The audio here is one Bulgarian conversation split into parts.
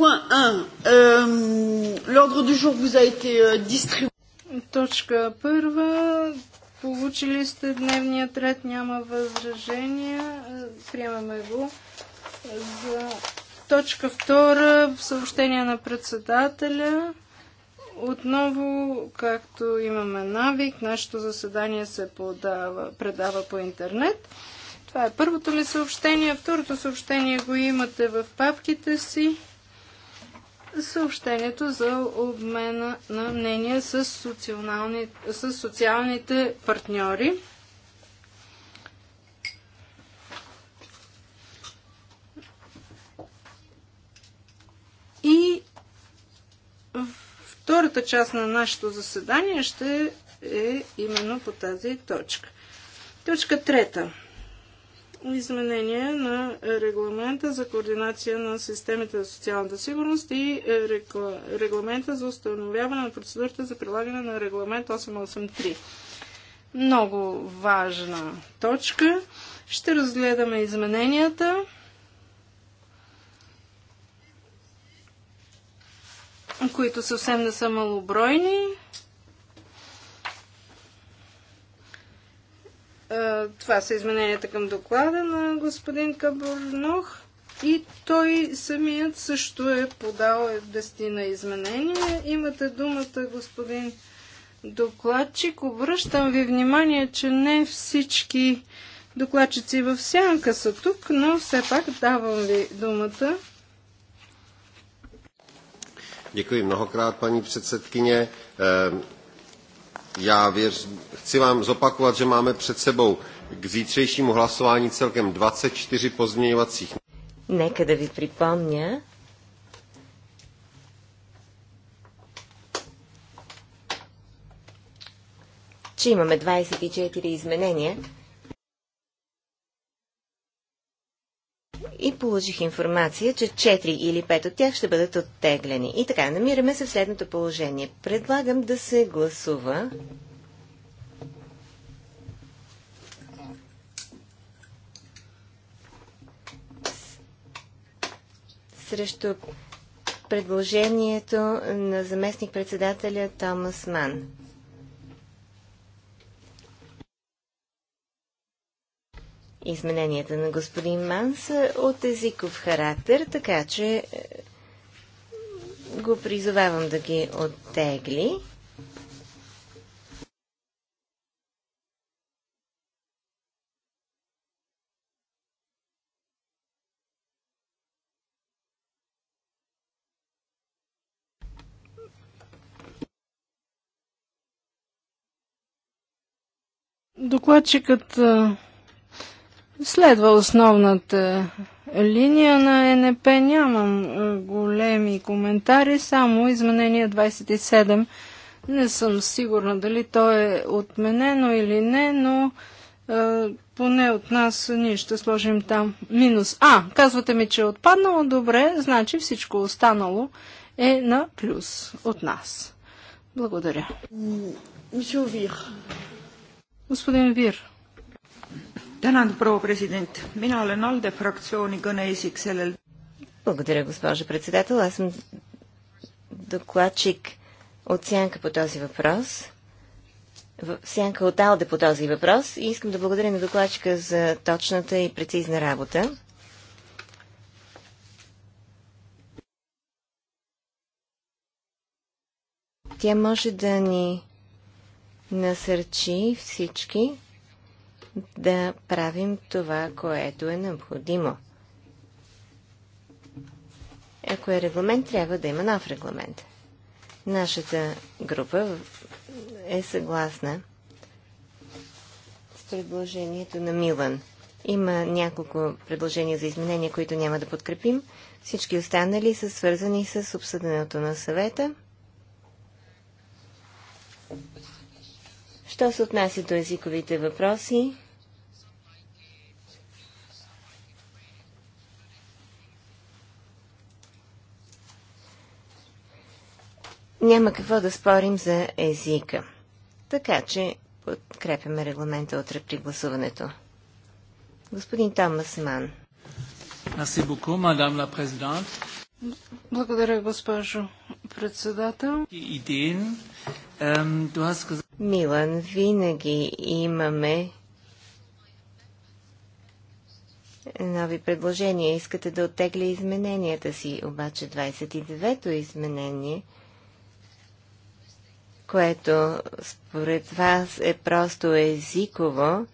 point 1, euh, l'ordre du jour vous a été euh, distribué. Точка първа. Получили сте дневния ред, няма възражения. Приемаме го. За точка втора, съобщение на председателя. Отново, както имаме навик, нашето заседание се подава, предава по интернет. Това е първото ми съобщение. Второто съобщение го имате в папките си съобщението за обмена на мнения с, социални, с социалните партньори. И втората част на нашето заседание ще е именно по тази точка. Точка трета изменение на регламента за координация на системите за социалната сигурност и регламента за установяване на процедурата за прилагане на регламент 883. Много важна точка. Ще разгледаме измененията. които съвсем не са малобройни. Това са измененията към доклада на господин Кабурнох. И той самият също е подал дестина изменения. Имате думата, господин докладчик. Обръщам ви внимание, че не всички докладчици в сянка са тук, но все пак давам ви думата. Děkuji mnohokrát, paní předsedkyně. Ehm, Já věř, chci vám zopakovat, že máme před sebou k zítřejšímu hlasování celkem 24 pozměňovacích. Нека да ви припомня, че имаме 24 изменения, и получих информация, че 4 или 5 от тях ще бъдат оттеглени. И така, намираме се в следното положение. Предлагам да се гласува срещу предложението на заместник-председателя Томас Ман. измененията на господин Манс е, от езиков характер, така че е, го призовавам да ги оттегли. Докладчикът е, Следва основната линия на НП. Нямам е, големи коментари, само изменение 27. Не съм сигурна дали то е отменено или не, но е, поне от нас ние ще сложим там минус. А, казвате ми, че е отпаднало добре, значи всичко останало е на плюс от нас. Благодаря. Господин Вир. Благодаря, госпожа председател. Аз съм докладчик от Сянка по този въпрос. Сянка от Алде по този въпрос и искам да благодаря на докладчика за точната и прецизна работа. Тя може да ни насърчи всички да правим това, което е необходимо. Ако е регламент, трябва да има нов регламент. Нашата група е съгласна с предложението на Милан. Има няколко предложения за изменения, които няма да подкрепим. Всички останали са свързани с обсъденото на съвета. Що се отнася до езиковите въпроси? Няма какво да спорим за езика. Така че подкрепяме регламента от при гласуването. Господин Томас Ман. Благодаря, госпожо председател. Идеен Милан, винаги имаме нови предложения. Искате да оттегля измененията си, обаче 29-то изменение, което според вас е просто езиково,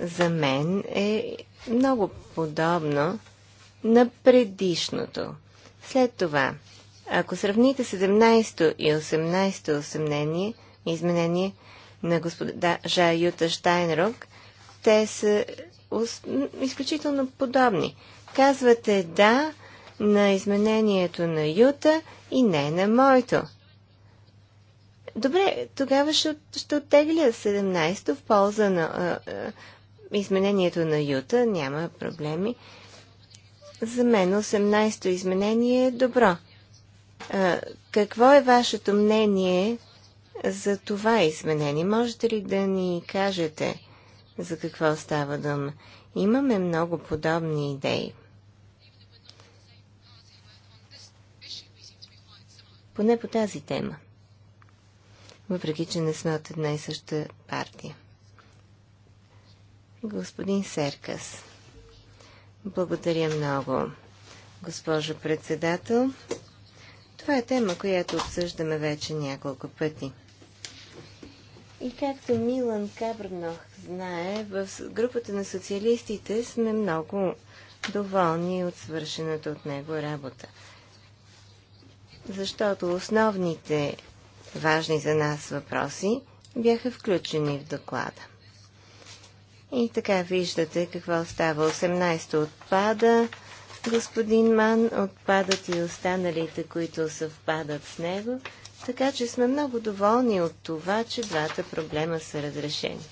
за мен е много подобно на предишното. След това ако сравните 17-то и 18-то осъмнение, изменение на господа Жа Юта Штайнрок, те са изключително подобни. Казвате да на изменението на Юта и не на моето. Добре, тогава ще, ще оттегля 17-то в полза на а, а, изменението на Юта, няма проблеми. За мен 18-то изменение е добро. Какво е вашето мнение за това изменение? Можете ли да ни кажете за какво става дума? Имаме много подобни идеи. Поне по тази тема. Въпреки, че не сме от една и съща партия. Господин Серкас. Благодаря много, госпожо председател. Това е тема, която обсъждаме вече няколко пъти. И както Милан Кабрнох знае, в групата на социалистите сме много доволни от свършената от него работа. Защото основните важни за нас въпроси бяха включени в доклада. И така виждате какво става. 18 отпада, господин Ман, отпадат и останалите, които съвпадат с него, така че сме много доволни от това, че двата проблема са разрешени.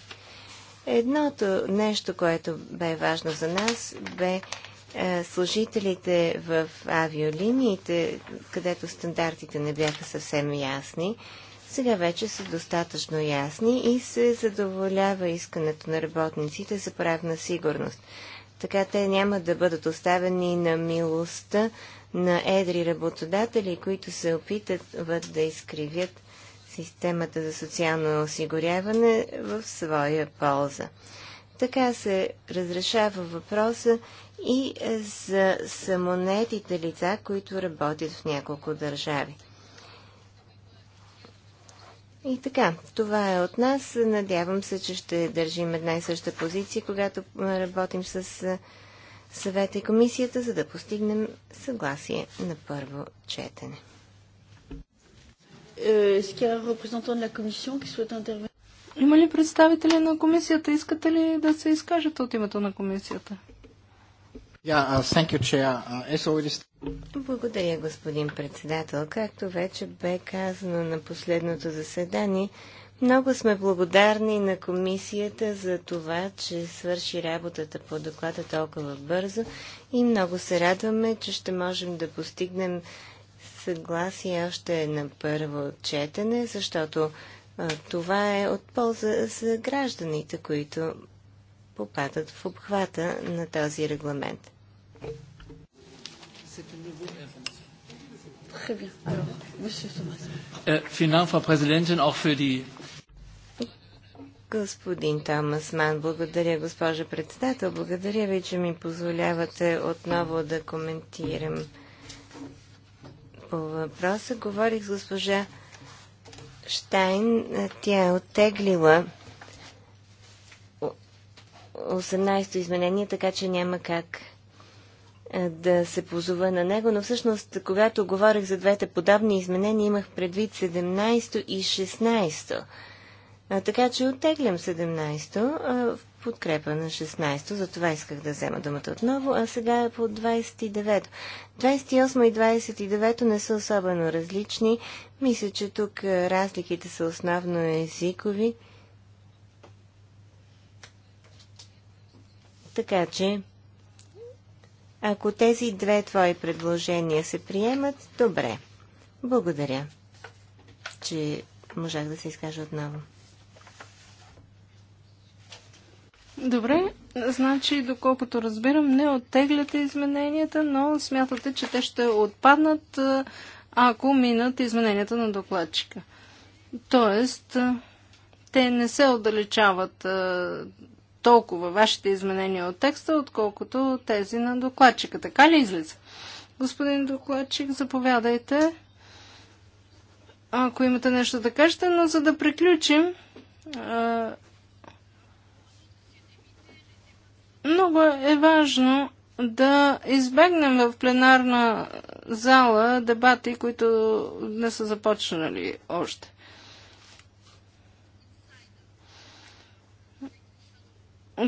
Едното нещо, което бе важно за нас, бе е, служителите в авиолиниите, където стандартите не бяха съвсем ясни, сега вече са достатъчно ясни и се задоволява искането на работниците за правна сигурност. Така те няма да бъдат оставени на милостта на едри работодатели, които се опитат да изкривят системата за социално осигуряване в своя полза. Така се разрешава въпроса и за самонетите лица, които работят в няколко държави. И така, това е от нас. Надявам се, че ще държим една и съща позиция, когато работим с съвета и комисията, за да постигнем съгласие на първо четене. Е, Има ли представители на комисията? Искате ли да се изкажете от името на комисията? Uh, uh, Благодаря, господин председател. Както вече бе казано на последното заседание, много сме благодарни на комисията за това, че свърши работата по доклада толкова бързо и много се радваме, че ще можем да постигнем съгласие още на първо четене, защото това е от полза за гражданите, които попадат в обхвата на този регламент. Euh, Господин Томасман, благодаря, госпожа председател. Благодаря ви, че ми позволявате отново да коментирам по въпроса. Говорих с госпожа Штайн. Тя е оттеглила 18-то изменение, така че няма как е, да се позова на него, но всъщност, когато говорех за двете подобни изменения, имах предвид 17 и 16. А, така че оттеглям 17 а, в подкрепа на 16 за това исках да взема думата отново, а сега е по 29 28 и 29 не са особено различни. Мисля, че тук разликите са основно езикови. Така че ако тези две твои предложения се приемат, добре. Благодаря, че можах да се изкажа отново. Добре, значи, доколкото разбирам, не оттегляте измененията, но смятате, че те ще отпаднат, ако минат измененията на докладчика. Тоест, те не се отдалечават толкова вашите изменения от текста, отколкото тези на докладчика. Така ли излиза? Господин докладчик, заповядайте. Ако имате нещо да кажете, но за да приключим, много е важно да избегнем в пленарна зала дебати, които не са започнали още.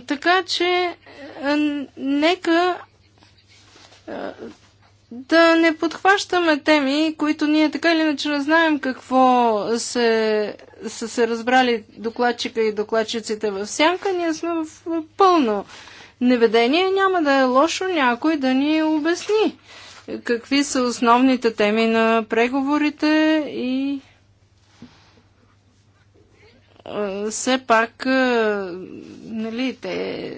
Така че, е, нека е, да не подхващаме теми, които ние така или иначе не знаем какво се, са се разбрали докладчика и докладчиците в сянка. Ние сме в пълно неведение. Няма да е лошо някой да ни обясни какви са основните теми на преговорите и е, все пак е, нали, те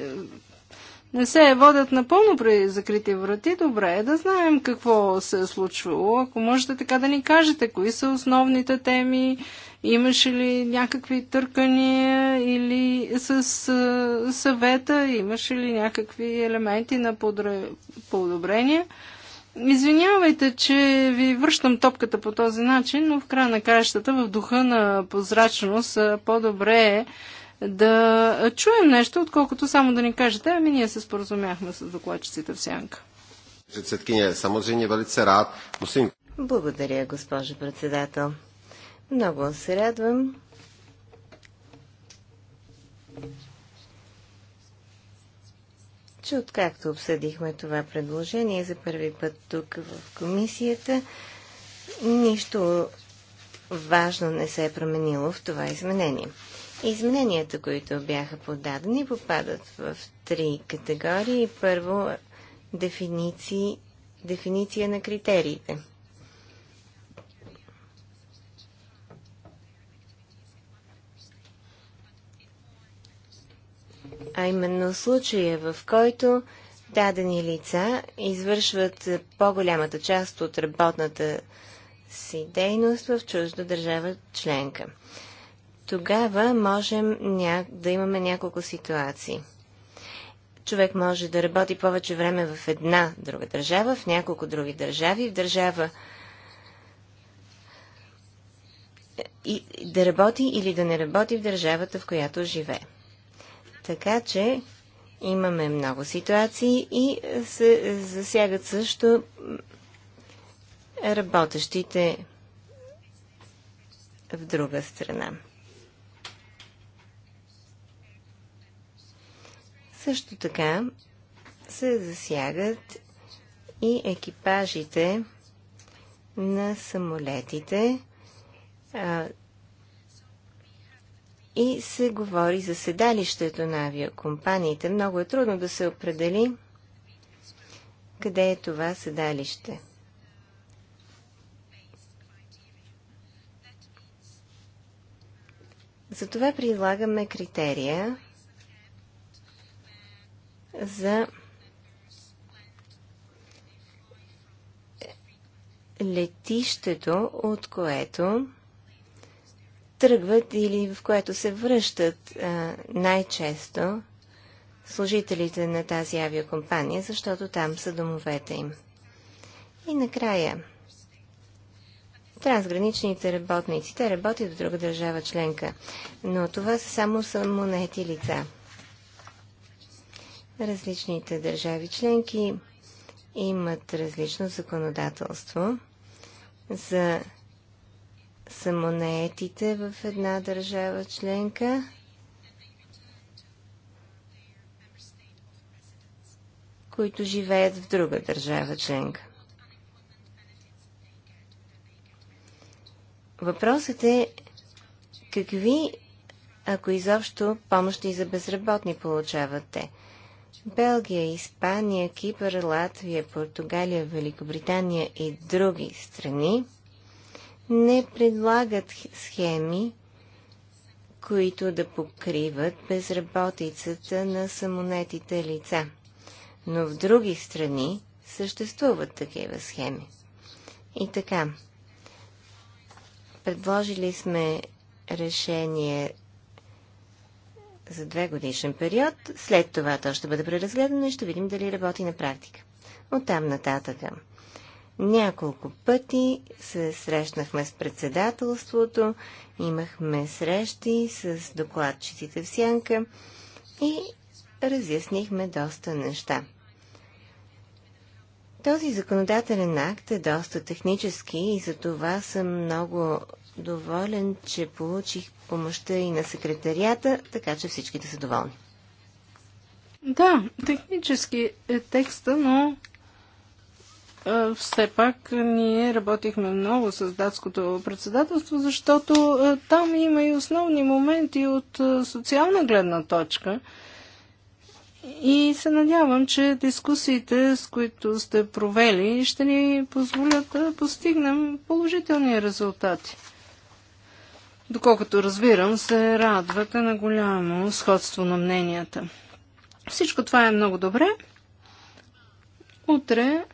не се водят напълно при закрити врати, добре е да знаем какво се е случвало. Ако можете така да ни кажете, кои са основните теми, имаше ли някакви търкания или с е, съвета, имаше ли някакви елементи на подобрение. Подре Извинявайте, че ви връщам топката по този начин, но в края на краищата, в духа на прозрачност, по-добре е да чуем нещо, отколкото само да ни кажете, ами ние се споразумяхме с докладчиците в Сянка. Благодаря, госпожо председател. Много се радвам, че откакто обсъдихме това предложение за първи път тук в комисията, нищо важно не се е променило в това изменение. Измененията, които бяха подадени, попадат в три категории. Първо, дефиниции, дефиниция на критериите – а именно случая, в който дадени лица извършват по-голямата част от работната си дейност в чужда държава членка. Тогава можем ня... да имаме няколко ситуации. Човек може да работи повече време в една друга държава, в няколко други държави, в държава и да работи или да не работи в държавата, в която живее. Така че имаме много ситуации и се засягат също работещите в друга страна. Също така се засягат и екипажите на самолетите, и се говори за седалището на авиакомпаниите. Много е трудно да се определи къде е това седалище. Затова прилагаме критерия за летището, от което тръгват или в което се връщат най-често служителите на тази авиакомпания, защото там са домовете им. И накрая, трансграничните работници, те работят в друга държава членка, но това са само самонети лица. Различните държави членки имат различно законодателство за самонаетите в една държава членка. които живеят в друга държава членка. Въпросът е какви, ако изобщо, помощи за безработни получават те. Белгия, Испания, Кипър, Латвия, Португалия, Великобритания и други страни – не предлагат схеми, които да покриват безработицата на самонетите лица. Но в други страни съществуват такива схеми. И така, предложили сме решение за две годишен период. След това то ще бъде преразгледано и ще видим дали работи на практика. там нататъка. Няколко пъти се срещнахме с председателството, имахме срещи с докладчиците в Сянка и разяснихме доста неща. Този законодателен акт е доста технически и за това съм много доволен, че получих помощта и на секретарията, така че всичките са доволни. Да, технически е текста, но все пак ние работихме много с датското председателство, защото там има и основни моменти от социална гледна точка. И се надявам, че дискусиите, с които сте провели, ще ни позволят да постигнем положителни резултати. Доколкото разбирам, се радвате на голямо сходство на мненията. Всичко това е много добре. Утре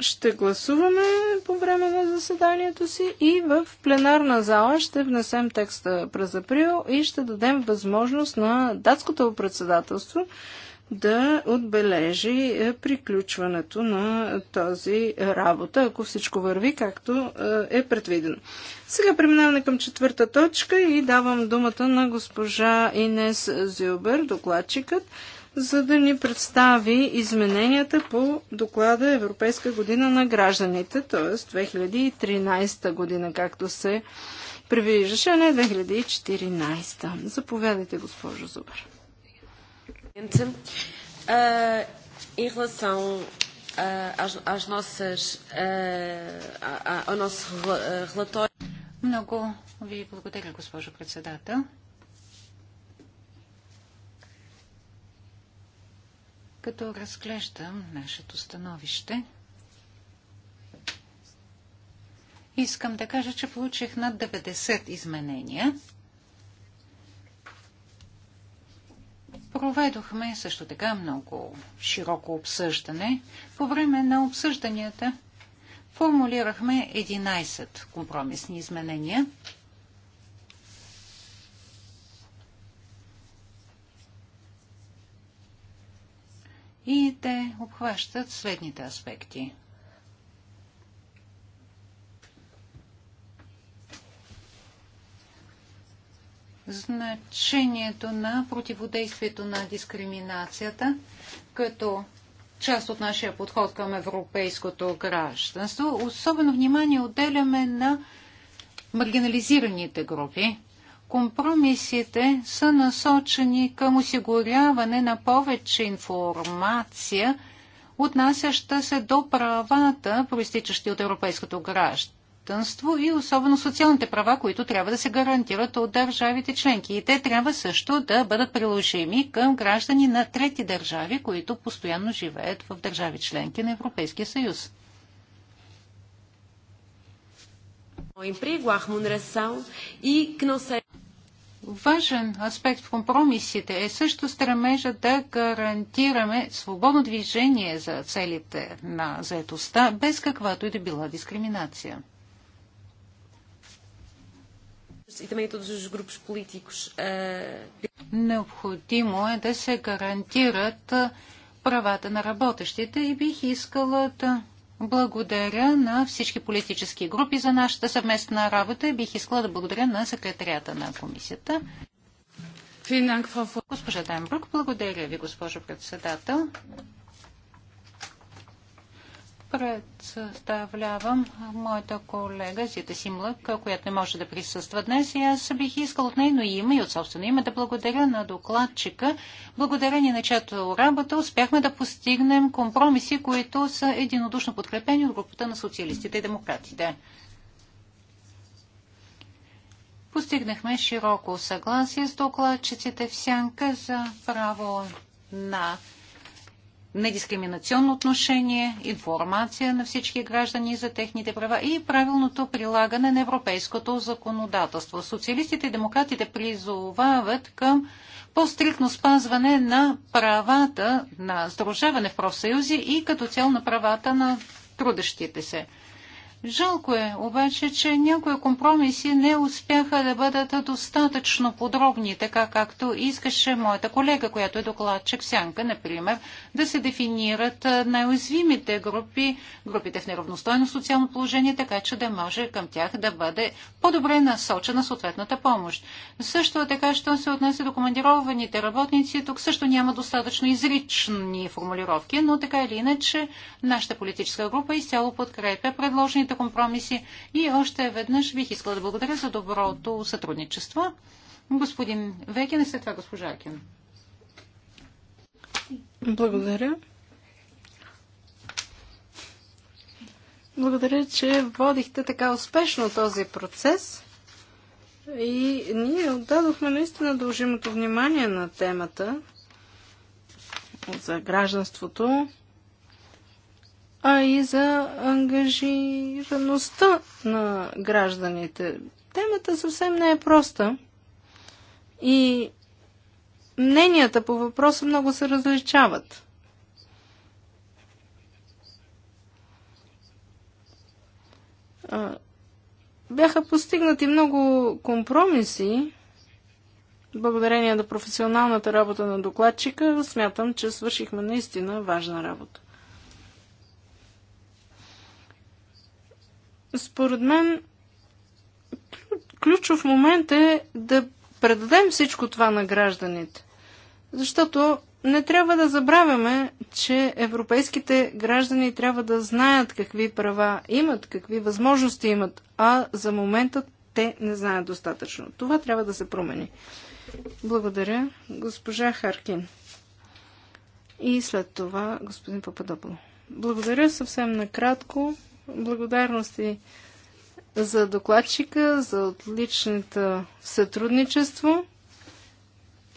ще гласуваме по време на заседанието си и в пленарна зала ще внесем текста през април и ще дадем възможност на датското председателство да отбележи е, приключването на този работа, ако всичко върви както е, е предвидено. Сега преминаваме към четвърта точка и давам думата на госпожа Инес Зюбер, докладчикът, за да ни представи измененията по доклада Европейска година на гражданите, т.е. 2013 година, както се предвиждаше, а не 2014. Заповядайте, госпожо Зубър. Em relação às, às nossas, ao nosso relatório. Много ви благодаря, госпожо председател. Като разглеждам нашето становище, искам да кажа, че получих над 90 изменения. Проведохме също така много широко обсъждане. По време на обсъжданията формулирахме 11 компромисни изменения – и те обхващат следните аспекти. Значението на противодействието на дискриминацията като част от нашия подход към европейското гражданство. Особено внимание отделяме на маргинализираните групи. Компромисите са насочени към осигуряване на повече информация, отнасяща се до правата, проистичащи от европейското гражданство и особено социалните права, които трябва да се гарантират от държавите членки. И те трябва също да бъдат приложими към граждани на трети държави, които постоянно живеят в държави членки на Европейския съюз. emprego, à remuneração Важен аспект в компромисите е също стремежа да гарантираме свободно движение за целите на заетостта, без каквато и да била дискриминация. Необходимо е да се гарантират правата на работещите и бих искала да благодаря на всички политически групи за нашата съвместна работа и бих искала да благодаря на секретарията на комисията. Госпожа Дайнбрук, благодаря ви, госпожо председател представлявам моята колега Зита Симлък, която не може да присъства днес. И аз бих искал от нейно име и от собствено име да благодаря на докладчика, благодарение на чиято работа успяхме да постигнем компромиси, които са единодушно подкрепени от групата на социалистите и демократите. Постигнахме широко съгласие с докладчиците в сянка за право на недискриминационно отношение, информация на всички граждани за техните права и правилното прилагане на европейското законодателство. Социалистите и демократите призовават към по-стрикно спазване на правата на сдружаване в профсъюзи и като цяло на правата на трудещите се. Жалко е обаче, че някои компромиси не успяха да бъдат достатъчно подробни, така както искаше моята колега, която е докладчик Сянка, например, да се дефинират най-уязвимите групи, групите в неравностойно социално положение, така че да може към тях да бъде по-добре насочена съответната помощ. Също така, що се отнася до командированите работници, тук също няма достатъчно изрични формулировки, но така или иначе нашата политическа група изцяло подкрепя предложените постигнатите компромиси и още веднъж бих искала да благодаря за доброто сътрудничество. Господин Векин и след това госпожа Акин. Благодаря. Благодаря, че водихте така успешно този процес. И ние отдадохме наистина дължимото внимание на темата за гражданството а и за ангажираността на гражданите. Темата съвсем не е проста и мненията по въпроса много се различават. Бяха постигнати много компромиси, благодарение на професионалната работа на докладчика, смятам, че свършихме наистина важна работа. според мен, ключов момент е да предадем всичко това на гражданите. Защото не трябва да забравяме, че европейските граждани трябва да знаят какви права имат, какви възможности имат, а за момента те не знаят достатъчно. Това трябва да се промени. Благодаря, госпожа Харкин. И след това господин Пападопол. Благодаря съвсем накратко. Благодарности за докладчика, за отличното сътрудничество.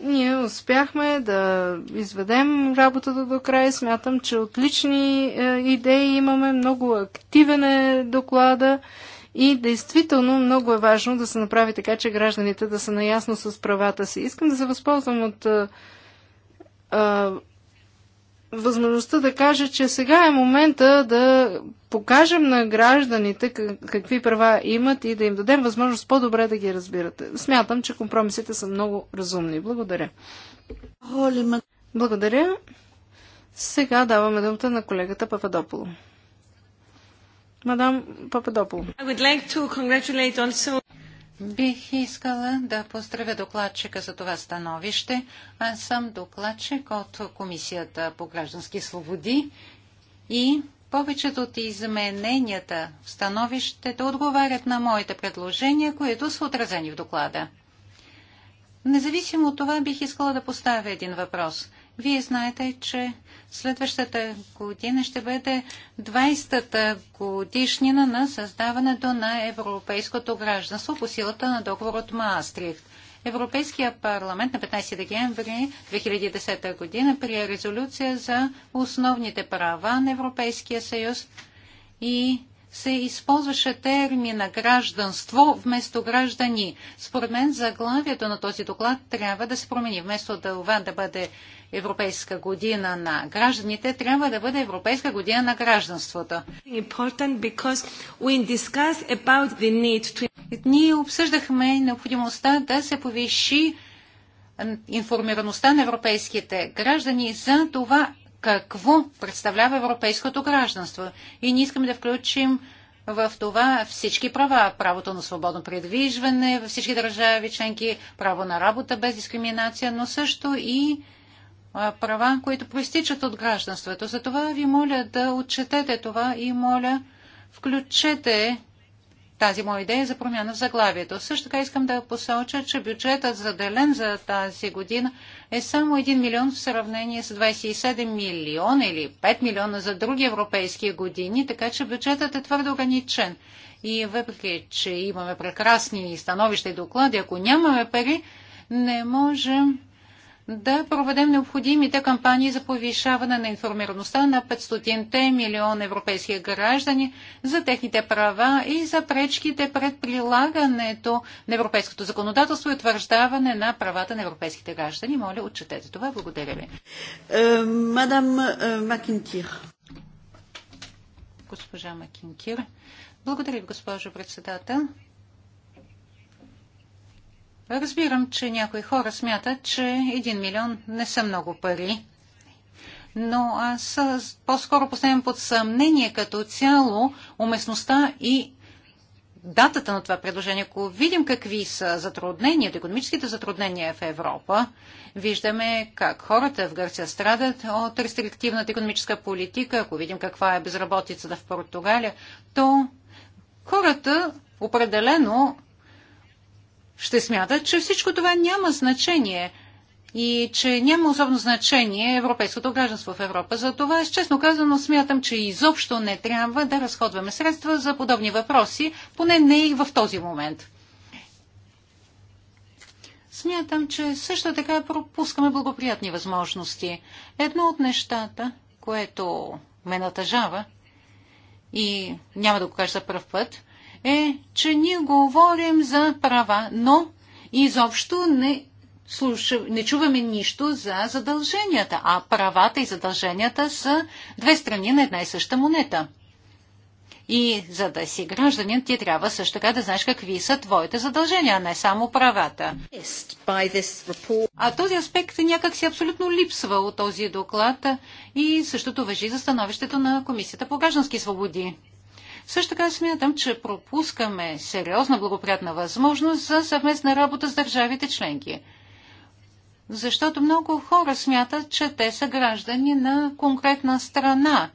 Ние успяхме да изведем работата до край. Смятам, че отлични е, идеи имаме, много активен е доклада и действително много е важно да се направи така, че гражданите да са наясно с правата си. Искам да се възползвам от е, е, възможността да кажа, че сега е момента да покажем на гражданите какви права имат и да им дадем възможност по-добре да ги разбирате. Смятам, че компромисите са много разумни. Благодаря. Благодаря. Сега даваме думата на колегата Пападополо. Мадам Пападополо. Бих искала да поздравя докладчика за това становище. Аз съм докладчик от Комисията по граждански свободи и повечето от измененията в становището отговарят на моите предложения, които са отразени в доклада. Независимо от това, бих искала да поставя един въпрос. Вие знаете, че Следващата година ще бъде 20-та годишнина на създаването на европейското гражданство по силата на договор от Маастрихт. Европейския парламент на 15 декември 2010 година прие резолюция за основните права на Европейския съюз и се използваше термина гражданство вместо граждани. Според мен заглавието на този доклад трябва да се промени. Вместо да това да бъде Европейска година на гражданите, трябва да бъде Европейска година на гражданството. Ние обсъждахме необходимостта да се повиши информираността на европейските граждани за това какво представлява европейското гражданство. И ние искаме да включим в това всички права. Правото на свободно предвижване във всички държави членки, право на работа без дискриминация, но също и права, които проистичат от гражданството. Затова ви моля да отчетете това и моля включете тази моя идея за промяна в заглавието. Също така искам да посоча, че бюджетът заделен за тази година е само 1 милион в сравнение с 27 милиона или 5 милиона за други европейски години, така че бюджетът е твърдо ограничен. И въпреки, че имаме прекрасни становища и доклади, ако нямаме пари, не можем да проведем необходимите кампании за повишаване на информираността на 500-те милион европейски граждани за техните права и за пречките пред прилагането на европейското законодателство и утвърждаване на правата на европейските граждани. Моля, отчетете това. Благодаря ви. Е, мадам е, Макинтир. Госпожа Макинтир. Благодаря ви, госпожо председател. Разбирам, че някои хора смятат, че 1 милион не са много пари, но аз по-скоро поставям под съмнение като цяло уместността и датата на това предложение. Ако видим какви са затрудненията, економическите затруднения в Европа, виждаме как хората в Гърция страдат от рестриктивната економическа политика, ако видим каква е безработицата в Португалия, то хората определено ще смятат, че всичко това няма значение и че няма особено значение европейското гражданство в Европа. За това, честно казано, смятам, че изобщо не трябва да разходваме средства за подобни въпроси, поне не и в този момент. Смятам, че също така пропускаме благоприятни възможности. Едно от нещата, което ме натъжава и няма да го кажа за първ път, е, че ние говорим за права, но изобщо не, слуша, не чуваме нищо за задълженията, а правата и задълженията са две страни на една и съща монета. И за да си гражданин, ти трябва също така да знаеш какви са твоите задължения, а не само правата. А този аспект някак си абсолютно липсва от този доклад и същото въжи за становището на Комисията по граждански свободи. Също така смятам, че пропускаме сериозна благоприятна възможност за съвместна работа с държавите членки. Защото много хора смятат, че те са граждани на конкретна страна.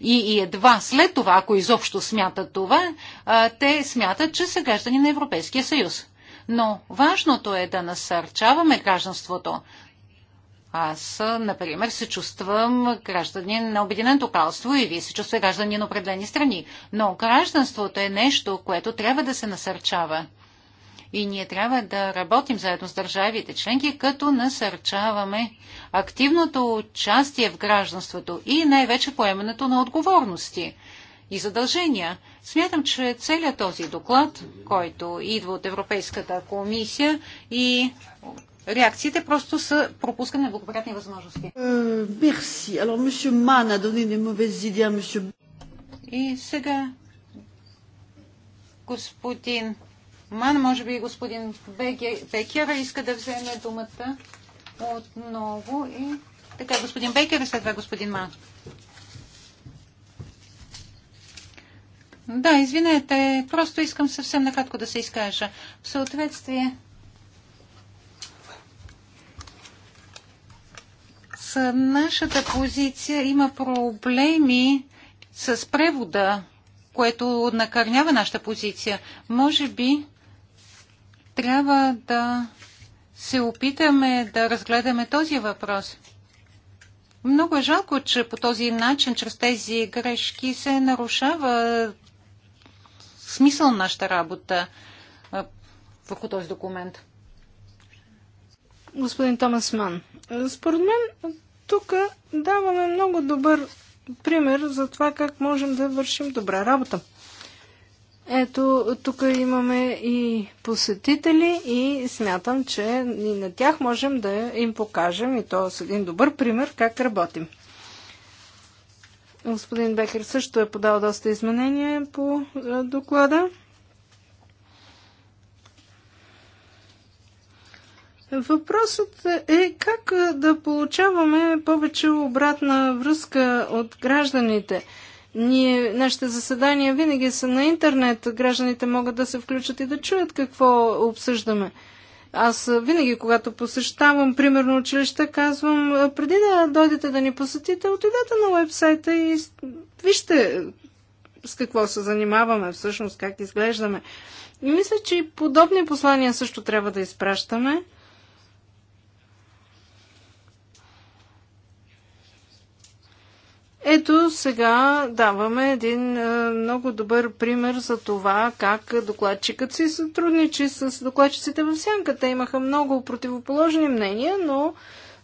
И, и едва след това, ако изобщо смятат това, а, те смятат, че са граждани на Европейския съюз. Но важното е да насърчаваме гражданството, аз, например, се чувствам гражданин на Обединеното кралство и вие се чувствате граждани на определени страни. Но гражданството е нещо, което трябва да се насърчава. И ние трябва да работим заедно с държавите членки, като насърчаваме активното участие в гражданството и най-вече поемането на отговорности и задължения. Смятам, че целият този доклад, който идва от Европейската комисия и реакциите просто са пропускане на благоприятни възможности. Е, мерси. Ало, мисю Ман a donné des mauvaises мисю... И сега господин Ман, може би господин Бекер иска да вземе думата отново. И... Така, господин Бекер след това господин Ман. Да, извинете, просто искам съвсем накратко да се изкажа. В съответствие нашата позиция има проблеми с превода, което накърнява нашата позиция. Може би трябва да се опитаме да разгледаме този въпрос. Много е жалко, че по този начин, чрез тези грешки, се нарушава смисъл на нашата работа върху този документ господин Томас Ман. Според мен, тук даваме много добър пример за това как можем да вършим добра работа. Ето, тук имаме и посетители и смятам, че и на тях можем да им покажем и то с един добър пример как работим. Господин Бекер също е подал доста изменения по е, доклада. Въпросът е как да получаваме повече обратна връзка от гражданите. Ние, нашите заседания винаги са на интернет. Гражданите могат да се включат и да чуят какво обсъждаме. Аз винаги, когато посещавам, примерно училище, казвам, преди да дойдете да ни посетите, отидете на вебсайта и вижте с какво се занимаваме, всъщност как изглеждаме. И мисля, че подобни послания също трябва да изпращаме. Ето сега даваме един е, много добър пример за това как докладчикът си сътрудничи с докладчиците в сянка. Те имаха много противоположни мнения, но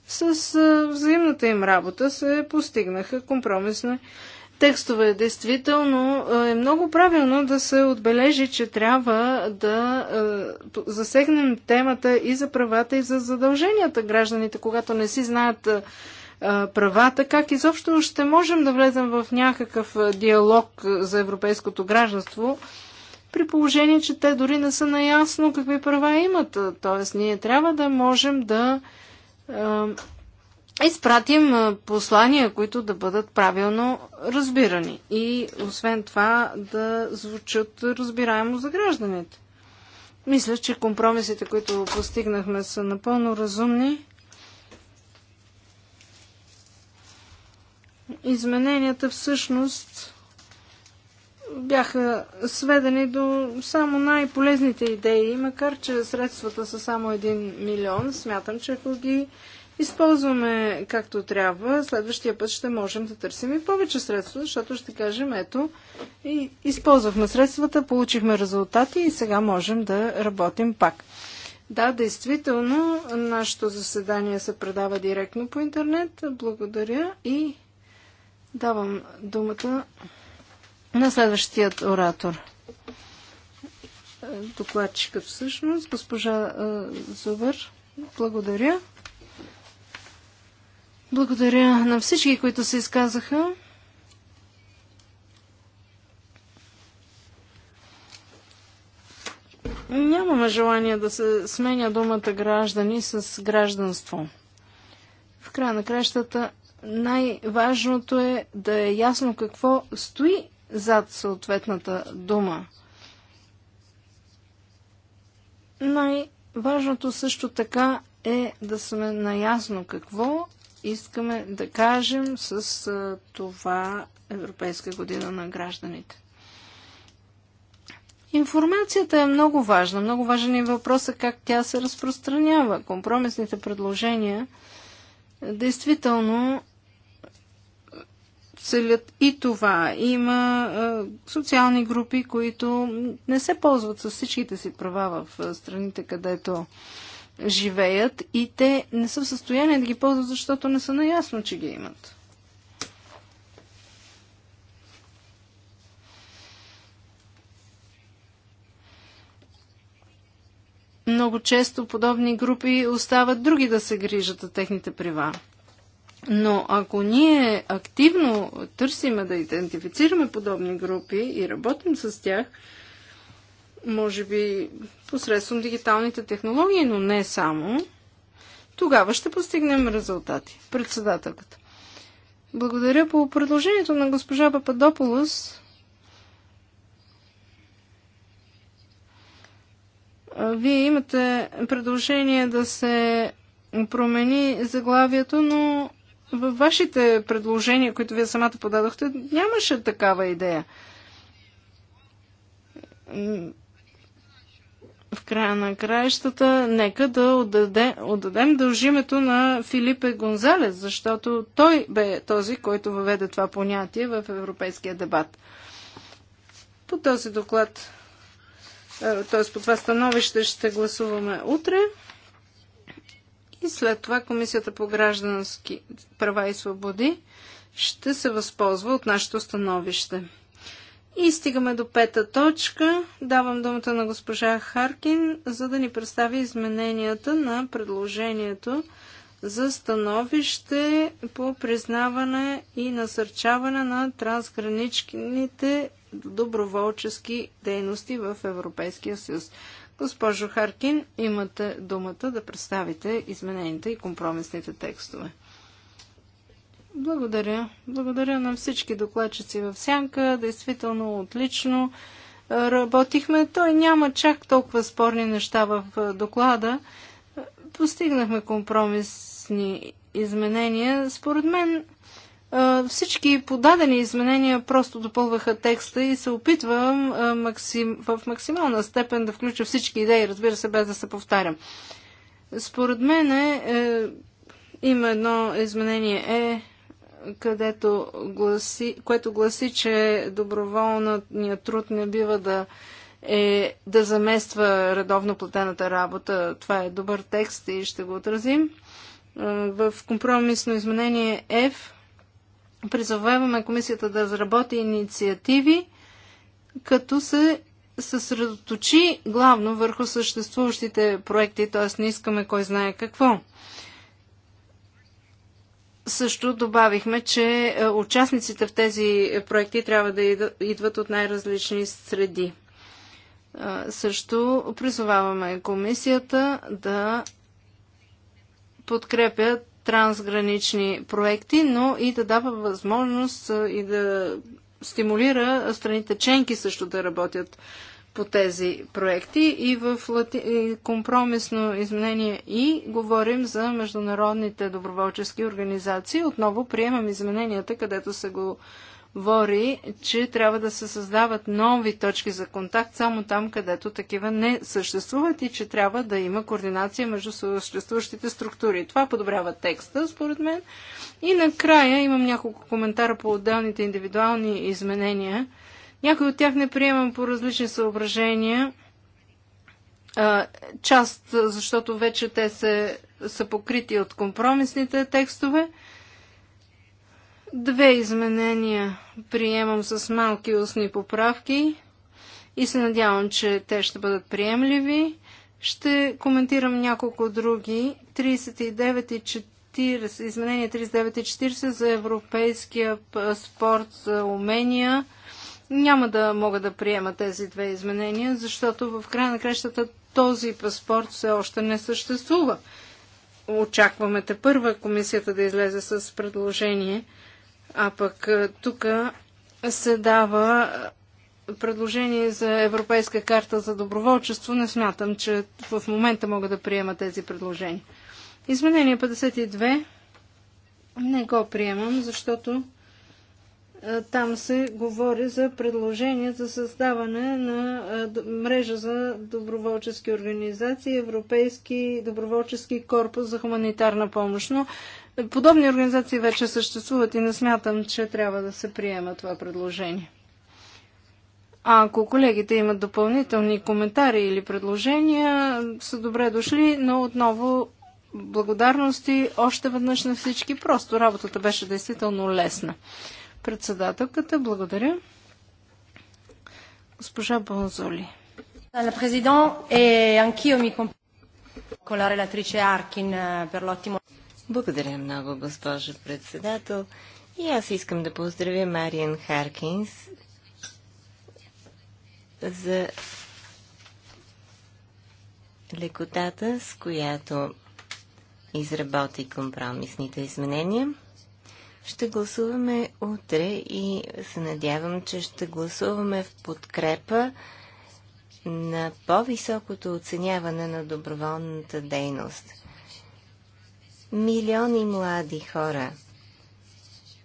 с е, взаимната им работа се постигнаха компромисни текстове. Действително е, е много правилно да се отбележи, че трябва да засегнем темата и за правата, и за задълженията гражданите, когато не си знаят правата, как изобщо ще можем да влезем в някакъв диалог за европейското гражданство, при положение, че те дори не са наясно какви права имат. Тоест, ние трябва да можем да изпратим послания, които да бъдат правилно разбирани. И освен това да звучат разбираемо за гражданите. Мисля, че компромисите, които постигнахме, са напълно разумни. измененията всъщност бяха сведени до само най-полезните идеи, макар че средствата са само 1 милион. Смятам, че ако ги използваме както трябва, следващия път ще можем да търсим и повече средства, защото ще кажем, ето, и използвахме средствата, получихме резултати и сега можем да работим пак. Да, действително, нашето заседание се предава директно по интернет. Благодаря и Давам думата на следващият оратор. Докладчикът всъщност, госпожа Зубър. Благодаря. Благодаря на всички, които се изказаха. Нямаме желание да се сменя думата граждани с гражданство. В края на кращата най-важното е да е ясно какво стои зад съответната дума. Най-важното също така е да сме наясно какво искаме да кажем с това Европейска година на гражданите. Информацията е много важна. Много важен е въпросът как тя се разпространява. Компромисните предложения действително целят и това. Има а, социални групи, които не се ползват с всичките си права в страните, където живеят и те не са в състояние да ги ползват, защото не са наясно, че ги имат. Много често подобни групи остават други да се грижат за техните права. Но ако ние активно търсиме да идентифицираме подобни групи и работим с тях, може би посредством дигиталните технологии, но не само, тогава ще постигнем резултати. Председателката. Благодаря по предложението на госпожа Пападополос. Вие имате предложение да се промени заглавието, но във вашите предложения, които вие самата подадохте, нямаше такава идея. В края на краищата, нека да отдаде, отдадем дължимето на Филипе Гонзалес, защото той бе този, който въведе това понятие в европейския дебат. По този доклад, е, т.е. по това становище ще гласуваме утре и след това Комисията по граждански права и свободи ще се възползва от нашето становище. И стигаме до пета точка. Давам думата на госпожа Харкин, за да ни представи измененията на предложението за становище по признаване и насърчаване на трансграничните доброволчески дейности в Европейския съюз. Госпожо Харкин, имате думата да представите изменените и компромисните текстове. Благодаря. Благодаря на всички докладчици в Сянка. Действително отлично работихме. Той няма чак толкова спорни неща в доклада. Постигнахме компромисни изменения. Според мен всички подадени изменения просто допълваха текста и се опитвам максим, в максимална степен да включа всички идеи, разбира се, без да се повтарям. Според мен е, има едно изменение Е, където гласи, което гласи, че доброволният труд не бива да е да замества редовно платената работа. Това е добър текст и ще го отразим. В компромисно изменение F Призоваваме комисията да разработи инициативи, като се съсредоточи главно върху съществуващите проекти, т.е. не искаме кой знае какво. Също добавихме, че е, участниците в тези проекти трябва да идват от най-различни среди. Е, също призоваваме комисията да подкрепят трансгранични проекти, но и да дава възможност и да стимулира страните членки също да работят по тези проекти и в лати... компромисно изменение и говорим за международните доброволчески организации. Отново приемам измененията, където са го говори, че трябва да се създават нови точки за контакт само там, където такива не съществуват и че трябва да има координация между съществуващите структури. Това подобрява текста, според мен. И накрая имам няколко коментара по отделните индивидуални изменения. Някои от тях не приемам по различни съображения. Част, защото вече те се, са покрити от компромисните текстове. Две изменения приемам с малки устни поправки и се надявам, че те ще бъдат приемливи. Ще коментирам няколко други. 39 и 40, изменение 39 и 40 за европейския спорт за умения. Няма да мога да приема тези две изменения, защото в края на крещата този паспорт все още не съществува. Очакваме те първа комисията да излезе с предложение а пък тук се дава предложение за Европейска карта за доброволчество. Не смятам, че в момента мога да приема тези предложения. Изменение 52 не го приемам, защото там се говори за предложение за създаване на мрежа за доброволчески организации, Европейски доброволчески корпус за хуманитарна помощ. Но Подобни организации вече съществуват и не смятам, че трябва да се приема това предложение. А ако колегите имат допълнителни коментари или предложения, са добре дошли, но отново благодарности още веднъж на всички. Просто работата беше действително лесна. Председателката, благодаря. Госпожа Бонзоли. La благодаря много, госпожо председател. И аз искам да поздравя Мариан Харкинс за лекотата, с която изработи компромисните изменения. Ще гласуваме утре и се надявам, че ще гласуваме в подкрепа на по-високото оценяване на доброволната дейност – Милиони млади хора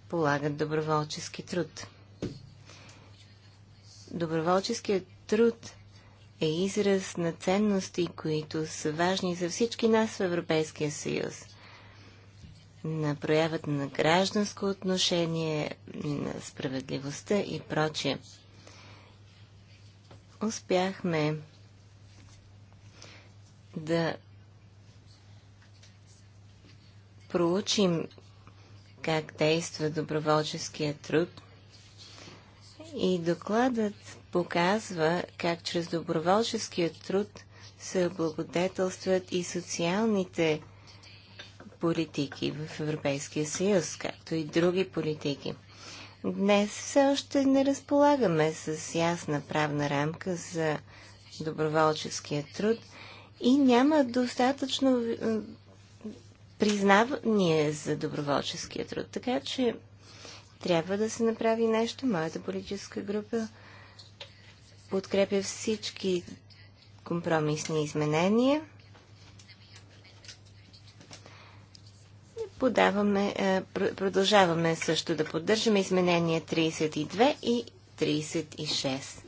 полагат доброволчески труд. Доброволческият труд е израз на ценности, които са важни за всички нас в Европейския съюз. На проявата на гражданско отношение, на справедливостта и прочее. Успяхме да проучим как действа доброволческия труд. И докладът показва как чрез доброволческия труд се облагодетелстват и социалните политики в Европейския съюз, както и други политики. Днес все още не разполагаме с ясна правна рамка за доброволческия труд и няма достатъчно признавания за доброволческия труд. Така че трябва да се направи нещо. Моята политическа група подкрепя всички компромисни изменения. Подаваме, е, продължаваме също да поддържаме изменения 32 и 36.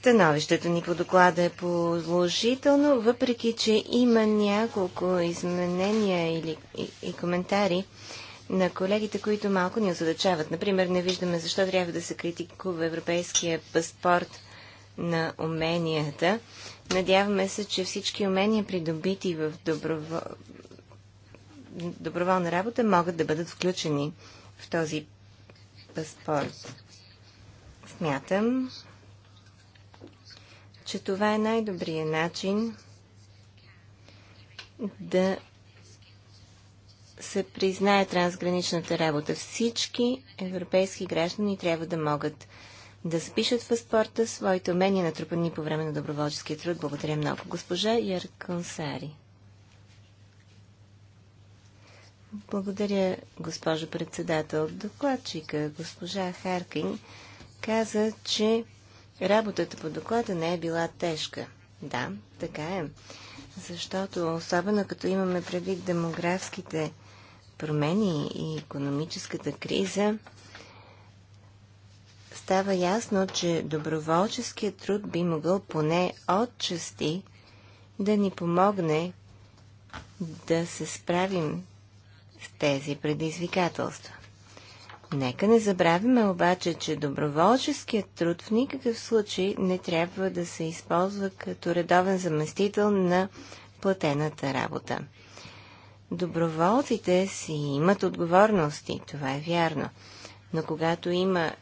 Становището ни по доклада е положително, въпреки че има няколко изменения или, и, и коментари на колегите, които малко ни озадачават. Например, не виждаме защо трябва да се критикува европейския паспорт на уменията. Надяваме се, че всички умения, придобити в доброво... доброволна работа, могат да бъдат включени в този паспорт. Смятам, че това е най-добрият начин да се признае трансграничната работа. Всички европейски граждани трябва да могат да запишат в спорта своите умения натрупани по време на доброволческия труд. Благодаря много. Госпожа Ярконсари. Благодаря, госпожо председател. Докладчика, госпожа Харкин, каза, че Работата по доклада не е била тежка. Да, така е. Защото, особено като имаме предвид демографските промени и економическата криза, става ясно, че доброволческият труд би могъл поне отчасти да ни помогне да се справим с тези предизвикателства. Нека не забравяме обаче, че доброволческият труд в никакъв случай не трябва да се използва като редовен заместител на платената работа. Доброволците си имат отговорности, това е вярно. Но когато има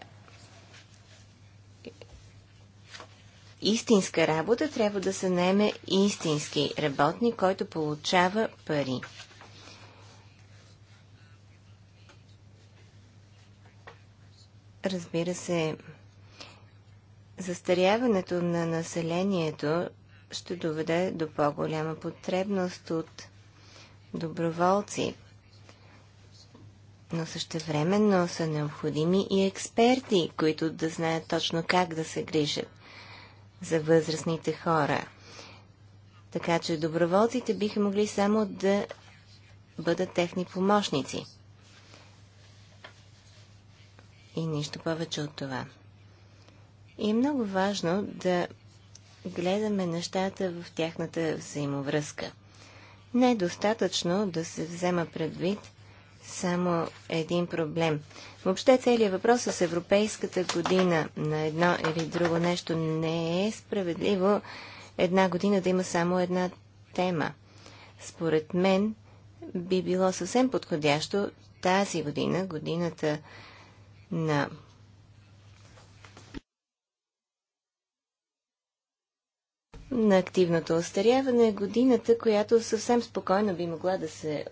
истинска работа, трябва да се наеме истински работник, който получава пари. Разбира се, застаряването на населението ще доведе до по-голяма потребност от доброволци. Но същевременно са необходими и експерти, които да знаят точно как да се грижат за възрастните хора. Така че доброволците биха могли само да бъдат техни помощници и нищо повече от това. И е много важно да гледаме нещата в тяхната взаимовръзка. Не е достатъчно да се взема предвид само един проблем. Въобще целият въпрос с Европейската година на едно или друго нещо не е справедливо една година да има само една тема. Според мен би било съвсем подходящо тази година, годината на на активното остаряване е годината, която съвсем спокойно би могла да се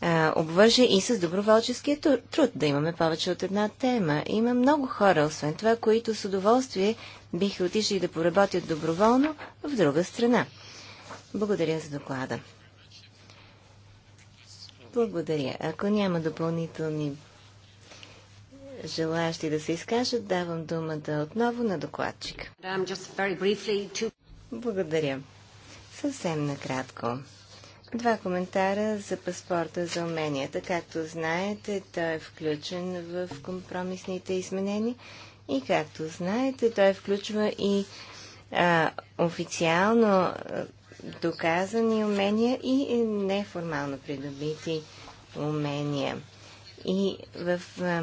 а, обвърже и с доброволческия труд, да имаме повече от една тема. Има много хора, освен това, които с удоволствие биха отишли да поработят доброволно в друга страна. Благодаря за доклада. Благодаря. Ако няма допълнителни желаящи да се изкажат, давам думата отново на докладчик. Um, Благодаря. Съвсем накратко. Два коментара за паспорта за уменията. Както знаете, той е включен в компромисните изменения и както знаете, той включва и а, официално а, доказани умения и неформално придобити умения. И в а,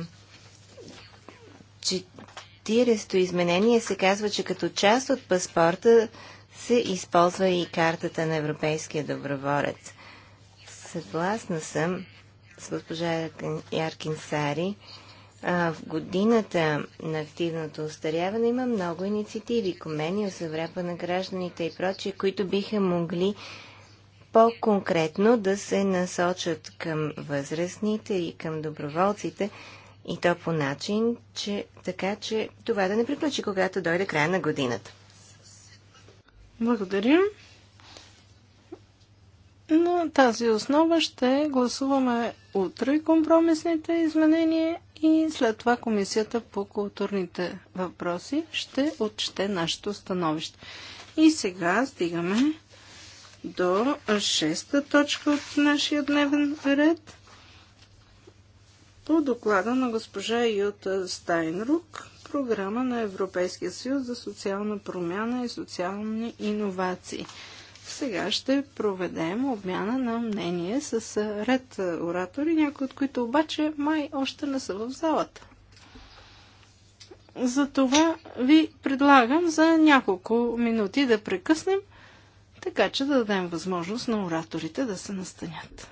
40-то изменение се казва, че като част от паспорта се използва и картата на европейския доброволец. Съгласна съм с госпожа Яркин Сари. В годината на активното устаряване има много инициативи, комени, съврепа на гражданите и прочие, които биха могли по-конкретно да се насочат към възрастните и към доброволците, и то по начин, че, така че това да не приключи, когато дойде края на годината. Благодаря. На тази основа ще гласуваме утре компромисните изменения и след това Комисията по културните въпроси ще отчете нашето становище. И сега стигаме до шеста точка от нашия дневен ред – по доклада на госпожа Юта Стайнрук програма на Европейския съюз за социална промяна и социални иновации. Сега ще проведем обмяна на мнение с ред оратори, някои от които обаче май още не са в залата. Затова ви предлагам за няколко минути да прекъснем, така че да дадем възможност на ораторите да се настанят.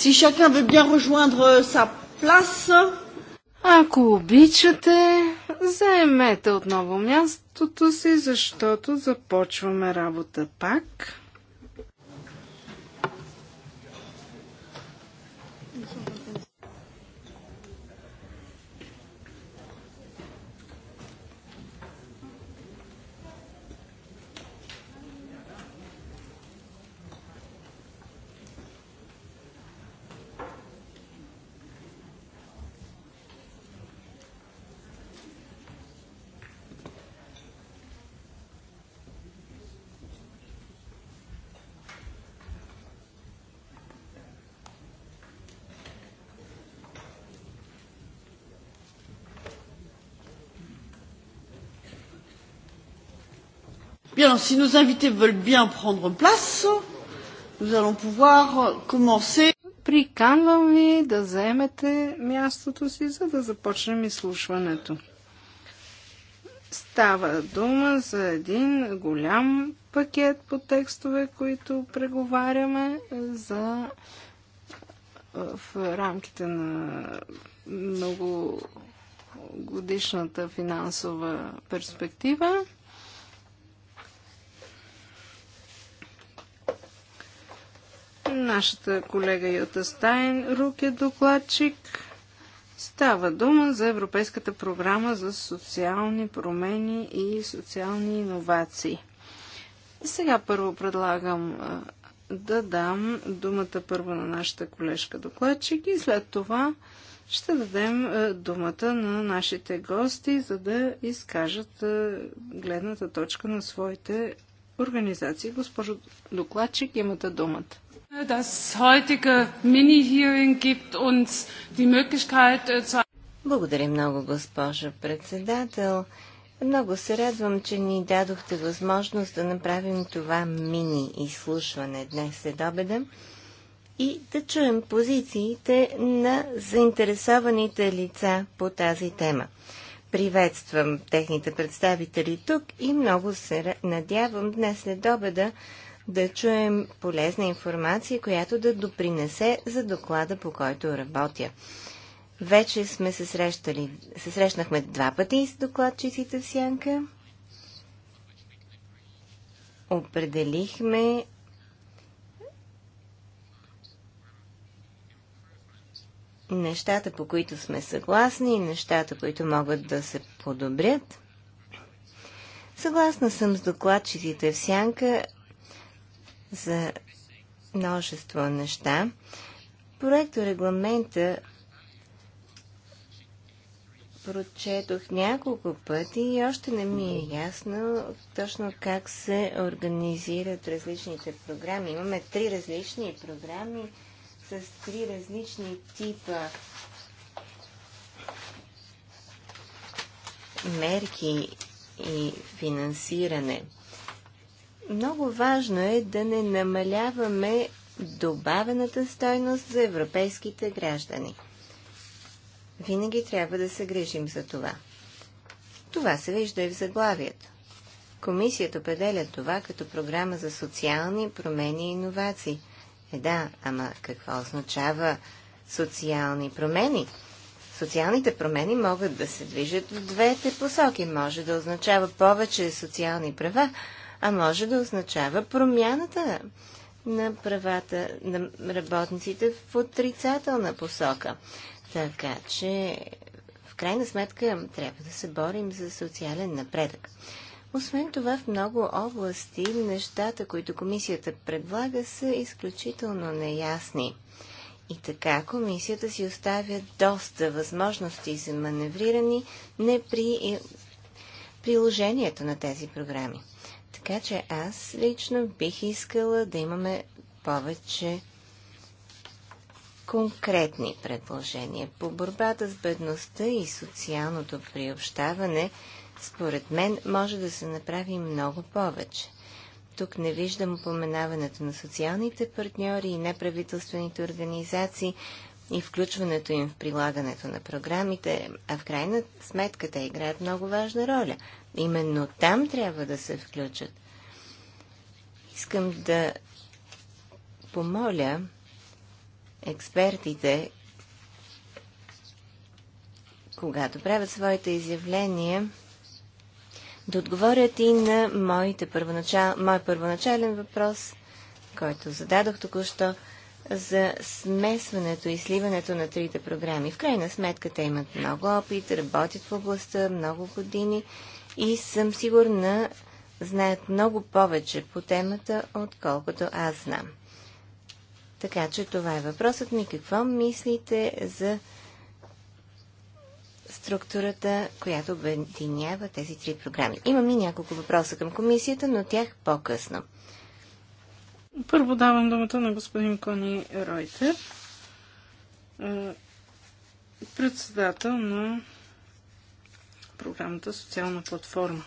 Си шакан veut bien рожуандра са пласа. Ако обичате, заемете отново мястото си, защото започваме работа пак. Bien, si nos invités veulent bien prendre place, nous allons pouvoir commencer. Приканвам ви да заемете мястото си, за да започнем изслушването. Става дума за един голям пакет по текстове, които преговаряме за в рамките на много годишната финансова перспектива. Нашата колега Юта Стайн Рук е докладчик. Става дума за Европейската програма за социални промени и социални иновации. Сега първо предлагам да дам думата първо на нашата колежка докладчик и след това ще дадем думата на нашите гости, за да изкажат гледната точка на своите организации. Госпожо докладчик, имате думата. Äh, Благодаря много, госпожа председател. Много се радвам, че ни дадохте възможност да направим това мини изслушване днес след обеда и да чуем позициите на заинтересованите лица по тази тема. Приветствам техните представители тук и много се надявам днес след обеда да чуем полезна информация, която да допринесе за доклада, по който работя. Вече сме се срещали, се срещнахме два пъти с докладчиците в Сянка. Определихме нещата, по които сме съгласни, и нещата, които могат да се подобрят. Съгласна съм с докладчиците в Сянка за множество неща. Проекто регламента прочетох няколко пъти и още не ми е ясно точно как се организират различните програми. Имаме три различни програми с три различни типа мерки и финансиране много важно е да не намаляваме добавената стойност за европейските граждани. Винаги трябва да се грижим за това. Това се вижда и в заглавието. Комисията определя това като програма за социални промени и иновации. Е да, ама какво означава социални промени? Социалните промени могат да се движат в двете посоки. Може да означава повече социални права, а може да означава промяната на правата на работниците в отрицателна посока. Така че, в крайна сметка, трябва да се борим за социален напредък. Освен това, в много области нещата, които комисията предлага, са изключително неясни. И така комисията си оставя доста възможности за маневрирани не при приложението на тези програми. Така че аз лично бих искала да имаме повече конкретни предложения. По борбата с бедността и социалното приобщаване, според мен, може да се направи много повече. Тук не виждам упоменаването на социалните партньори и неправителствените организации, и включването им в прилагането на програмите, а в крайна сметка те играят много важна роля. Именно там трябва да се включат. Искам да помоля експертите, когато правят своите изявления, да отговорят и на моите първоначал... мой първоначален въпрос, който зададох току-що – за смесването и сливането на трите програми. В крайна сметка те имат много опит, работят в областта много години и съм сигурна, знаят много повече по темата, отколкото аз знам. Така че това е въпросът ми. Какво мислите за структурата, която обединява тези три програми? Имам и няколко въпроса към комисията, но тях по-късно. Първо давам думата на господин Кони Ройтер, е, председател на програмата Социална платформа.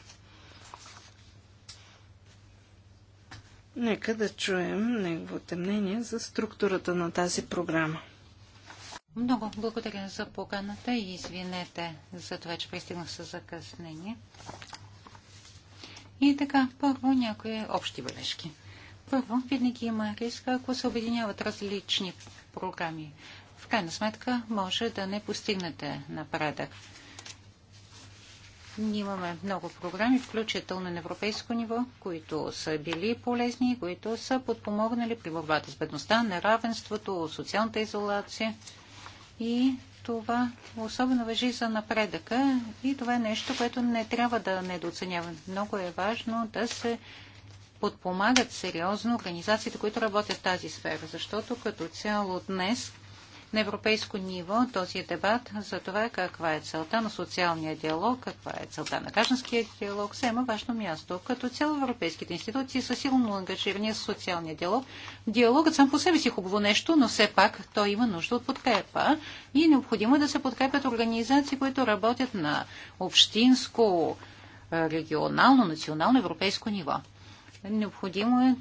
Нека да чуем неговото мнение за структурата на тази програма. Много благодаря за поканата и извинете за това, че пристигнах с закъснение. И така, първо някои общи бележки. Първо, винаги има риск, ако се объединяват различни програми. В крайна сметка може да не постигнете напредък. Ние имаме много програми, включително на европейско ниво, които са били полезни, които са подпомогнали при борбата с бедността, неравенството, социалната изолация. И това особено въжи за напредъка и това е нещо, което не трябва да недооценяваме. Много е важно да се подпомагат сериозно организациите, които работят в тази сфера, защото като цяло днес на европейско ниво този дебат за това каква е целта на социалния диалог, каква е целта на гражданския диалог, има важно място. Като цяло европейските институции са силно ангажирани с социалния диалог. Диалогът сам по себе си е хубаво нещо, но все пак той има нужда от подкрепа и е необходимо да се подкрепят организации, които работят на общинско, регионално, национално, европейско ниво. Необходимо е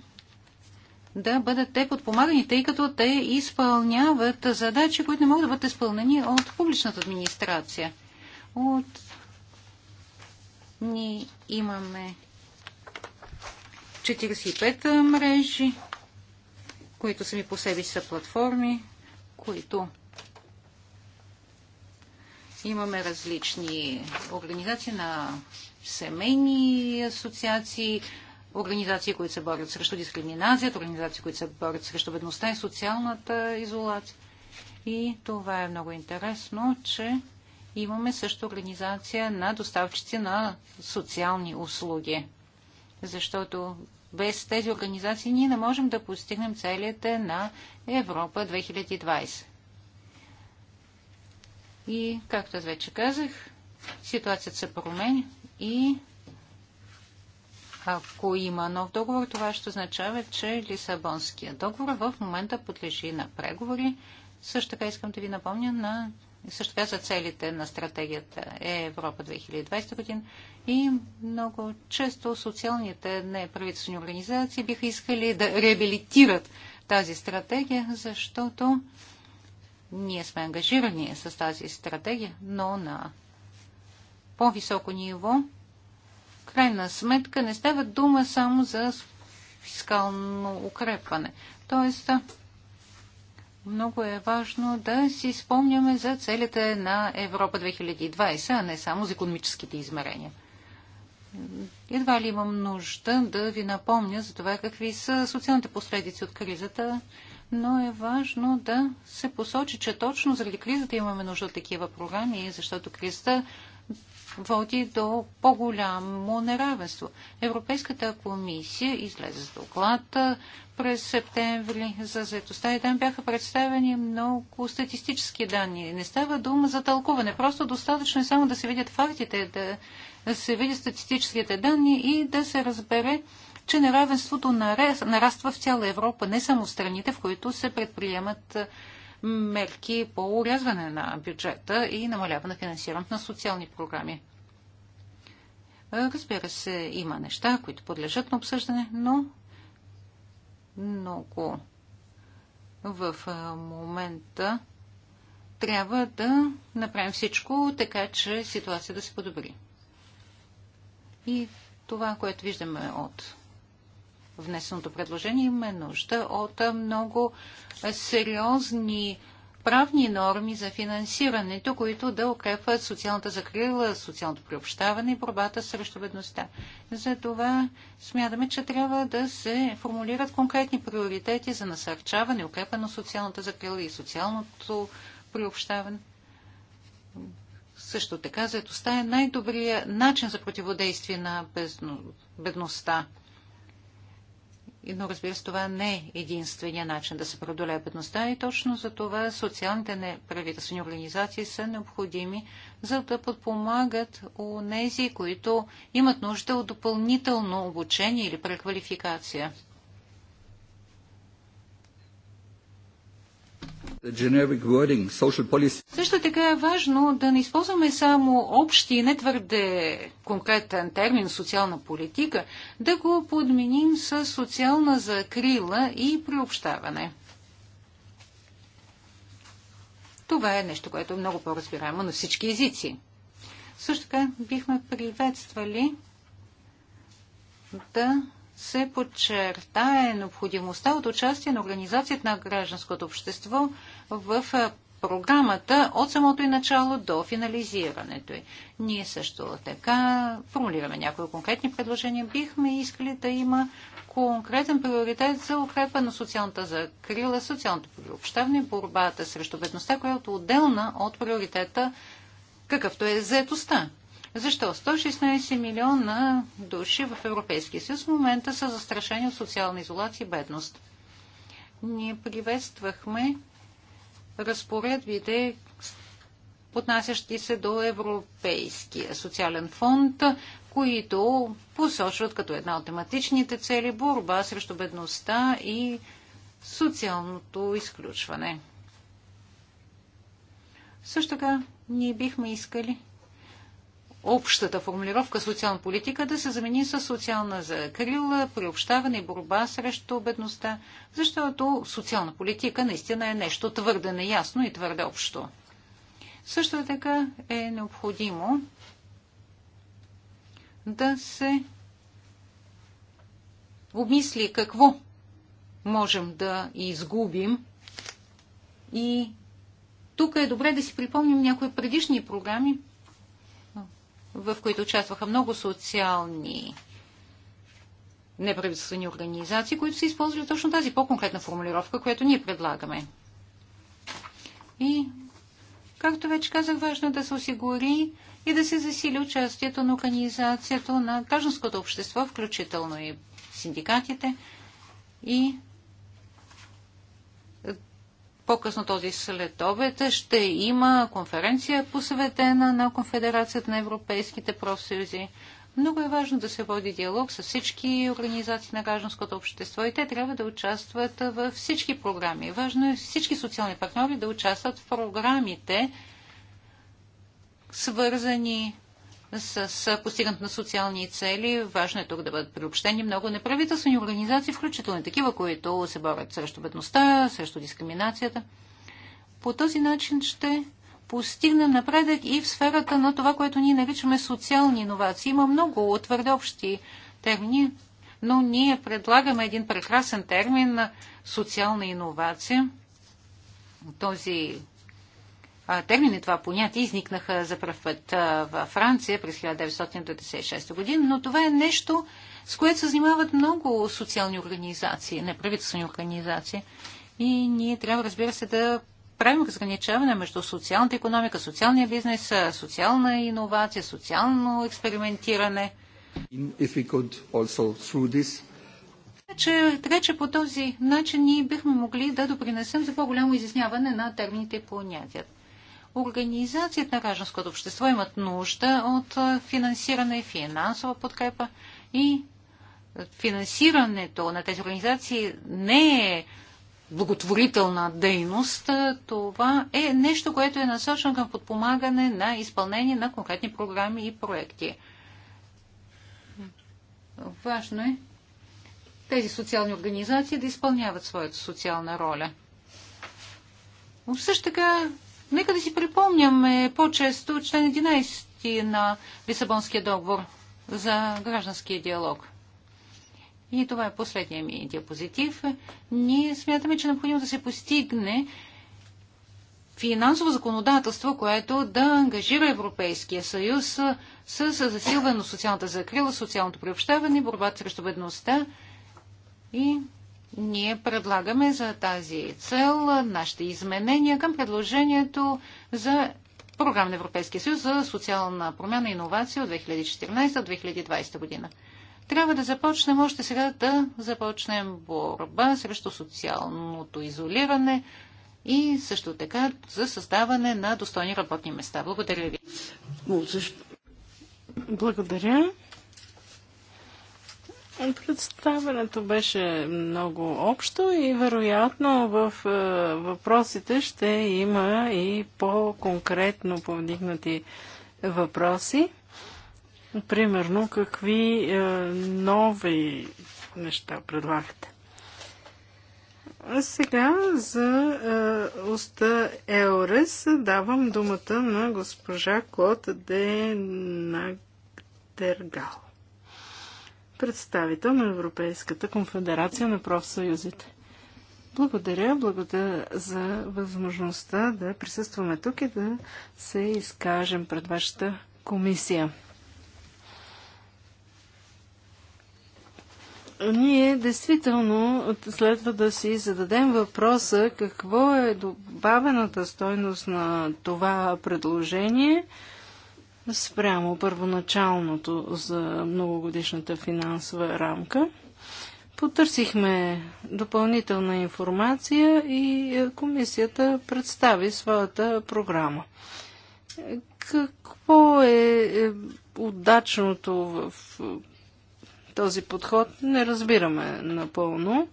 да бъдат те подпомагани, тъй като те изпълняват задачи, които не могат да бъдат изпълнени от публичната администрация. От... Ние имаме 45 мрежи, които сами по себе са платформи, които имаме различни организации на семейни асоциации, организации, които се борят срещу дискриминацията, организации, които се борят срещу бедността и социалната изолация. И това е много интересно, че имаме също организация на доставчици на социални услуги. Защото без тези организации ние не можем да постигнем целите на Европа 2020. И, както аз вече казах, ситуацията се променя и ако има нов договор, това ще означава, че Лисабонския договор в момента подлежи на преговори. Също така искам да ви напомня на също така за целите на стратегията е Европа 2020 година и много често социалните неправителствени организации биха искали да реабилитират тази стратегия, защото ние сме ангажирани с тази стратегия, но на по-високо ниво крайна сметка не става дума само за фискално укрепване. Тоест, много е важно да си спомняме за целите на Европа 2020, а не само за економическите измерения. Едва ли имам нужда да ви напомня за това какви са социалните последици от кризата, но е важно да се посочи, че точно заради кризата имаме нужда от такива програми, защото кризата води до по-голямо неравенство. Европейската комисия излезе с доклад през септември за заедостта и там бяха представени много статистически данни. Не става дума за тълкуване, просто достатъчно е само да се видят фактите, да се видят статистическите данни и да се разбере, че неравенството нараства в цяла Европа, не само в страните, в които се предприемат мерки по урязване на бюджета и намаляване на финансирането на социални програми. Разбира се, има неща, които подлежат на обсъждане, но много в момента трябва да направим всичко така, че ситуация да се подобри. И това, което виждаме от внесеното предложение. Има нужда от много сериозни правни норми за финансирането, които да укрепват социалната закрила, социалното приобщаване и борбата срещу бедността. Затова смятаме, че трябва да се формулират конкретни приоритети за насърчаване, укрепване на социалната закрила и социалното приобщаване. Също така, заедостта е най-добрият начин за противодействие на бедността но разбира се, това не е единствения начин да се преодолее бедността и точно за това социалните неправителствени организации са необходими, за да подпомагат у нези, които имат нужда от допълнително обучение или преквалификация. Също така е важно да не използваме само общи и не твърде конкретен термин социална политика, да го подменим с социална закрила и приобщаване. Това е нещо, което е много по-разбираемо на всички езици. Също така бихме приветствали да се подчертае необходимостта от участие на Организацията на гражданското общество в програмата от самото и начало до финализирането й. Ние също така формулираме някои конкретни предложения. Бихме искали да има конкретен приоритет за укрепване на социалната закрила, социалното приобщаване, борбата срещу бедността, която е отделна от приоритета, какъвто е заетостта. Защо? 116 милиона души в Европейския съюз в момента са застрашени от социална изолация и бедност. Ние приветствахме разпоредбите, отнасящи се до Европейския социален фонд, които посочват като една от тематичните цели борба срещу бедността и социалното изключване. Също така, ние бихме искали общата формулировка социална политика да се замени с социална закрила, приобщаване и борба срещу бедността, защото социална политика наистина е нещо твърде неясно и твърде общо. Също така е необходимо да се обмисли какво можем да изгубим и тук е добре да си припомним някои предишни програми, в които участваха много социални неправителствени организации, които са използвали точно тази по-конкретна формулировка, която ние предлагаме. И, както вече казах, важно е да се осигури и да се засили участието на организацията на гражданското общество, включително и синдикатите и по-късно този обед ще има конференция посветена на Конфедерацията на европейските профсъюзи. Много е важно да се води диалог с всички организации на гражданското общество и те трябва да участват във всички програми. Важно е всички социални партньори да участват в програмите, свързани с, с постигането на социални цели. Важно е тук да бъдат приобщени много неправителствени организации, включително и такива, които се борят срещу бедността, срещу дискриминацията. По този начин ще постигнем напредък и в сферата на това, което ние наричаме социални иновации. Има много твърде общи термини, но ние предлагаме един прекрасен термин на социална иновация. Този термини, това понятие изникнаха за първ път във Франция през 1996 година, но това е нещо, с което се занимават много социални организации, неправителствени организации. И ние трябва, разбира се, да правим разграничаване между социалната економика, социалния бизнес, социална иновация, социално експериментиране. Така че, така че по този начин ние бихме могли да допринесем за по-голямо изясняване на термините и понятията. Организацията на гражданското общество имат нужда от финансиране, финансова подкрепа и финансирането на тези организации не е благотворителна дейност. Това е нещо, което е насочено към подпомагане на изпълнение на конкретни програми и проекти. Важно е тези социални организации да изпълняват своята социална роля. Но също така Нека да си припомняме по-често член 11 на Лисабонския договор за гражданския диалог. И това е последния ми диапозитив. Ние смятаме, че е необходимо да се постигне финансово законодателство, което да ангажира Европейския съюз с засилване на социалната закрила, социалното приобщаване, борбата срещу бедността и ние предлагаме за тази цел нашите изменения към предложението за програма на Европейския съюз за социална промяна и иновация от 2014-2020 година. Трябва да започнем още сега да започнем борба срещу социалното изолиране и също така за създаване на достойни работни места. Благодаря ви. Благодаря. Е, представенето беше много общо и вероятно в е, въпросите ще има и по-конкретно повдигнати въпроси. Примерно, какви е, нови неща предлагате? Сега за е, уста Еорес давам думата на госпожа Клод де Нагдергал представител на Европейската конфедерация на профсъюзите. Благодаря, благодаря за възможността да присъстваме тук и да се изкажем пред вашата комисия. Ние действително следва да си зададем въпроса какво е добавената стойност на това предложение – спрямо първоначалното за многогодишната финансова рамка. Потърсихме допълнителна информация и комисията представи своята програма. Какво е, е удачното в този подход, не разбираме напълно,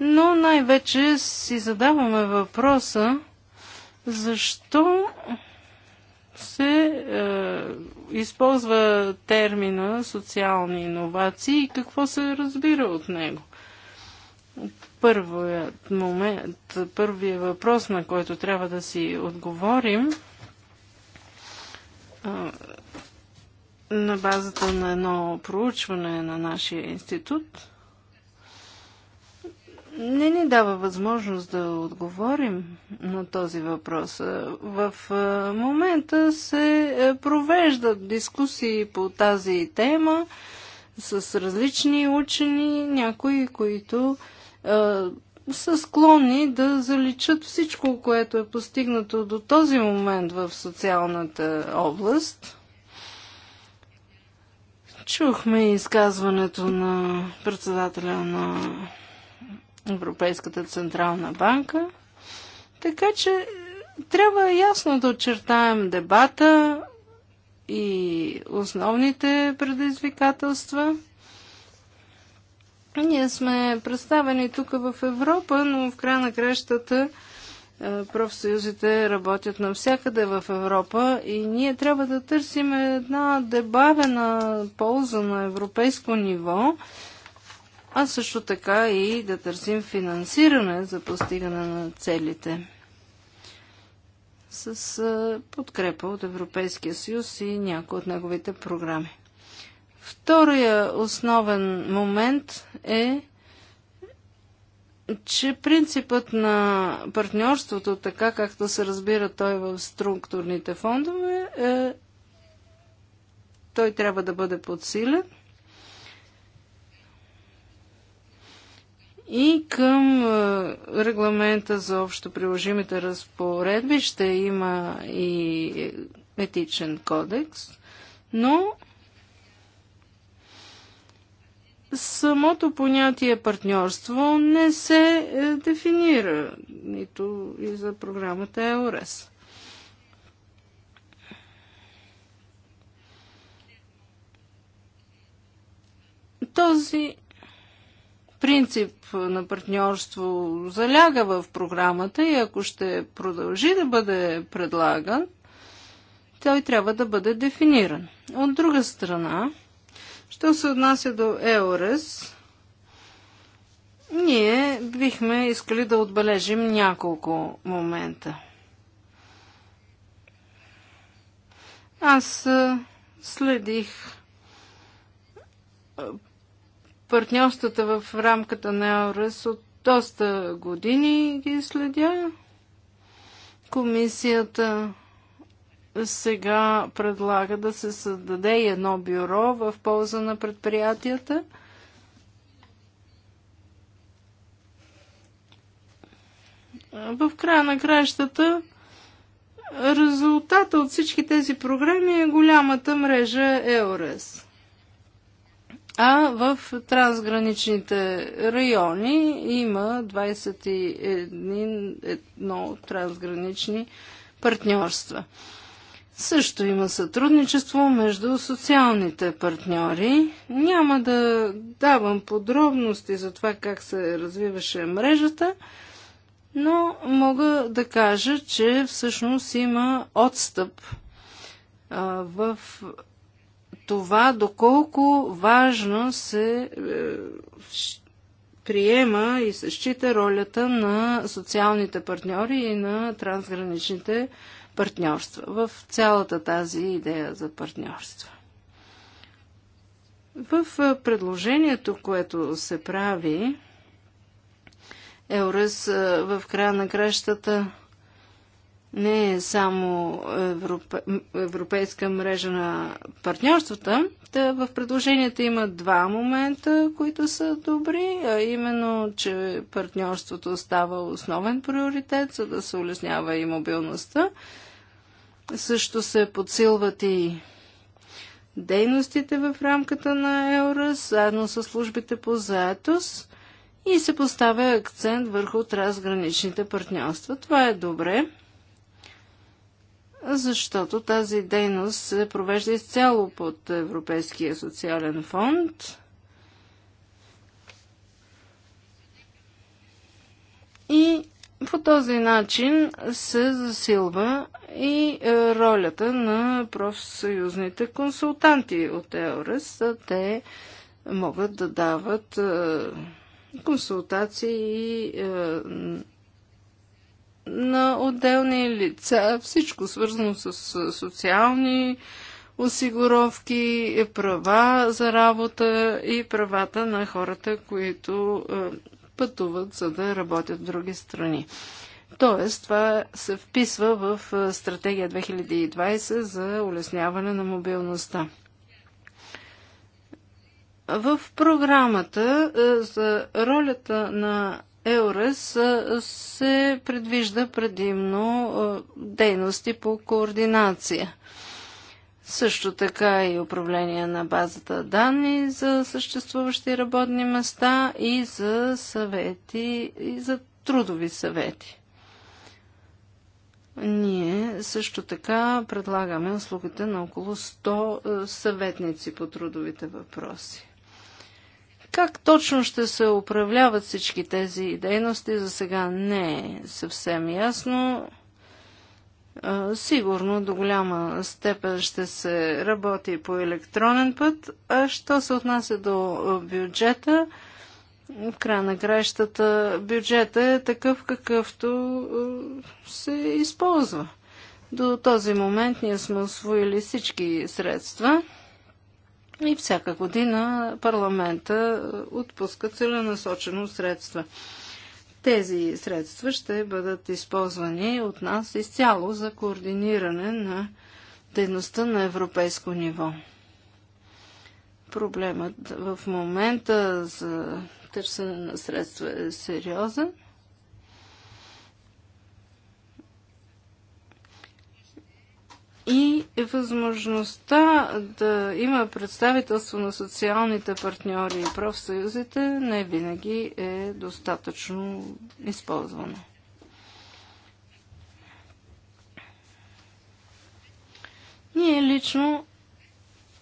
но най-вече си задаваме въпроса защо се е, използва термина социални иновации и какво се разбира от него. Първият момент, първият въпрос, на който трябва да си отговорим, е, на базата на едно проучване на нашия институт, не ни дава възможност да отговорим на този въпрос. В момента се е, провеждат дискусии по тази тема с различни учени, някои, които са склонни да заличат всичко, което е постигнато до този момент в социалната област. Чухме изказването на председателя на Европейската централна банка. Така че е, трябва ясно да очертаем дебата и основните предизвикателства. Ние сме представени тук в Европа, но в края на кращата е, профсъюзите работят навсякъде в Европа и ние трябва да търсим една дебавена полза на европейско ниво, а също така и да търсим финансиране за постигане на целите с подкрепа от Европейския съюз и някои от неговите програми. Втория основен момент е, че принципът на партньорството, така както се разбира той в структурните фондове, е, той трябва да бъде подсилен – и към е, регламента за общо приложимите разпоредби ще има и етичен кодекс, но самото понятие партньорство не се е, дефинира нито и за програмата ЕОРЕС. Този принцип на партньорство заляга в програмата и ако ще продължи да бъде предлаган, той трябва да бъде дефиниран. От друга страна, що се отнася до ЕОРЕС, ние бихме искали да отбележим няколко момента. Аз следих партньорствата в рамката на ЕОРС от доста години ги следя. Комисията сега предлага да се създаде едно бюро в полза на предприятията. В края на краищата резултата от всички тези програми е голямата мрежа ЕОРЕС. А в трансграничните райони има 21 трансгранични партньорства. Също има сътрудничество между социалните партньори. Няма да давам подробности за това как се развиваше мрежата, но мога да кажа, че всъщност има отстъп а, в това доколко важно се е, приема и се счита ролята на социалните партньори и на трансграничните партньорства в цялата тази идея за партньорства. В е, предложението, което се прави, Еурес е, в края на кращата не е само Европе... Европейска мрежа на партньорствата. Та в предложенията има два момента, които са добри, а именно, че партньорството става основен приоритет, за да се улеснява и мобилността. Също се подсилват и дейностите в рамката на ЕОРАС, заедно с службите по заетост и се поставя акцент върху трансграничните партньорства. Това е добре защото тази дейност се провежда изцяло под Европейския социален фонд. И по този начин се засилва и е, ролята на профсъюзните консултанти от ЕОРЕС. Те могат да дават е, консултации и е, отделни лица, всичко свързано с социални осигуровки, права за работа и правата на хората, които е, пътуват, за да работят в други страни. Тоест, това се вписва в е, стратегия 2020 за улесняване на мобилността. В програмата е, за ролята на Еурес се предвижда предимно дейности по координация. Също така и управление на базата данни за съществуващи работни места и за съвети и за трудови съвети. Ние също така предлагаме услугите на около 100 съветници по трудовите въпроси. Как точно ще се управляват всички тези дейности, за сега не е съвсем ясно. Сигурно до голяма степен ще се работи по електронен път, а що се отнася до бюджета, в края на краищата бюджета е такъв какъвто се използва. До този момент ние сме освоили всички средства. И всяка година парламента отпуска целенасочено средства. Тези средства ще бъдат използвани от нас изцяло за координиране на дейността на европейско ниво. Проблемът в момента за търсене на средства е сериозен. и възможността да има представителство на социалните партньори и профсъюзите не винаги е достатъчно използвано. Ние лично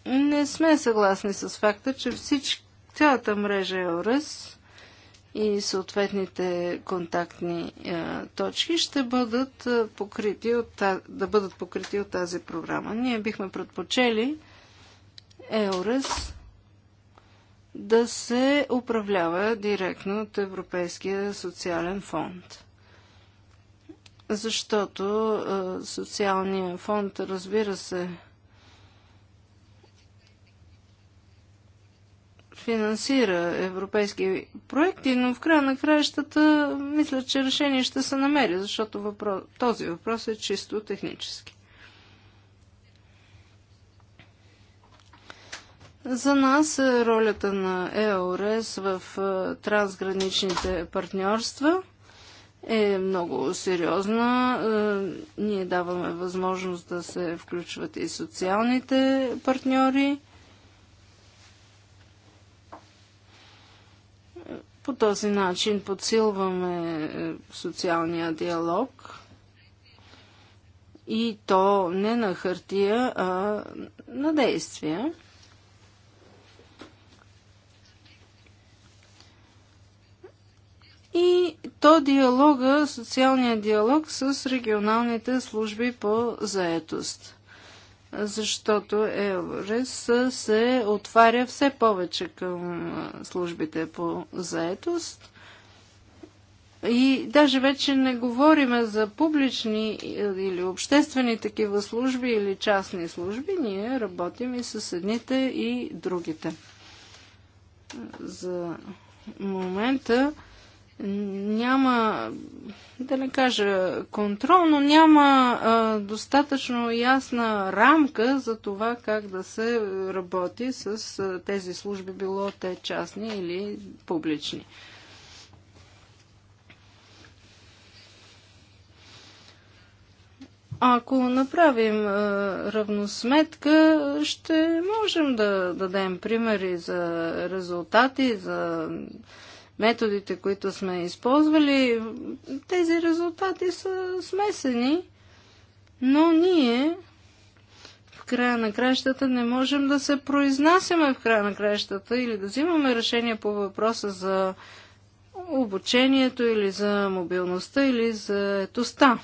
не сме съгласни с факта, че всички, цялата мрежа е ОРС, и съответните контактни е, точки ще бъдат е, покрити от, да бъдат покрити от тази програма. Ние бихме предпочели ЕОРЕС да се управлява директно от Европейския социален фонд. Защото е, социалния фонд, разбира се, финансира европейски проекти, но в края на краищата мисля, че решение ще се намери, защото въпрос, този въпрос е чисто технически. За нас е ролята на ЕОРЕС в е, трансграничните партньорства е много сериозна. Е, ние даваме възможност да се включват и социалните партньори По този начин подсилваме е, социалния диалог и то не на хартия, а на действия. И то диалога, социалния диалог с регионалните служби по заетост защото ЕОРЕС се отваря все повече към службите по заетост. И даже вече не говориме за публични или обществени такива служби или частни служби. Ние работим и с едните и другите. За момента няма, да не кажа контрол, но няма а, достатъчно ясна рамка за това как да се работи с а, тези служби, било те частни или публични. Ако направим а, равносметка, ще можем да дадем примери за резултати, за а, методите, които сме използвали, тези резултати са смесени, но ние в края на краищата не можем да се произнасяме в края на краищата или да взимаме решение по въпроса за обучението или за мобилността или за етостта.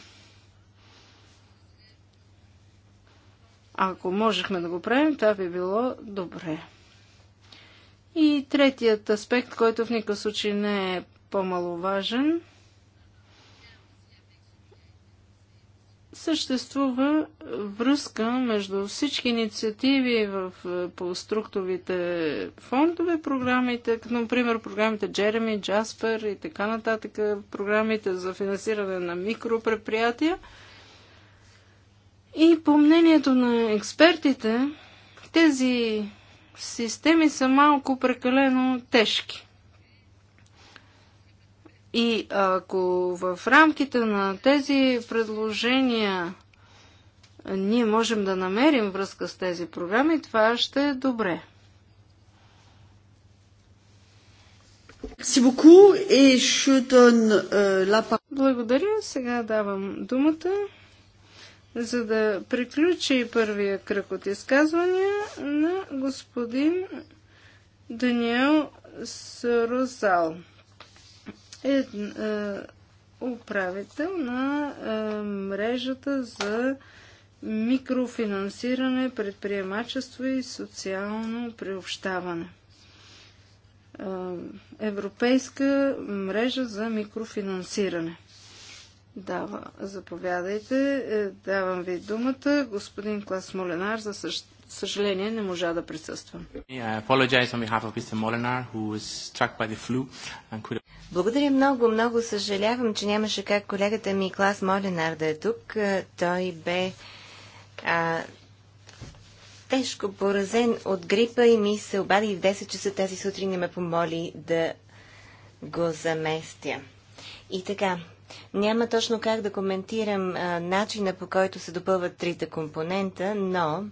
Ако можехме да го правим, това би било добре. И третият аспект, който в никакъв случай не е по-маловажен, съществува връзка между всички инициативи в, по структовите фондове, програмите, като например програмите Джереми, Джаспер и така нататък, програмите за финансиране на микропредприятия. И по мнението на експертите, тези системи са малко прекалено тежки. И ако в рамките на тези предложения ние можем да намерим връзка с тези програми, това ще е добре. Euh, Благодаря. Сега давам думата за да приключи първия кръг от изказвания на господин Даниел Сарозал, е, е, управител на е, мрежата за микрофинансиране, предприемачество и социално приобщаване. Е, Европейска мрежа за микрофинансиране. Дава, заповядайте. Е, давам ви думата. Господин Клас Моленар, за същ... съжаление, не можа да присъства. Благодаря много, много съжалявам, че нямаше как колегата ми Клас Моленар да е тук. Е, той бе а, тежко поразен от грипа и ми се обади и в 10 часа тази сутрин и ме помоли да го заместя. И така, няма точно как да коментирам а, начина по който се допълват трите компонента, но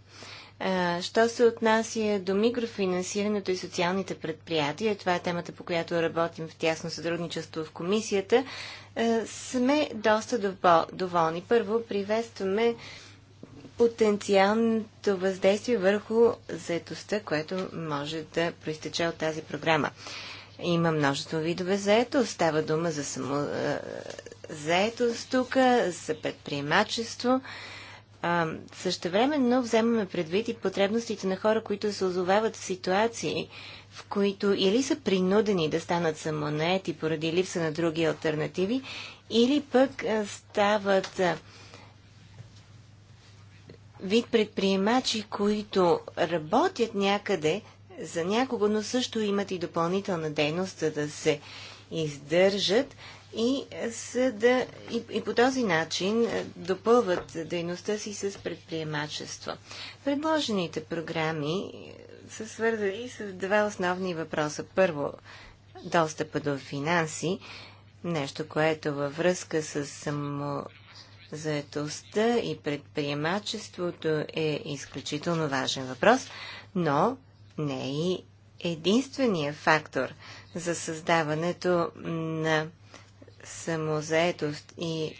а, що се отнася до микрофинансирането и социалните предприятия, това е темата по която работим в тясно сътрудничество в комисията, а, сме доста доволни. Първо приветстваме потенциалното въздействие върху заетостта, което може да проистече от тази програма. Има множество видове заетост. Става дума за само заетост тук, за предприемачество. Същевременно вземаме предвид и потребностите на хора, които се озовават в ситуации, в които или са принудени да станат самонети поради липса на други альтернативи, или пък стават вид предприемачи, които работят някъде, за някого, но също имат и допълнителна дейност, за да се издържат и, са да, и, и по този начин е, допълват дейността си с предприемачество. Предложените програми е, са свързани с два основни въпроса. Първо, достъпа до финанси, нещо, което във връзка с само заетостта и предприемачеството е изключително важен въпрос, но не е и единствения фактор за създаването на самозаетост и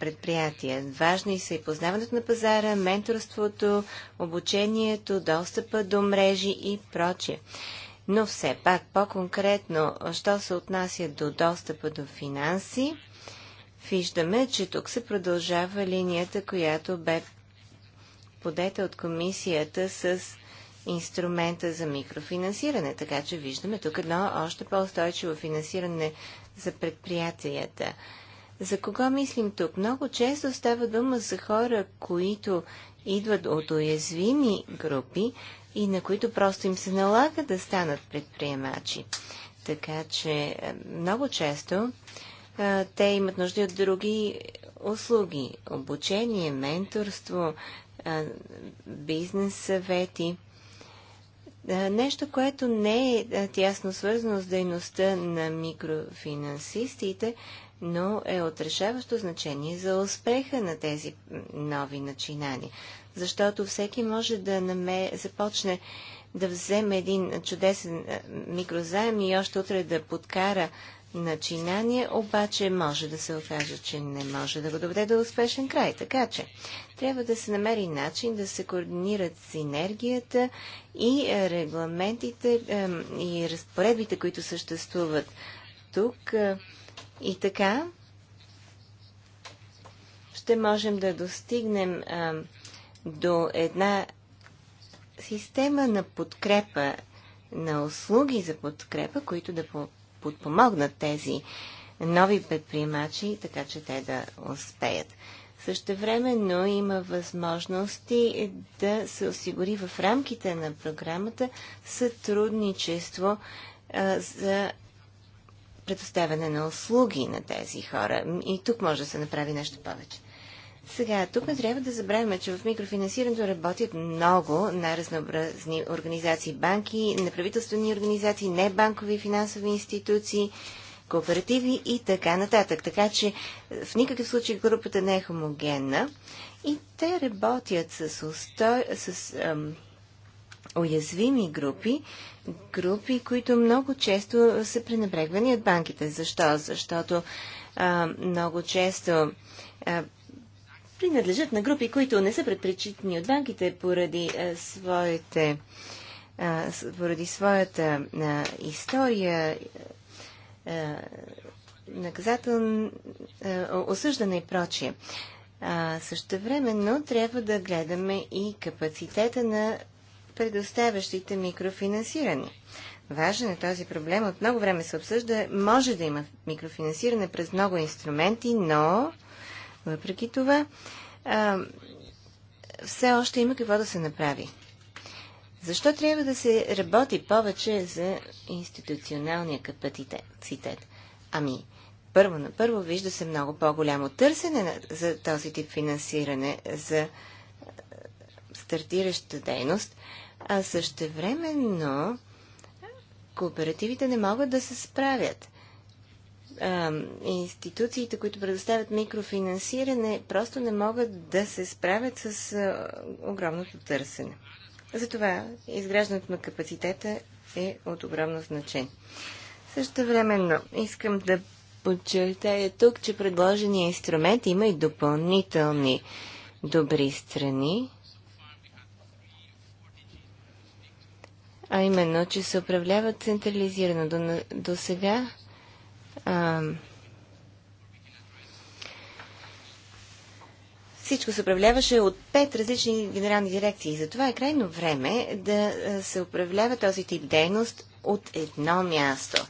предприятия. Важни са и познаването на пазара, менторството, обучението, достъпа до мрежи и прочие. Но все пак по-конкретно, що се отнася до достъпа до финанси, виждаме, че тук се продължава линията, която бе подета от комисията с инструмента за микрофинансиране. Така че виждаме тук едно още по-устойчиво финансиране за предприятията. За кого мислим тук? Много често става дума за хора, които идват от уязвими групи и на които просто им се налага да станат предприемачи. Така че е, много често е, те имат нужда от други услуги. Обучение, менторство, е, бизнес съвети. Е, нещо, което не е, е тясно свързано с дейността на микрофинансистите, но е от решаващо значение за успеха на тези нови начинания. Защото всеки може да наме... започне да вземе един чудесен е, микрозаем и още утре да подкара начинание, обаче може да се окаже, че не може да го доведе до успешен край. Така че трябва да се намери начин да се координират синергията и е, регламентите и разпоредбите, които съществуват тук. Е, и така ще можем да достигнем до една система на подкрепа на услуги за подкрепа, които да подпомогнат тези нови предприемачи, така че те да успеят. но има възможности да се осигури в рамките на програмата сътрудничество за предоставяне на услуги на тези хора. И тук може да се направи нещо повече. Сега, тук не трябва да забравяме, че в микрофинансирането работят много най-разнообразни организации, банки, неправителствени организации, небанкови финансови институции, кооперативи и така нататък. Така че в никакъв случай групата не е хомогенна и те работят с, устой... с ам, уязвими групи, групи, които много често са пренебрегвани от банките. Защо? Защото ам, много често Ам, принадлежат на групи, които не са предпричитани от банките поради а, своите а, поради своята а, история а, наказателно осъждане и прочие. А, също времено трябва да гледаме и капацитета на предоставящите микрофинансиране. Важен е този проблем. От много време се обсъжда. Може да има микрофинансиране през много инструменти, но въпреки това, а, все още има какво да се направи. Защо трябва да се работи повече за институционалния капацитет? Ами, първо на първо вижда се много по-голямо търсене за този тип финансиране, за стартираща дейност, а същевременно кооперативите не могат да се справят а, институциите, които предоставят микрофинансиране, просто не могат да се справят с а, огромното търсене. Затова изграждането на капацитета е от огромно значение. Също времено искам да подчертая тук, че предложения инструмент има и допълнителни добри страни, а именно, че се управляват централизирано. До, до сега всичко се управляваше от пет различни генерални дирекции. Затова е крайно време да се управлява този тип дейност от едно място,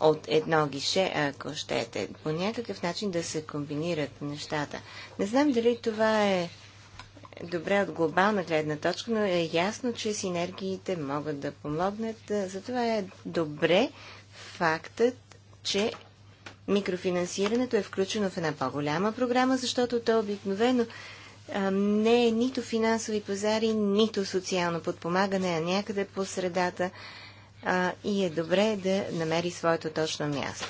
от едно гише, ако щете. По някакъв начин да се комбинират нещата. Не знам дали това е добре от глобална гледна точка, но е ясно, че синергиите могат да помогнат. Затова е добре фактът, че микрофинансирането е включено в една по-голяма програма, защото то обикновено не е нито финансови пазари, нито социално подпомагане, а някъде по средата и е добре да намери своето точно място.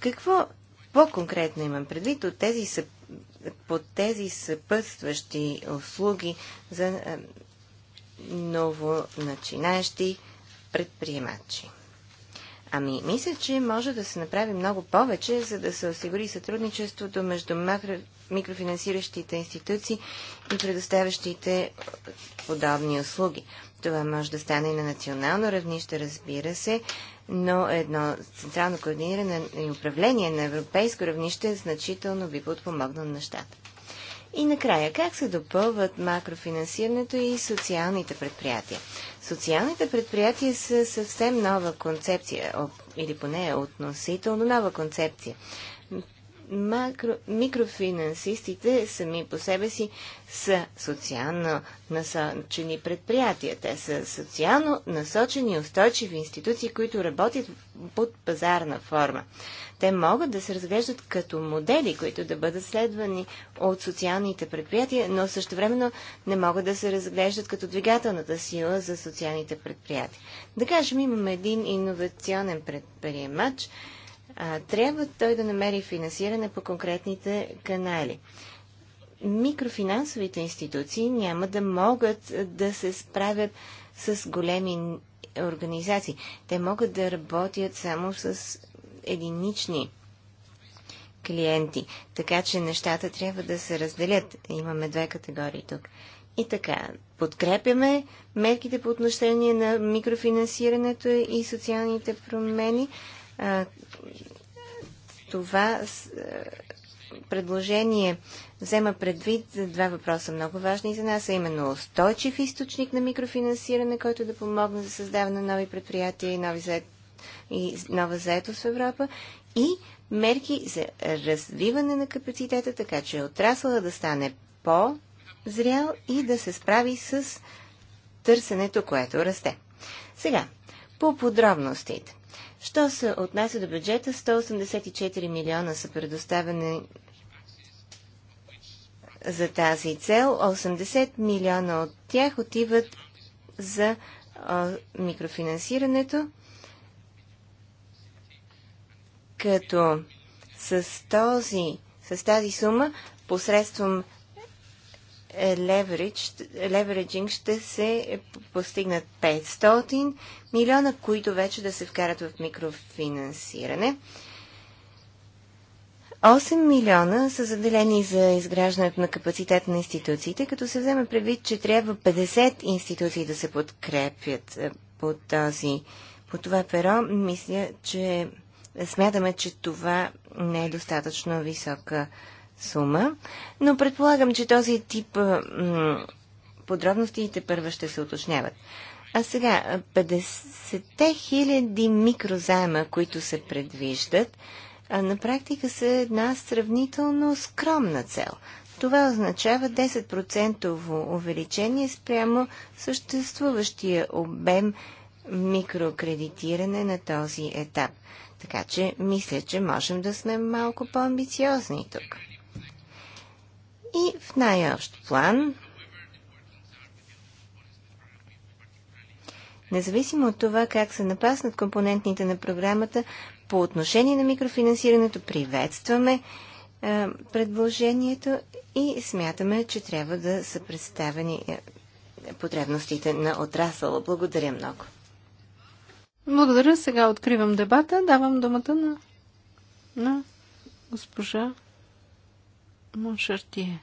Какво по-конкретно имам предвид от тези съп... под тези съпътстващи услуги за новоначинащи предприемачи? Ами, мисля, че може да се направи много повече, за да се осигури сътрудничеството между макро... микрофинансиращите институции и предоставящите подобни услуги. Това може да стане и на национално равнище, разбира се, но едно централно координиране и управление на европейско равнище значително би подпомогнало нещата. И накрая, как се допълват макрофинансирането и социалните предприятия? Социалните предприятия са съвсем нова концепция, или поне относително нова концепция макро, микрофинансистите сами по себе си са социално насочени предприятия. Те са социално насочени устойчиви институции, които работят под пазарна форма. Те могат да се разглеждат като модели, които да бъдат следвани от социалните предприятия, но същевременно не могат да се разглеждат като двигателната сила за социалните предприятия. Да кажем, имаме един иновационен предприемач, а, трябва той да намери финансиране по конкретните канали. Микрофинансовите институции няма да могат да се справят с големи организации. Те могат да работят само с единични клиенти. Така че нещата трябва да се разделят. Имаме две категории тук. И така, подкрепяме мерките по отношение на микрофинансирането и социалните промени това е, предложение взема предвид два въпроса много важни за нас, а именно устойчив източник на микрофинансиране, който да помогне за създаване на нови предприятия и, нови заед... и нова заетост в Европа и мерки за развиване на капацитета, така че отрасъла да стане по-зрял и да се справи с търсенето, което расте. Сега, по подробностите. Що се отнася до бюджета, 184 милиона са предоставени за тази цел. 80 милиона от тях отиват за микрофинансирането, като с, този, с тази сума посредством леверидж, левериджинг ще се постигнат 500 милиона, които вече да се вкарат в микрофинансиране. 8 милиона са заделени за изграждането на капацитет на институциите, като се вземе предвид, че трябва 50 институции да се подкрепят е, по, този, по това перо. Мисля, че смятаме, че това не е достатъчно висока сума, но предполагам, че този тип подробностите първа ще се уточняват. А сега, 50-те хиляди микрозаема, които се предвиждат, на практика са една сравнително скромна цел. Това означава 10% увеличение спрямо съществуващия обем микрокредитиране на този етап. Така че мисля, че можем да сме малко по-амбициозни тук. И в най-общ план, независимо от това как се напаснат компонентните на програмата, по отношение на микрофинансирането приветстваме е, предложението и смятаме, че трябва да са представени е, потребностите на отрасъла. Благодаря много. Благодаря. Сега откривам дебата. Давам думата на, на госпожа Моншартие.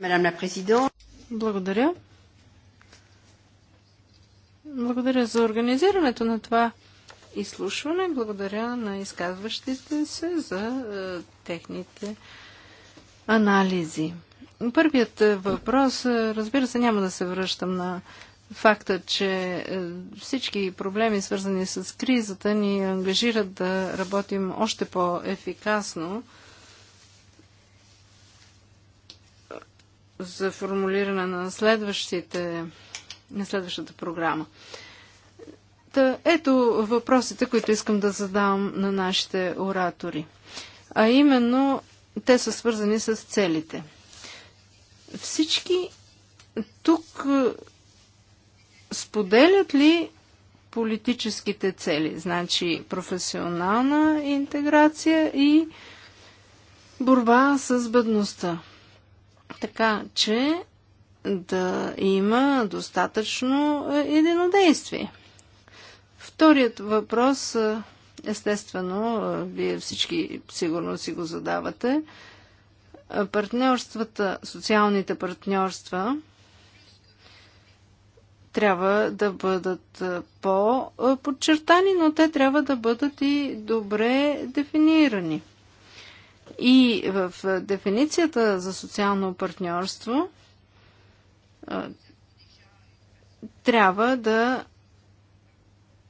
Мадам на президент. Благодаря. Благодаря за организирането на това изслушване. Благодаря на изказващите се за е, техните анализи. Първият е, въпрос, е, разбира се, няма да се връщам на факта, че е, всички проблеми, свързани с кризата, ни ангажират да работим още по-ефикасно за формулиране на, следващите, на следващата програма. Та, ето въпросите, които искам да задавам на нашите оратори. А именно, те са свързани с целите. Всички тук е, споделят ли политическите цели? Значи професионална интеграция и борба с бедността така че да има достатъчно е, единодействие. Вторият въпрос, е, естествено, е, вие всички сигурно си го задавате. Партньорствата, социалните партньорства трябва да бъдат по-подчертани, но те трябва да бъдат и добре дефинирани. И в дефиницията за социално партньорство трябва да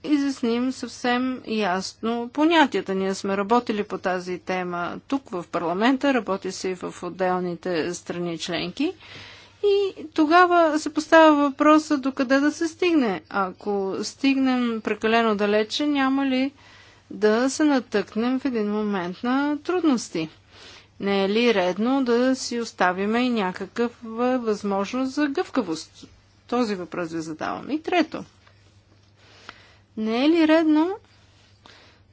изясним съвсем ясно понятията. Ние сме работили по тази тема тук в парламента, работи се и в отделните страни членки. И тогава се поставя въпроса до къде да се стигне. Ако стигнем прекалено далече, няма ли да се натъкнем в един момент на трудности. Не е ли редно да си оставим и някакъв възможност за гъвкавост? Този въпрос ви задавам. И трето. Не е ли редно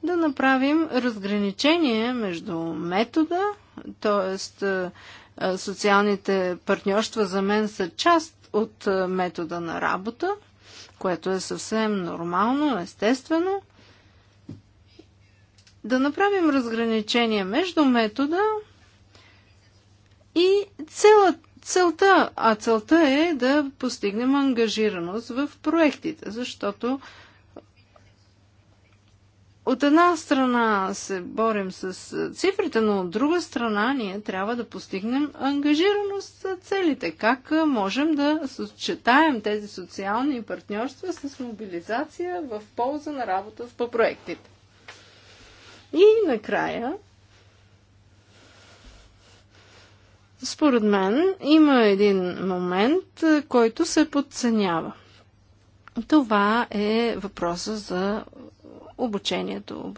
да направим разграничение между метода, т.е. социалните партньорства за мен са част от метода на работа, което е съвсем нормално, естествено – да направим разграничение между метода и цела, целта, а целта е да постигнем ангажираност в проектите, защото от една страна се борим с цифрите, но от друга страна ние трябва да постигнем ангажираност с целите. Как можем да съчетаем тези социални партньорства с мобилизация в полза на работа по проектите? И накрая, според мен, има един момент, който се подценява. Това е въпроса за обучението,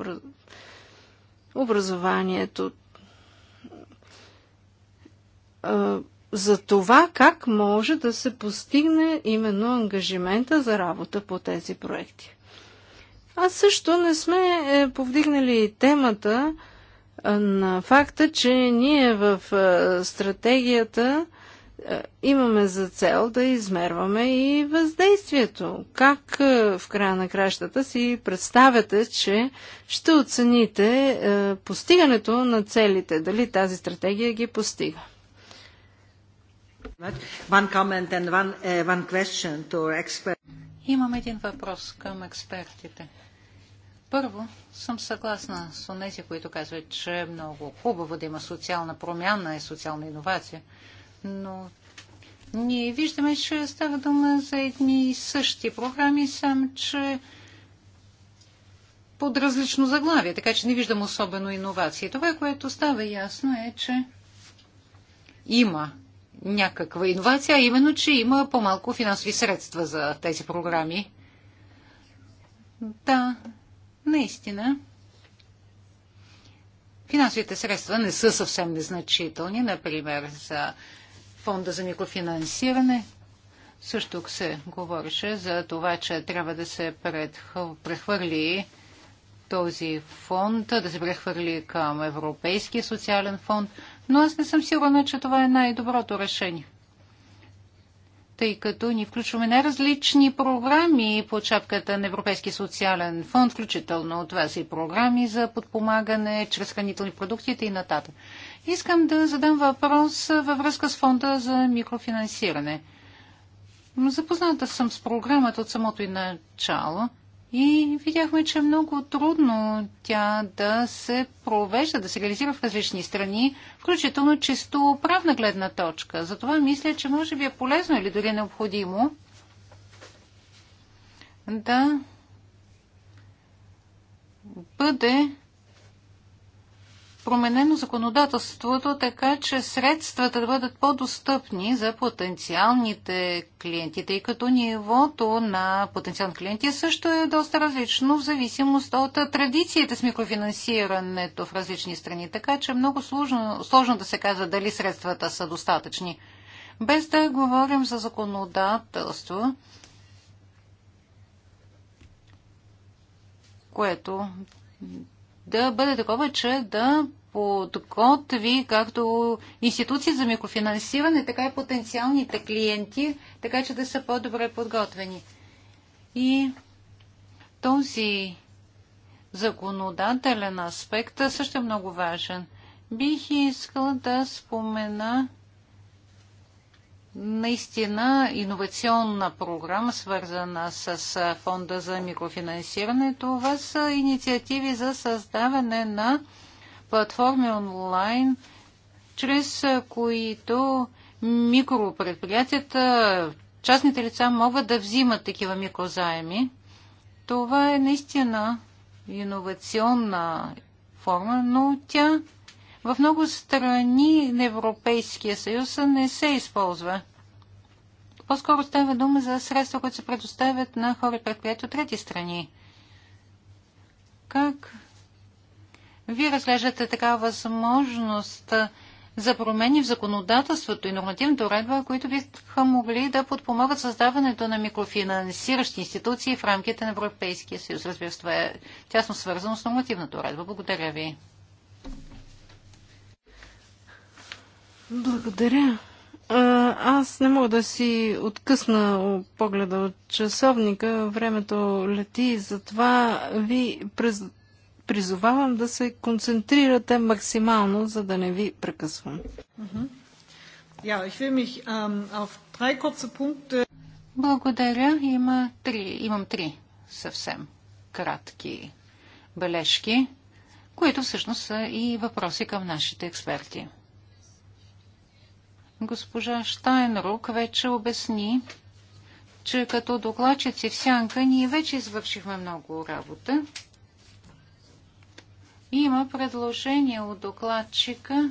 образованието. За това как може да се постигне именно ангажимента за работа по тези проекти. А също не сме е, повдигнали темата на факта, че ние в стратегията имаме за цел да измерваме и въздействието. Как в края на кращата си представяте, че ще оцените постигането на целите? Дали тази стратегия ги постига? Uh, Имам един въпрос към експертите. Първо, съм съгласна с онези, които казват, че е много хубаво да има социална промяна и социална иновация, но ние виждаме, че става дума за едни и същи програми, сам, че под различно заглавие, така че не виждам особено иновации. Това, което става ясно е, че има някаква иновация, а именно, че има по-малко финансови средства за тези програми. Да, Наистина, финансовите средства не са съвсем незначителни, например за фонда за микрофинансиране. Също тук се говореше за това, че трябва да се прехвърли този фонд, да се прехвърли към Европейския социален фонд, но аз не съм сигурна, че това е най-доброто решение тъй като ни включваме на различни програми по чапката на Европейския социален фонд, включително това са и програми за подпомагане чрез хранителни продукти и нататък. Искам да задам въпрос във връзка с фонда за микрофинансиране. Запозната съм с програмата от самото и начало – и видяхме, че е много трудно тя да се провежда, да се реализира в различни страни, включително чисто правна гледна точка. Затова мисля, че може би е полезно или дори е необходимо да бъде променено законодателството, така че средствата да бъдат по-достъпни за потенциалните клиенти, тъй като нивото на потенциални клиенти е също е доста различно в зависимост от традициите с микрофинансирането в различни страни. Така че е много сложно, сложно да се казва дали средствата са достатъчни. Без да говорим за законодателство, което да бъде такова, че да подход ви както институции за микрофинансиране, така и потенциалните клиенти, така че да са по-добре подготвени. И този законодателен аспект е също е много важен. Бих искала да спомена наистина иновационна програма, свързана с фонда за микрофинансиране. Това са инициативи за създаване на платформи онлайн, чрез които микропредприятията, частните лица могат да взимат такива микрозаеми. Това е наистина иновационна форма, но тя в много страни на Европейския съюз не се използва. По-скоро става дума за средства, които се предоставят на хора предприятия от трети страни. Как вие разглеждате така възможност за промени в законодателството и нормативната уредба, които биха могли да подпомогат създаването на микрофинансиращи институции в рамките на Европейския съюз. Разбира се, това е тясно свързано с нормативната уредба. Благодаря ви. Благодаря. Аз не мога да си откъсна погледа от часовника. Времето лети, затова ви през призовавам да се концентрирате максимално, за да не ви прекъсвам. Ja, ich will mich ähm, auf drei kurze Punkte. Благодаря. Има три, имам три съвсем кратки бележки, които всъщност са и въпроси към нашите експерти. Госпожа Штайнрук вече обясни, че като докладчици в сянка ние вече извършихме много работа има предложение от докладчика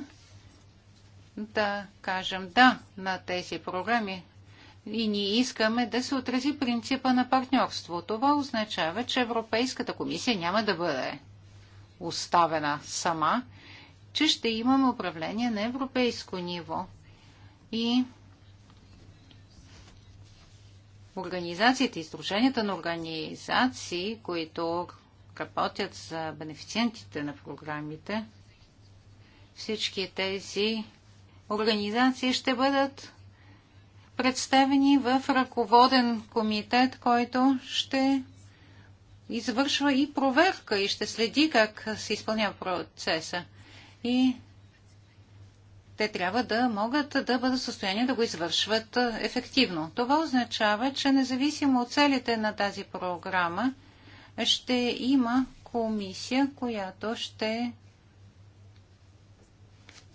да кажем да на тези програми и ние искаме да се отрази принципа на партньорство. Това означава, че Европейската комисия няма да бъде оставена сама, че ще имаме управление на европейско ниво. И организациите, издруженията на организации, които работят за бенефициентите на програмите, всички тези организации ще бъдат представени в ръководен комитет, който ще извършва и проверка и ще следи как се изпълнява процеса. И те трябва да могат да бъдат в състояние да го извършват ефективно. Това означава, че независимо от целите на тази програма, ще има комисия, която ще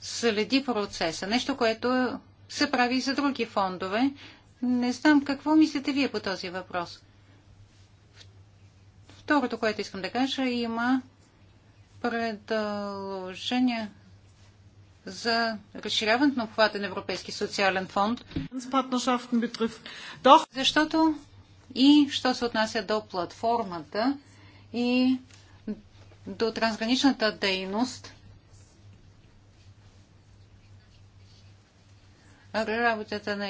следи процеса. Нещо, което се прави и за други фондове. Не знам какво мислите вие по този въпрос. Второто, което искам да кажа, има предложение за разширяването на обхвата на Европейски социален фонд. Защото и що се отнася до платформата и до трансграничната дейност, работата на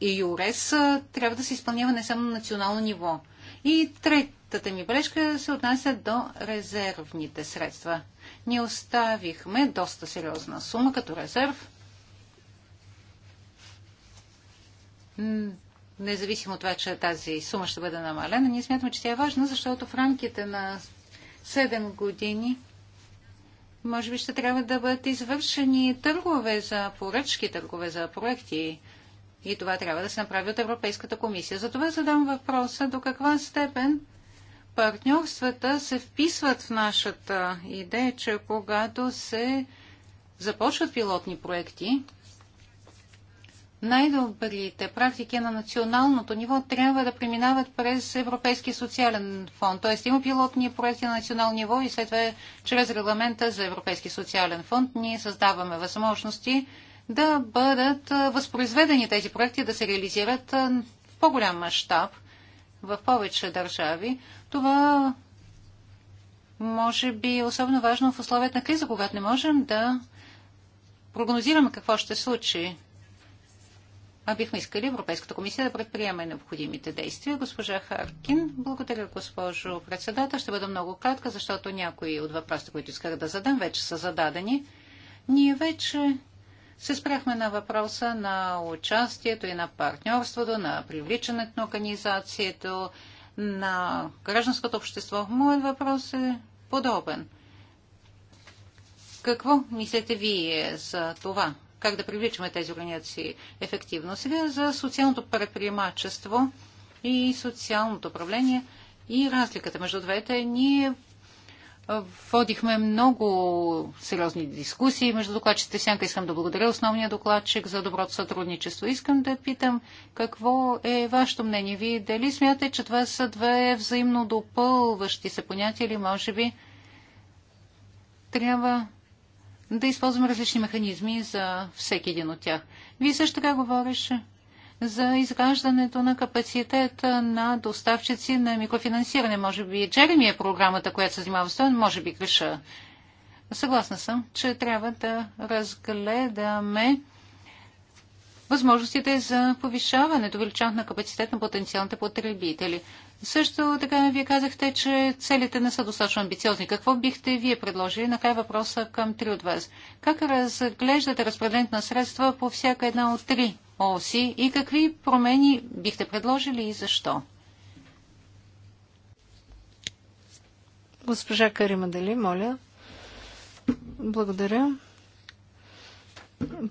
ЕЮРЕС трябва да се изпълнява не само на национално ниво. И третата ми бележка се отнася до резервните средства. Ние оставихме доста сериозна сума като резерв независимо от това, че тази сума ще бъде намалена, ние смятаме, че тя е важна, защото в рамките на 7 години може би ще трябва да бъдат извършени търгове за поръчки, търгове за проекти. И това трябва да се направи от Европейската комисия. Затова задам въпроса до каква степен партньорствата се вписват в нашата идея, че когато се започват пилотни проекти, най-добрите практики на националното ниво трябва да преминават през Европейския социален фонд. Т.е. има пилотни проекти на национално ниво и след това чрез регламента за Европейски социален фонд ние създаваме възможности да бъдат възпроизведени тези проекти, да се реализират в по-голям мащаб в повече държави. Това може би е особено важно в условията на криза, когато не можем да прогнозираме какво ще случи бихме искали Европейската комисия да предприеме необходимите действия. Госпожа Харкин, благодаря, госпожо председател. Ще бъда много кратка, защото някои от въпросите, които исках да задам, вече са зададени. Ние вече се спряхме на въпроса на участието и на партньорството, на привличането на организацията, на гражданското общество. Моят въпрос е подобен. Какво мислите вие за това? как да привличаме тези организации ефективно. Сега за социалното предприемачество и социалното управление и разликата между двете. Ние водихме много сериозни дискусии между докладчите. Сянка искам да благодаря основния докладчик за доброто сътрудничество. Искам да питам какво е вашето мнение. Вие дали смятате, че това са две взаимно допълващи се понятия или може би трябва да използваме различни механизми за всеки един от тях. Вие също така говореше за изграждането на капацитета на доставчици на микрофинансиране. Може би Джереми е програмата, която се занимава с това, може би греша. Съгласна съм, че трябва да разгледаме възможностите за повишаването, увеличаването на капацитет на потенциалните потребители. Също така вие казахте, че целите не са достатъчно амбициозни. Какво бихте вие предложили? Накрая въпроса към три от вас. Как разглеждате разпределението на средства по всяка една от три оси и какви промени бихте предложили и защо? Госпожа Карима Дали, моля. Благодаря.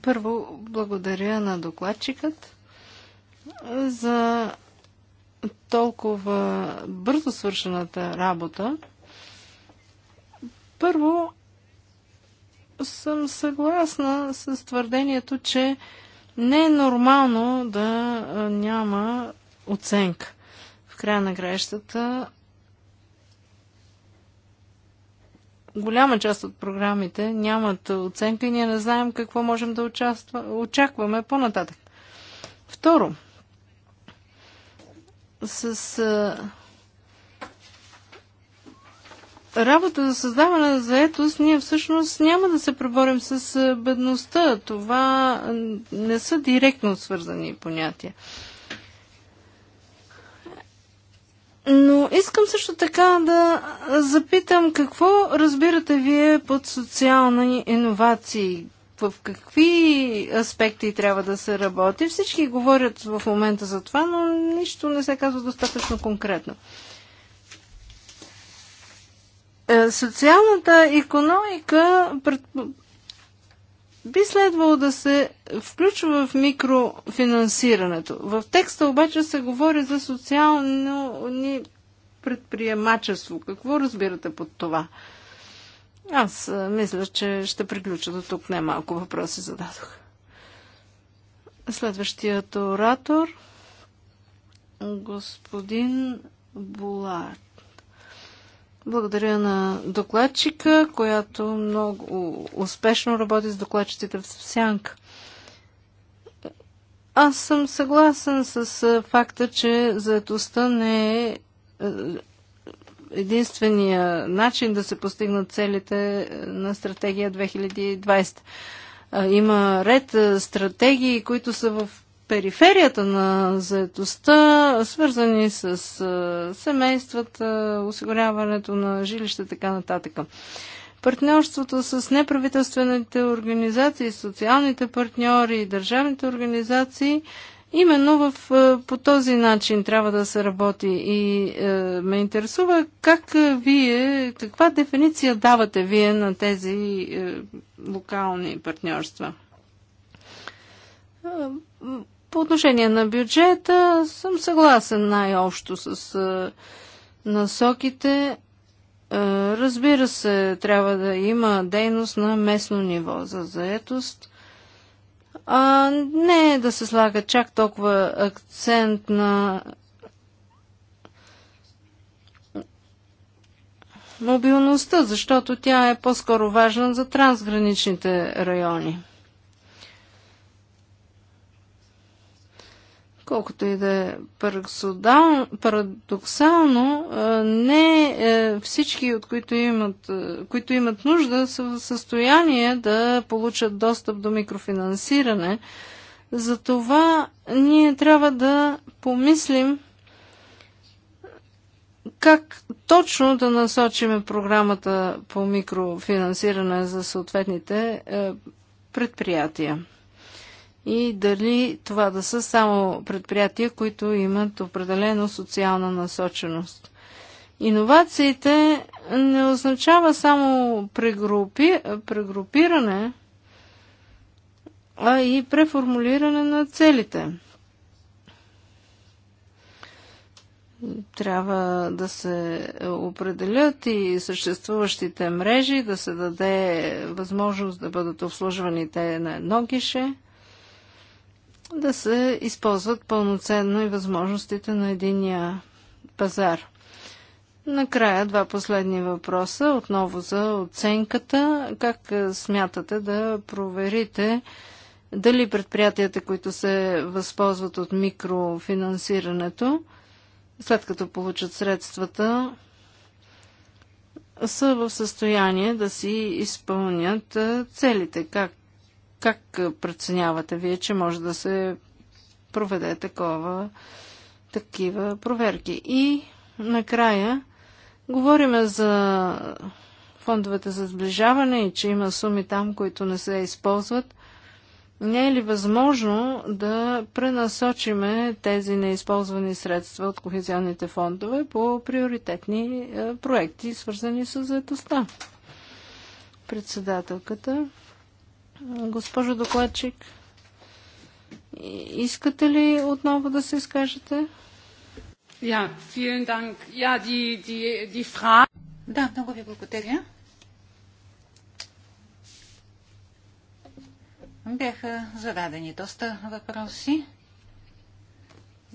Първо, благодаря на докладчикът за толкова бързо свършената работа. Първо, съм съгласна с твърдението, че не е нормално да няма оценка. В края на краищата голяма част от програмите нямат оценка и ние не знаем какво можем да участва, очакваме по-нататък. Второ, с а, работа за създаване на заетост, ние всъщност няма да се преборим с бедността. Това не са директно свързани понятия. Но искам също така да запитам какво разбирате вие под социални иновации? В какви аспекти трябва да се работи? Всички говорят в момента за това, но нищо не се казва достатъчно конкретно. Е, социалната економика би следвало да се включва в микрофинансирането. В текста обаче се говори за социално ни предприемачество. Какво разбирате под това? Аз мисля, че ще приключа до тук. Не малко въпроси зададох. Следващият оратор господин Булат. Благодаря на докладчика, която много успешно работи с докладчиците в Сянка. Аз съм съгласен с факта, че заедостта не е единствения начин да се постигнат целите на стратегия 2020. Има ред стратегии, които са в периферията на заедостта, свързани с семействата, осигуряването на жилища, така нататък. Партньорството с неправителствените организации, социалните партньори и държавните организации Именно в, по този начин трябва да се работи и е, ме интересува как вие, каква дефиниция давате вие на тези е, локални партньорства. По отношение на бюджета съм съгласен най-общо с насоките. Разбира се, трябва да има дейност на местно ниво за заетост. А, не е да се слага чак толкова акцент на мобилността, защото тя е по-скоро важна за трансграничните райони. Колкото и да е парадоксално, не е, всички, от които имат, е, които имат нужда, са в състояние да получат достъп до микрофинансиране. Затова ние трябва да помислим как точно да насочиме програмата по микрофинансиране за съответните е, предприятия и дали това да са само предприятия, които имат определено социална насоченост. Иновациите не означава само прегрупи, прегрупиране, а и преформулиране на целите. Трябва да се определят и съществуващите мрежи, да се даде възможност да бъдат обслужвани те на едно гише да се използват пълноценно и възможностите на единия пазар. Накрая два последни въпроса, отново за оценката. Как е, смятате да проверите дали предприятията, които се възползват от микрофинансирането, след като получат средствата, са в състояние да си изпълнят е, целите? Как как преценявате вие, че може да се проведе такова, такива проверки? И накрая говориме за фондовете за сближаване и че има суми там, които не се използват. Не е ли възможно да пренасочиме тези неизползвани средства от кохезионните фондове по приоритетни е, проекти, свързани с заедостта? Председателката. Госпожо докладчик, искате ли отново да се изкажете? Ja, vielen Dank. Ja, die, die, die Frage... Да, много ви благодаря. Бяха зададени доста въпроси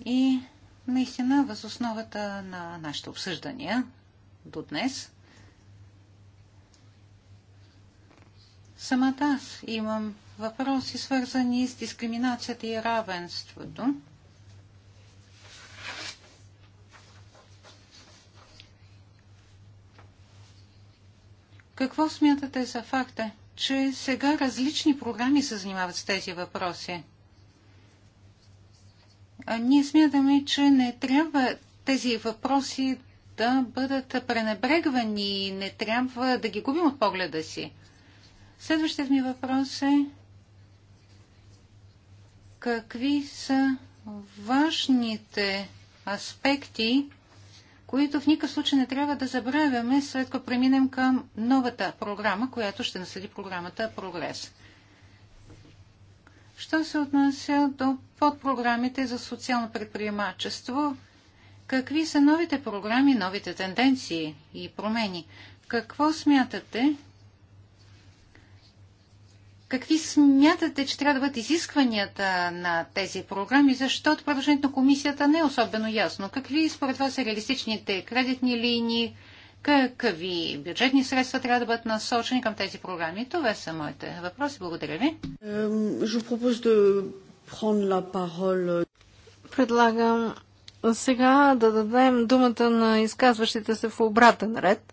и наистина възосновата на нашите обсъждания до днес Самата аз имам въпроси, свързани с дискриминацията и равенството. Какво смятате за факта, че сега различни програми се занимават с тези въпроси? А ние смятаме, че не трябва тези въпроси да бъдат пренебрегвани и не трябва да ги губим от погледа си. Следващият ми въпрос е какви са важните аспекти, които в никакъв случай не трябва да забравяме, след като преминем към новата програма, която ще наследи програмата Прогрес. Що се отнася до подпрограмите за социално предприемачество, какви са новите програми, новите тенденции и промени? Какво смятате, Какви смятате, че трябва да бъдат изискванията на тези програми, защото продължението на комисията не е особено ясно? Какви според вас са реалистичните кредитни линии? Какви бюджетни средства трябва да бъдат насочени към тези програми? Това са моите въпроси. Благодаря ви. Предлагам сега да дадем думата на изказващите се в обратен ред.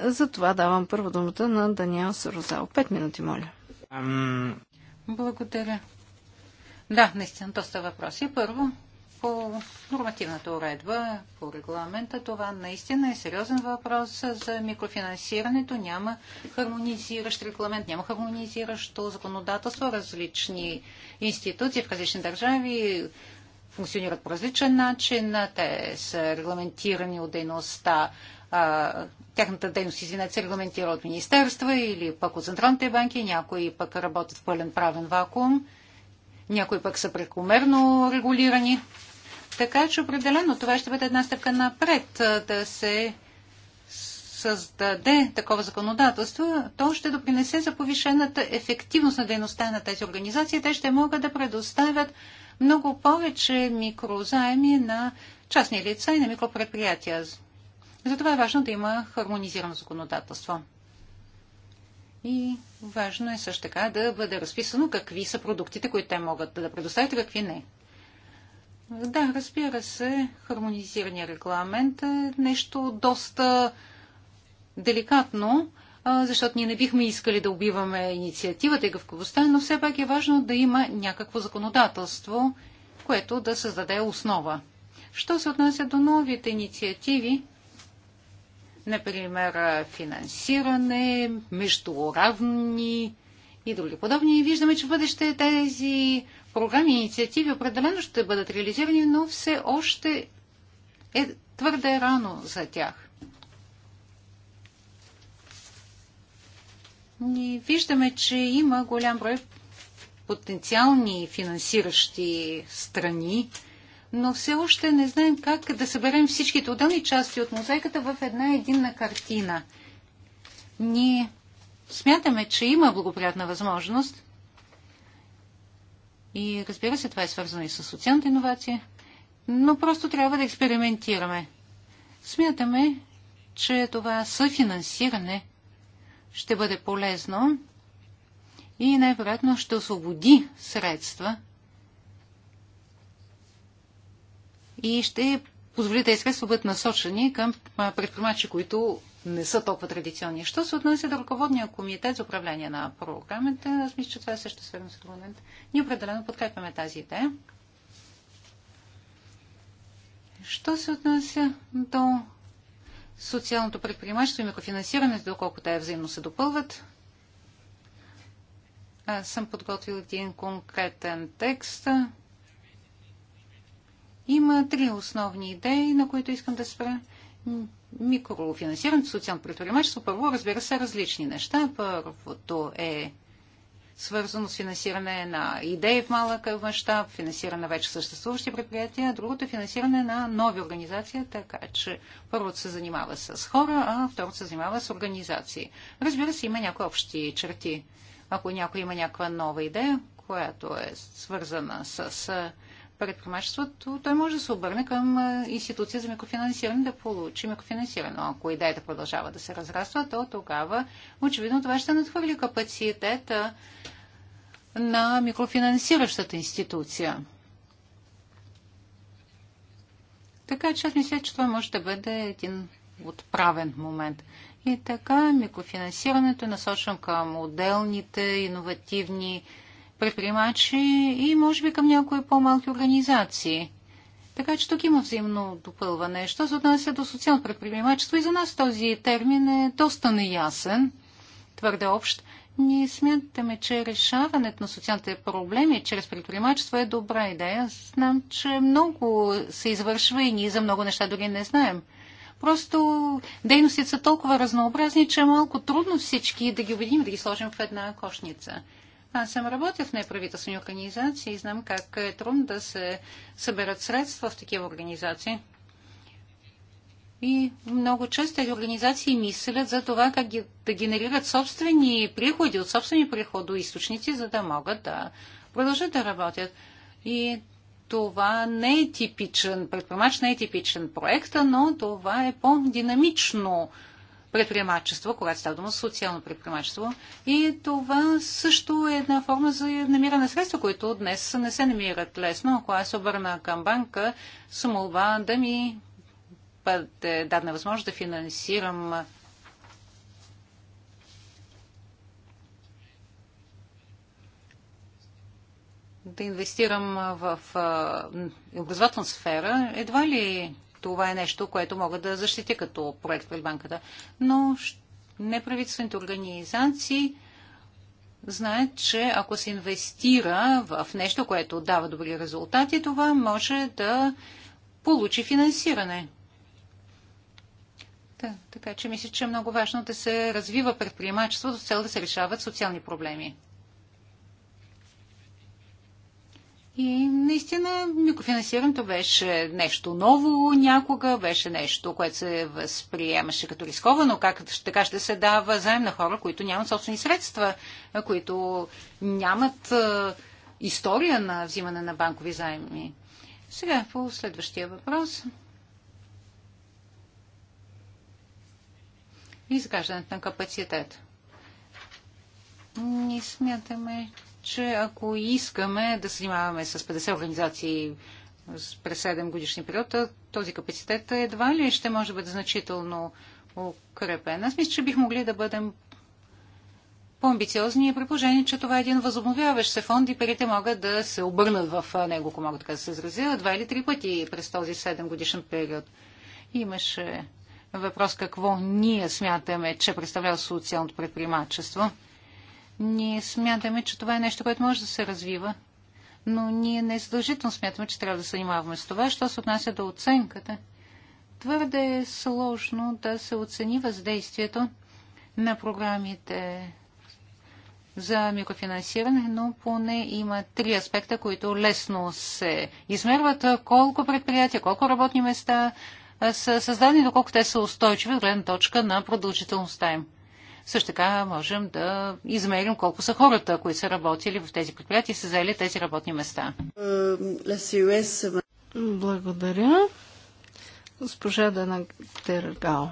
Затова давам първо думата на Даниел Сарозал. Пет минути, моля. Ам... Благодаря. Да, наистина, доста въпроси. Първо, по нормативната уредба, по регламента, това наистина е сериозен въпрос за микрофинансирането. Няма хармонизиращ регламент, няма хармонизиращо законодателство. Различни институции в различни държави функционират по различен начин. Те са регламентирани от дейността а, тяхната дейност, извинете, се регламентира от министерства или пък от централните банки, някои пък работят в пълен правен вакуум, някои пък са прекомерно регулирани. Така че определено това ще бъде една стъпка напред да се създаде такова законодателство, то ще допринесе за повишената ефективност на дейността на тези организации. Те ще могат да предоставят много повече микрозаеми на частни лица и на микропредприятия. Затова е важно да има хармонизирано законодателство. И важно е също така да бъде разписано какви са продуктите, които те могат да предоставят и какви не. Да, разбира се, хармонизирания регламент е нещо доста деликатно, защото ние не бихме искали да убиваме инициативата и гъвкавостта, но все пак е важно да има някакво законодателство, което да създаде основа. Що се отнася до новите инициативи, например, финансиране между равни и други подобни. И виждаме, че в бъдеще тези програми и инициативи определено ще бъдат реализирани, но все още е твърде рано за тях. И виждаме, че има голям брой потенциални финансиращи страни, но все още не знаем как да съберем всичките отделни части от мозайката в една единна картина. Ние смятаме, че има благоприятна възможност и разбира се, това е свързано и с социалната иновация, но просто трябва да експериментираме. Смятаме, че това съфинансиране ще бъде полезно и най-вероятно ще освободи средства – и ще позволите тези средства бъдат насочени към предприемачи, които не са толкова традиционни. Що се отнася до ръководния комитет за управление на програмите, аз мисля, че това е също свързано с регламент. Ние определено подкрепяме тази идея. Що се отнася до социалното предприемачество и микрофинансирането, доколко те взаимно се допълват, аз съм подготвил един конкретен текст има три основни идеи, на които искам да спра. Микрофинансирането, социално предприемачество, първо, разбира се, различни неща. Първото е свързано с финансиране на идеи в малък мащаб, финансиране на вече съществуващи предприятия, а другото е финансиране на нови организации, така че първото се занимава с хора, а второто се занимава с организации. Разбира се, има някои общи черти. Ако някой има някаква нова идея, която е свързана с предприемачеството, той може да се обърне към е, институция за микрофинансиране да получи микрофинансиране. Но ако идеята продължава да се разраства, то тогава очевидно това ще надхвърли капацитета на микрофинансиращата институция. Така че аз мисля, че това може да бъде един отправен момент. И така микрофинансирането е насочено към отделните иновативни предприемачи и може би към някои по-малки организации. Така че тук има взаимно допълване. Що се отнася до социално предприемачество и за нас този термин е доста неясен, твърде общ. Ние смятаме, че решаването на социалните проблеми чрез предприемачество е добра идея. Знам, че много се извършва и ние за много неща дори не знаем. Просто дейностите са толкова разнообразни, че е малко трудно всички да ги убедим да ги сложим в една кошница. Аз съм работил в неправителствени организации и знам как е трудно да се съберат средства в такива организации. И много често тези организации мислят за това как ги, да генерират собствени приходи от собствени приходи източници, за да могат да продължат да работят. И това не е типичен предприемач, не е типичен проект, но това е по-динамично предприемачество, когато става дума социално предприемачество. И това също е една форма за намиране на средства, които днес не се намират лесно. Ако аз обърна към банка с да ми бъде дадена възможност да финансирам да инвестирам в образователна сфера, едва ли това е нещо, което мога да защитя като проект пред банката. Но неправителствените организации знаят, че ако се инвестира в нещо, което дава добри резултати, това може да получи финансиране. Да, така че мисля, че е много важно да се развива предприемачеството с цел да се решават социални проблеми. И наистина микрофинансирането беше нещо ново някога, беше нещо, което се възприемаше като рисковано, как така ще се дава заем на хора, които нямат собствени средства, които нямат история на взимане на банкови заеми. Сега по следващия въпрос. Изграждането на капацитет. Ние смятаме, че ако искаме да се занимаваме с 50 организации през 7 годишни период, този капацитет едва ли ще може да бъде значително укрепен. Аз мисля, че бих могли да бъдем по-амбициозни и при че това е един възобновяващ се фонд и парите могат да се обърнат в него, ако мога така да се изразя, два или три пъти през този 7 годишен период. Имаше въпрос какво ние смятаме, че представлява социалното предприемачество. Ние смятаме, че това е нещо, което може да се развива, но ние не задължително смятаме, че трябва да се занимаваме с това. Що се отнася до оценката, твърде е сложно да се оцени въздействието на програмите за микрофинансиране, но поне има три аспекта, които лесно се измерват. Колко предприятия, колко работни места са създадени, доколко те са устойчиви от гледна точка на продължителността им. Също така можем да измерим колко са хората, които са работили в тези предприятия и са заели тези работни места. Благодаря. Госпожа Дана Терагал.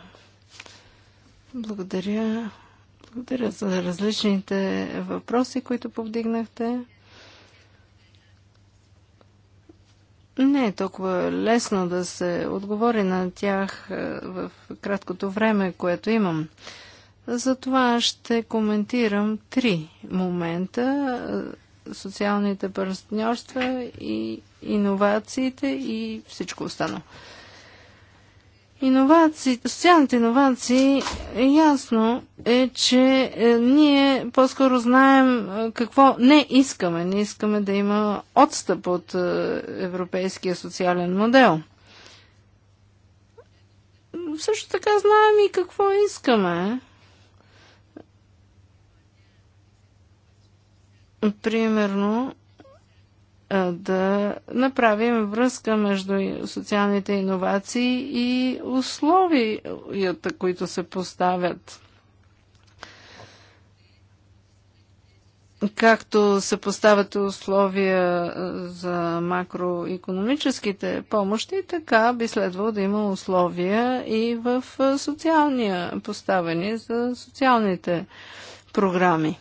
Благодаря. Благодаря за различните въпроси, които повдигнахте. Не е толкова лесно да се отговори на тях е, в краткото време, което имам. Затова ще коментирам три момента социалните партньорства и иновациите и всичко останало. Иновации, социалните иновации ясно е, че е, ние по-скоро знаем е, какво не искаме. Не искаме да има отстъп от е, европейския социален модел. Също така знаем и какво искаме. примерно да направим връзка между социалните иновации и условията, които се поставят. Както се поставят условия за макроекономическите помощи, така би следвало да има условия и в социалния поставени за социалните програми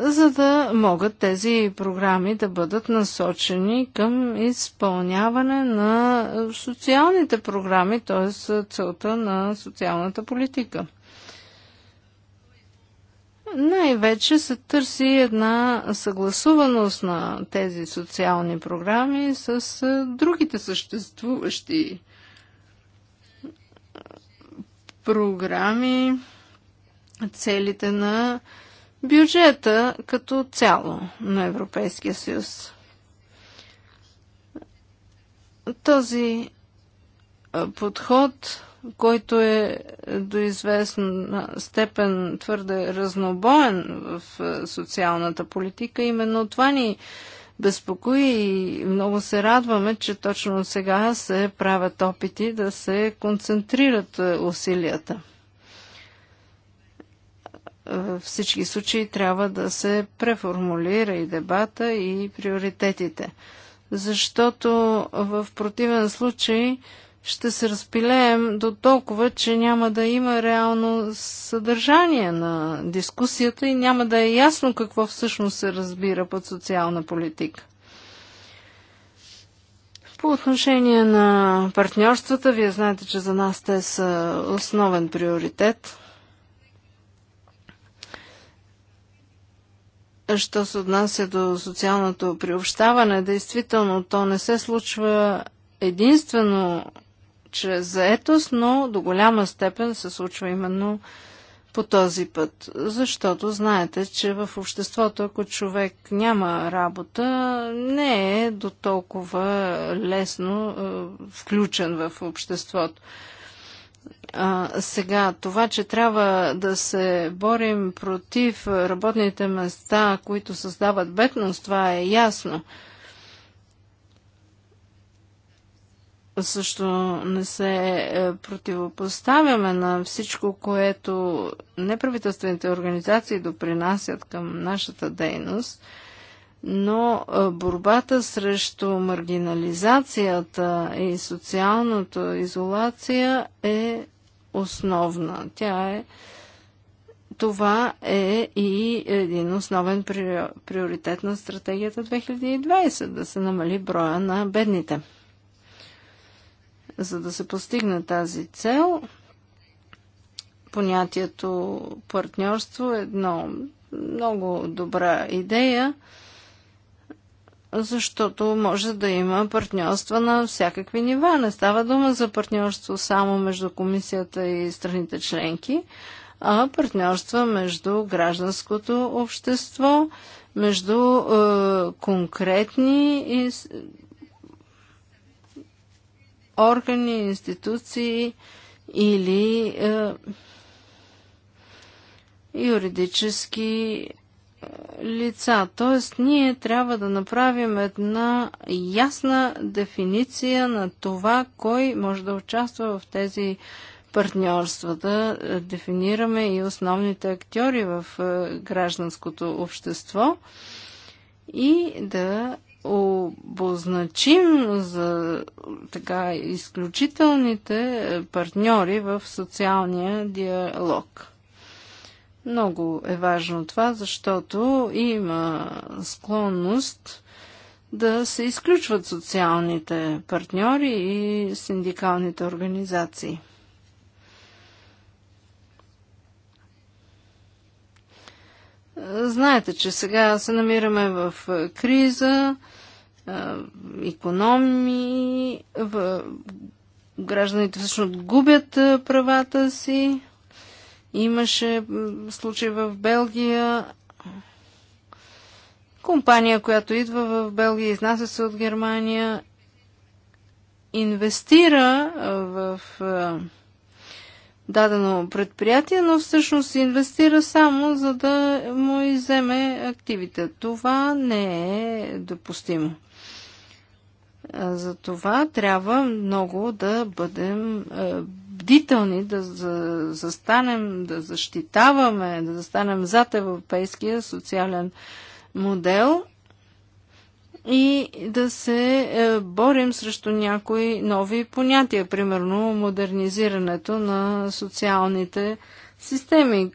за да могат тези програми да бъдат насочени към изпълняване на социалните програми, т.е. целта на социалната политика. Най-вече се търси една съгласуваност на тези социални програми с другите съществуващи програми, целите на бюджета като цяло на Европейския съюз. Този подход, който е до известна степен твърде разнобоен в социалната политика, именно това ни безпокои и много се радваме, че точно сега се правят опити да се концентрират усилията. Е, всички случаи трябва да се преформулира и дебата и приоритетите. Защото в противен случай ще се разпилеем до толкова, че няма да има реално съдържание на дискусията и няма да е ясно какво всъщност се разбира под социална политика. По отношение на партньорствата, вие знаете, че за нас те са основен приоритет – Що се отнася до социалното приобщаване, действително то не се случва единствено чрез заетост, но до голяма степен се случва именно по този път. Защото знаете, че в обществото, ако човек няма работа, не е до толкова лесно е, включен в обществото. А, сега, това, че трябва да се борим против работните места, които създават бедност, това е ясно. Също не се е, противопоставяме на всичко, което неправителствените организации допринасят към нашата дейност, но е, борбата срещу маргинализацията и социалната изолация е основна. Тя е това е и един основен приоритет на стратегията 2020 да се намали броя на бедните. За да се постигне тази цел, понятието партньорство е едно много добра идея, защото може да има партньорства на всякакви нива. Не става дума за партньорство само между комисията и страните членки, а партньорства между гражданското общество, между е, конкретни и, органи, институции или е, юридически лица. Тоест, ние трябва да направим една ясна дефиниция на това, кой може да участва в тези партньорства, да е, дефинираме и основните актьори в е, гражданското общество и да обозначим за така изключителните партньори в социалния диалог. Много е важно това, защото има склонност да се изключват социалните партньори и синдикалните организации. Знаете, че сега се намираме в криза, економии, гражданите всъщност губят правата си, Имаше случай в Белгия. Компания, която идва в Белгия, изнася се от Германия, инвестира в дадено предприятие, но всъщност инвестира само за да му иземе активите. Това не е допустимо. За това трябва много да бъдем бдителни, да застанем, да защитаваме, да застанем зад европейския социален модел и да се е, борим срещу някои нови понятия, примерно модернизирането на социалните системи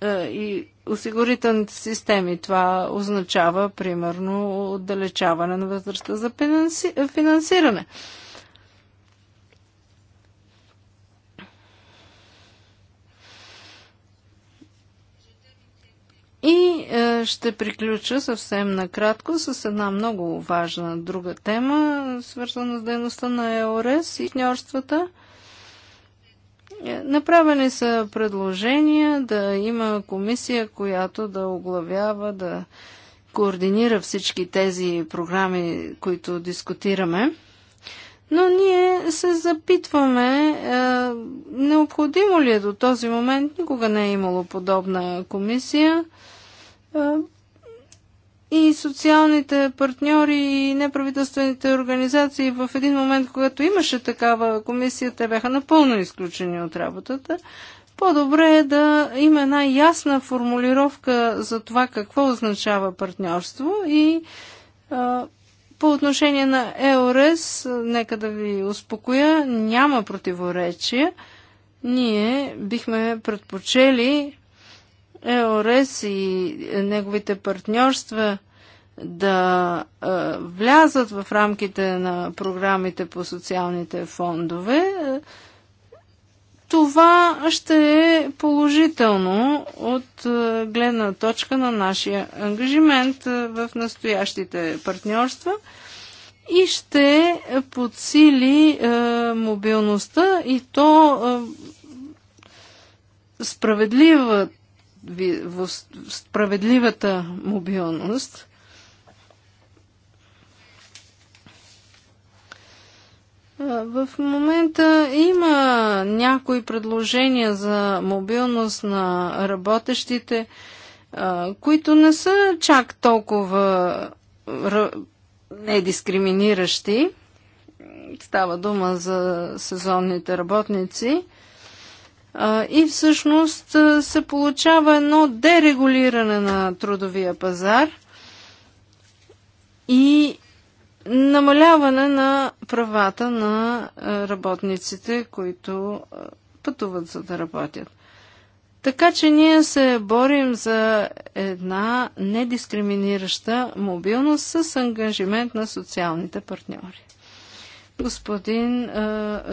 е, и осигурителните системи. Това означава, примерно, отдалечаване на възрастта за финансиране. И е, ще приключа съвсем накратко с една много важна друга тема, свързана с дейността на ЕОРЕС и партньорствата. Е, направени са предложения да има комисия, която да оглавява, да координира всички тези програми, които дискутираме. Но ние се запитваме, е, необходимо ли е до този момент, никога не е имало подобна комисия, и социалните партньори и неправителствените организации в един момент, когато имаше такава комисия, те бяха напълно изключени от работата. По-добре е да има една ясна формулировка за това какво означава партньорство и а, по отношение на ЕОРЕС, нека да ви успокоя, няма противоречия. Ние бихме предпочели ЕОРЕС и неговите партньорства да влязат в рамките на програмите по социалните фондове, това ще е положително от гледна точка на нашия ангажимент в настоящите партньорства и ще подсили мобилността и то справедлива справедливата мобилност. В момента има някои предложения за мобилност на работещите, които не са чак толкова недискриминиращи. Става дума за сезонните работници. И всъщност се получава едно дерегулиране на трудовия пазар и намаляване на правата на работниците, които пътуват за да работят. Така че ние се борим за една недискриминираща мобилност с ангажимент на социалните партньори. Господин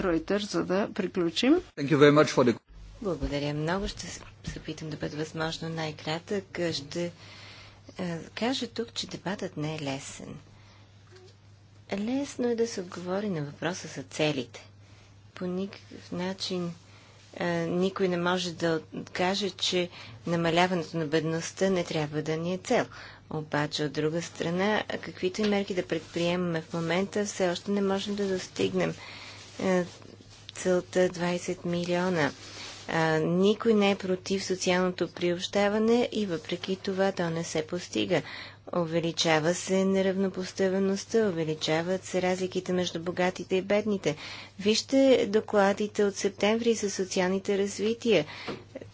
Ройтер, за да приключим. The... Благодаря много. Ще се опитам да бъда възможно най-кратък. Ще е, кажа тук, че дебатът не е лесен. Лесно е да се отговори на въпроса за целите. По никакъв начин е, никой не може да каже, че намаляването на бедността не трябва да ни е цел. Обаче, от друга страна, каквито и мерки да предприемаме в момента, все още не можем да достигнем е, целта 20 милиона а, никой не е против социалното приобщаване и въпреки това то не се постига. Увеличава се неравнопоставеността, увеличават се разликите между богатите и бедните. Вижте докладите от септември за социалните развития.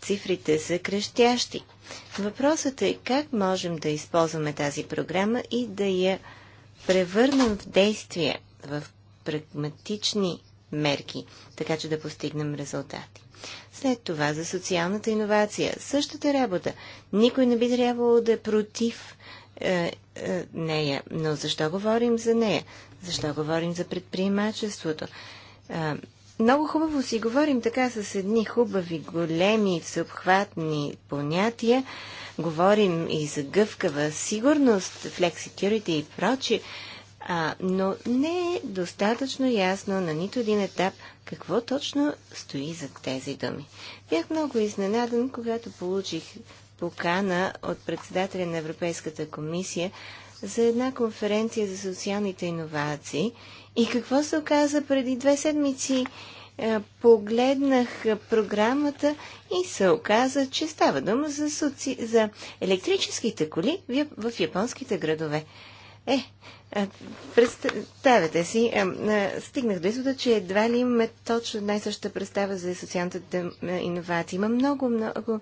Цифрите са крещящи. Въпросът е как можем да използваме тази програма и да я превърнем в действие, в прагматични мерки, така че да постигнем резултати. След това за социалната иновация. Същата работа. Никой не би трябвало да е против е, е, нея. Но защо говорим за нея? Защо говорим за предприемачеството? Е, много хубаво си говорим така с едни хубави, големи, всеобхватни понятия. Говорим и за гъвкава сигурност, флексикюрити и прочие а, но не е достатъчно ясно на нито един етап какво точно стои за тези думи. Бях много изненадан, когато получих покана от председателя на Европейската комисия за една конференция за социалните иновации. И какво се оказа преди две седмици? погледнах програмата и се оказа, че става дума за, соци... за електрическите коли в японските градове. Е, е, представете си, е, е, стигнах до извода, че едва ли имаме точно една и съща представа за социалната иновация. Има много, много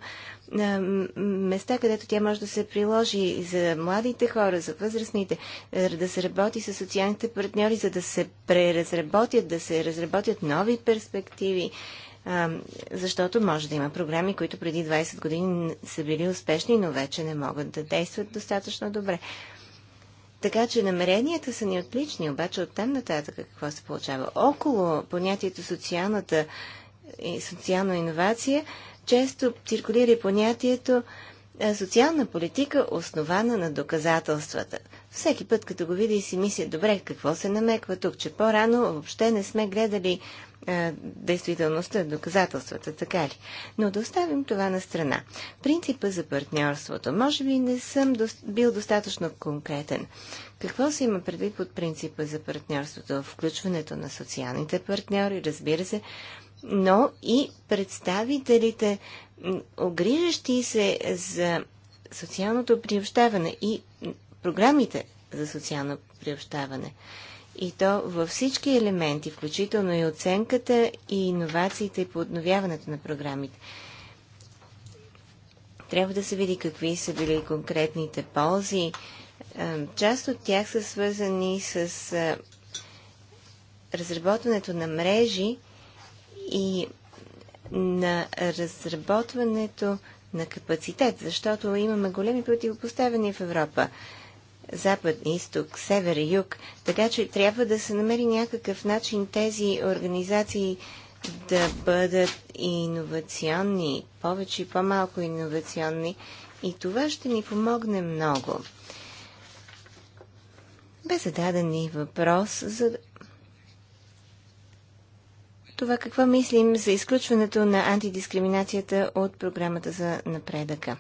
места, където тя може да се приложи за младите хора, за възрастните, да се работи с социалните партньори, за да се преразработят, да се разработят нови перспективи. Защото може да има програми, които преди 20 години са били успешни, но вече не могат да действат достатъчно добре. Така че намеренията са ни отлични, обаче от там нататък какво се получава? Около понятието социалната и социална иновация често циркулира и понятието е, социална политика, основана на доказателствата. Всеки път, като го види, си мисля, добре, какво се намеква тук, че по-рано въобще не сме гледали а, е, действителността, доказателствата, така ли. Но да оставим това на страна. Принципа за партньорството. Може би не съм до... бил достатъчно конкретен. Какво се има предвид под принципа за партньорството? Включването на социалните партньори, разбира се, но и представителите, огрижащи се за социалното приобщаване и програмите за социално приобщаване и то във всички елементи, включително и оценката и иновациите и подновяването на програмите. Трябва да се види какви са били конкретните ползи. Е, част от тях са свързани с е, разработването на мрежи и на разработването на капацитет, защото имаме големи противопоставяния в Европа запад, изток, север и юг. Така че трябва да се намери някакъв начин тези организации да бъдат иновационни, повече и по-малко иновационни. И това ще ни помогне много. Бе зададен и въпрос за това какво мислим за изключването на антидискриминацията от програмата за напредъка.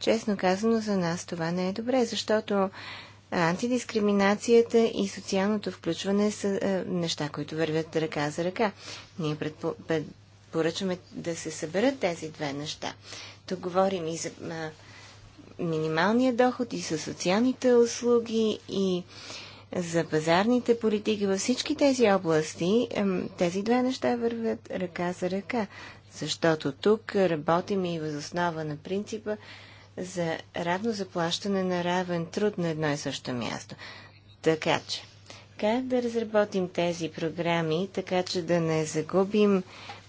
Честно казано, за нас това не е добре, защото антидискриминацията и социалното включване са а, неща, които вървят ръка за ръка. Ние предпо, предпоръчваме да се съберат тези две неща. Тук говорим и за а, минималния доход, и за социалните услуги, и за пазарните политики. Във всички тези области а, тези две неща вървят ръка за ръка. Защото тук работим и възоснова на принципа за равно заплащане на равен труд на едно и също място. Така че, как да разработим тези програми, така че да не загубим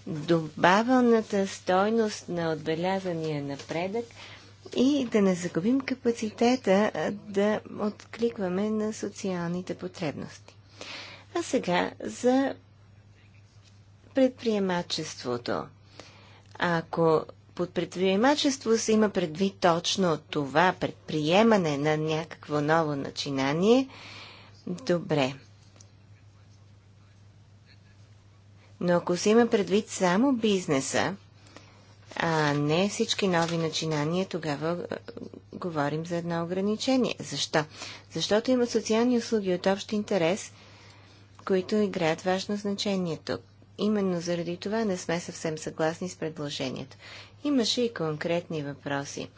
добавената стойност на отбелязания напредък и да не загубим капацитета да откликваме на социалните потребности. А сега за предприемачеството. Ако под предприемачество се има предвид точно това предприемане на някакво ново начинание. Добре. Но ако се има предвид само бизнеса, а не всички нови начинания, тогава говорим за едно ограничение. Защо? Защото има социални услуги от общ интерес, които играят важно значение тук именно заради това не сме съвсем съгласни с предложението. Имаше и конкретни въпроси.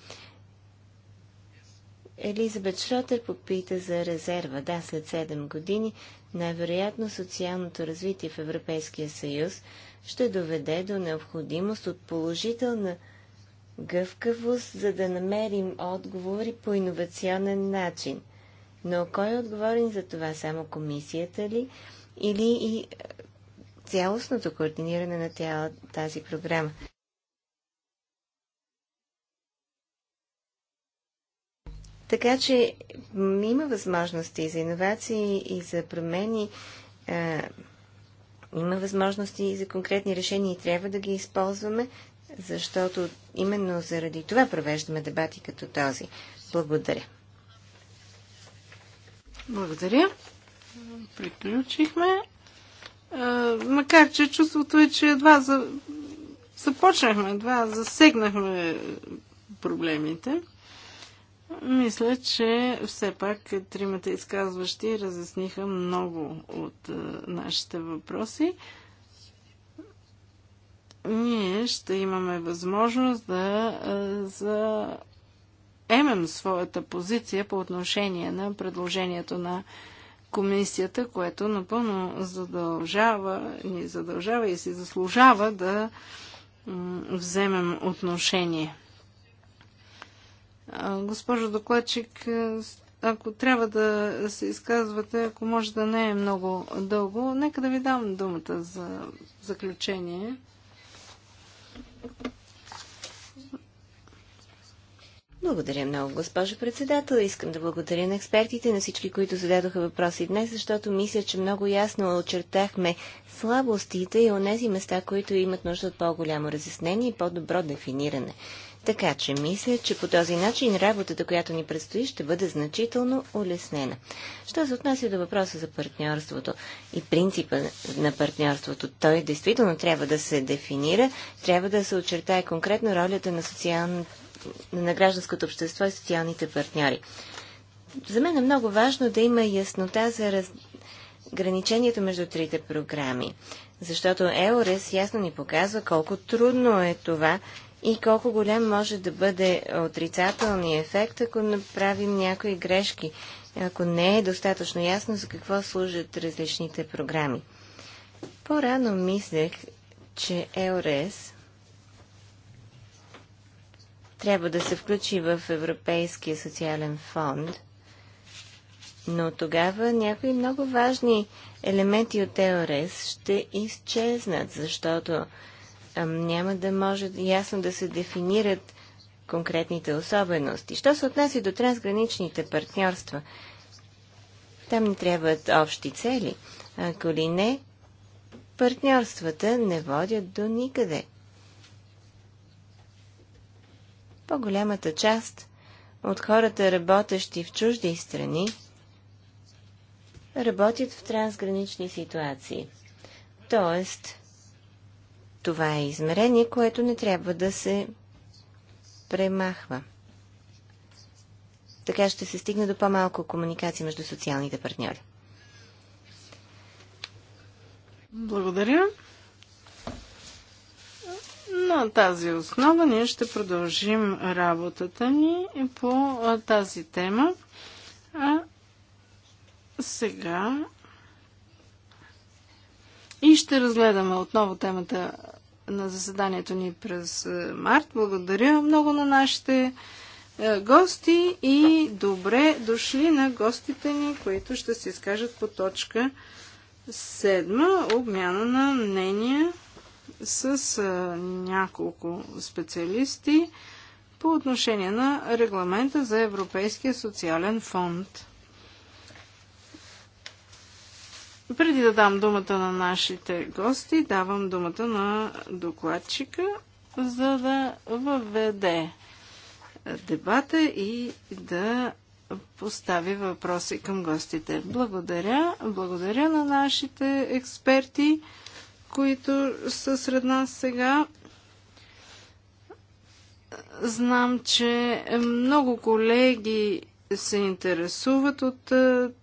Елизабет Шротер попита за резерва. Да, след 7 години най-вероятно социалното развитие в Европейския съюз ще доведе до необходимост от положителна гъвкавост, за да намерим отговори по иновационен начин. Но кой е отговорен за това? Само комисията ли? Или и цялостното координиране на тя, тази програма. Така че има възможности за иновации и за промени, а, има възможности и за конкретни решения и трябва да ги използваме, защото именно заради това провеждаме дебати като този. Благодаря. Благодаря. Приключихме макар че чувството е, че едва за... започнахме, едва засегнахме проблемите. Мисля, че все пак тримата изказващи разясниха много от нашите въпроси. Ние ще имаме възможност да заемем своята позиция по отношение на предложението на комисията, което напълно задължава, ни задължава и си заслужава да вземем отношение. Госпожо докладчик, е, ако трябва да се изказвате, ако може да не е много дълго, нека да ви дам думата за заключение. Благодаря много, госпожо председател. Искам да благодаря на експертите, на всички, които зададоха въпроси днес, защото мисля, че много ясно очертахме слабостите и онези места, които имат нужда от по-голямо разяснение и по-добро дефиниране. Така че мисля, че по този начин работата, която ни предстои, ще бъде значително улеснена. Що се отнася до въпроса за партньорството и принципа на партньорството, той действително трябва да се дефинира, трябва да се очертае конкретно ролята на социалната на гражданското общество и социалните партньори. За мен е много важно да има яснота за разграничението между трите програми, защото ЕОРЕС ясно ни показва колко трудно е това и колко голям може да бъде отрицателният ефект, ако направим някои грешки, ако не е достатъчно ясно за какво служат различните програми. По-рано мислех, че ЕОРЕС трябва да се включи в Европейския социален фонд, но тогава някои много важни елементи от ЕОРЕС ще изчезнат, защото няма да може ясно да се дефинират конкретните особености. Що се отнася до трансграничните партньорства? Там не трябват общи цели. Ако ли не, партньорствата не водят до никъде – по-голямата част от хората, работещи в чужди страни, работят в трансгранични ситуации. Тоест, това е измерение, което не трябва да се премахва. Така ще се стигне до по-малко комуникация между социалните партньори. Благодаря. На тази основа ние ще продължим работата ни по тази тема. А сега и ще разгледаме отново темата на заседанието ни през март. Благодаря много на нашите гости и добре дошли на гостите ни, които ще се изкажат по точка 7. Обмяна на мнения с няколко специалисти по отношение на регламента за Европейския социален фонд. Преди да дам думата на нашите гости, давам думата на докладчика, за да въведе дебата и да постави въпроси към гостите. Благодаря, благодаря на нашите експерти които са сред нас сега. Знам, че много колеги се интересуват от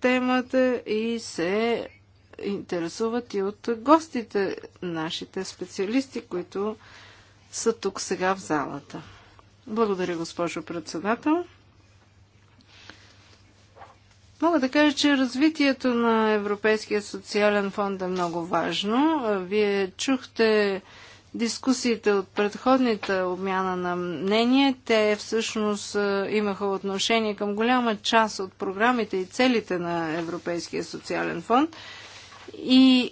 темата и се интересуват и от гостите, нашите специалисти, които са тук сега в залата. Благодаря, госпожо председател. Мога да кажа, че развитието на Европейския социален фонд е много важно. Вие чухте дискусиите от предходните обмяна на мнение. Те всъщност имаха отношение към голяма част от програмите и целите на Европейския социален фонд. И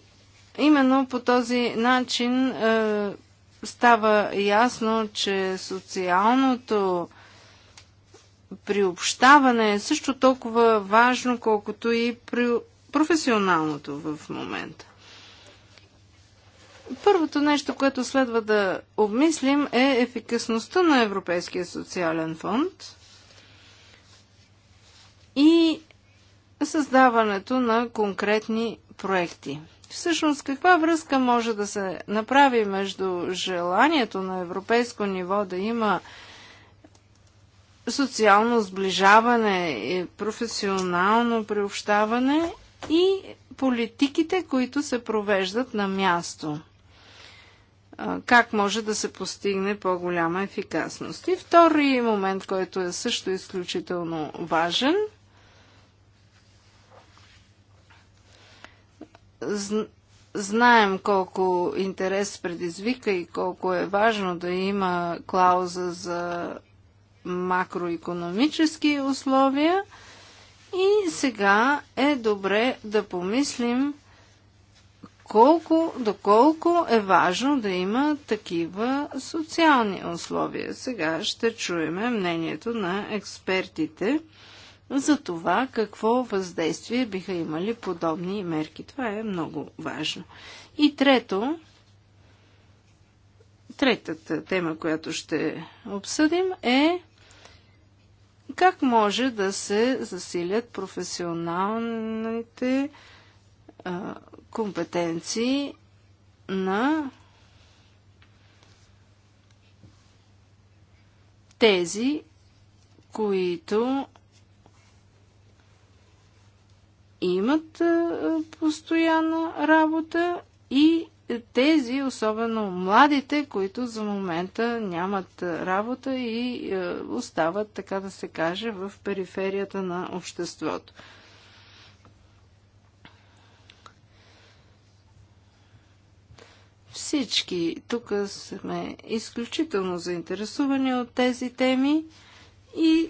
именно по този начин е, става ясно, че социалното приобщаване е също толкова важно, колкото и при професионалното в момента. Първото нещо, което следва да обмислим е ефикасността на Европейския социален фонд и създаването на конкретни проекти. Всъщност, каква връзка може да се направи между желанието на европейско ниво да има социално сближаване, професионално приобщаване и политиките, които се провеждат на място. Как може да се постигне по-голяма ефикасност? И втори момент, който е също изключително важен. Знаем колко интерес предизвика и колко е важно да има клауза за макроекономически условия. И сега е добре да помислим колко, доколко е важно да има такива социални условия. Сега ще чуем мнението на експертите за това какво въздействие биха имали подобни мерки. Това е много важно. И трето, третата тема, която ще обсъдим е как може да се засилят професионалните а, компетенции на тези, които имат постоянна работа и тези, особено младите, които за момента нямат работа и е, остават, така да се каже, в периферията на обществото. Всички тук сме изключително заинтересувани от тези теми и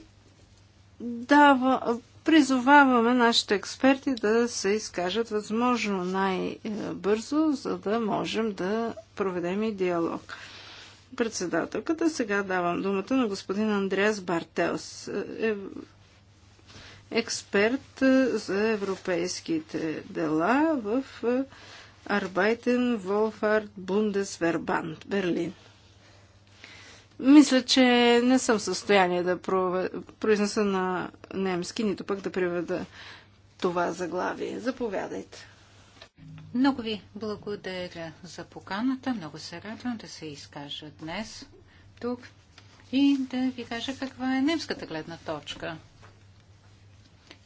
дава, Призоваваме нашите експерти да се изкажат възможно най-бързо, за да можем да проведем и диалог. Председателката, сега давам думата на господин Андреас Бартелс, е, експерт за европейските дела в Арбайтен Волфард Бундесвербанд, Берлин. Мисля, че не съм в състояние да произнеса на немски, нито пък да приведа това заглавие. Заповядайте. Много ви благодаря за поканата. Много се радвам да се изкажа днес тук и да ви кажа каква е немската гледна точка.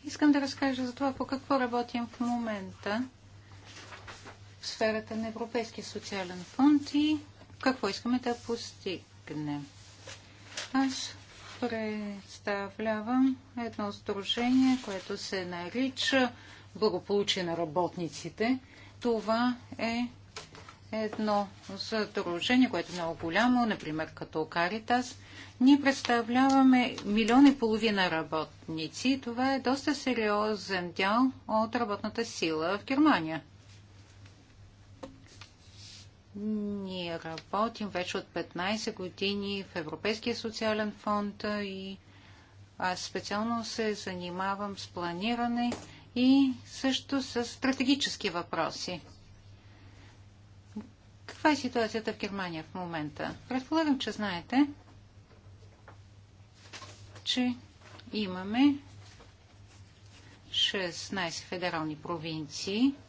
Искам да разкажа за това по какво работим в момента в сферата на Европейския социален фонд и какво искаме да постигнем искане. Аз представлявам едно сдружение, което се нарича Благополучие на работниците. Това е едно задружение, което е много голямо, например като Каритас. Ние представляваме милион и половина работници. Това е доста сериозен дял от работната сила в Германия. Ние работим вече от 15 години в Европейския социален фонд и аз специално се занимавам с планиране и също с стратегически въпроси. Каква е ситуацията в Германия в момента? Предполагам, че знаете, че имаме 16 федерални провинции –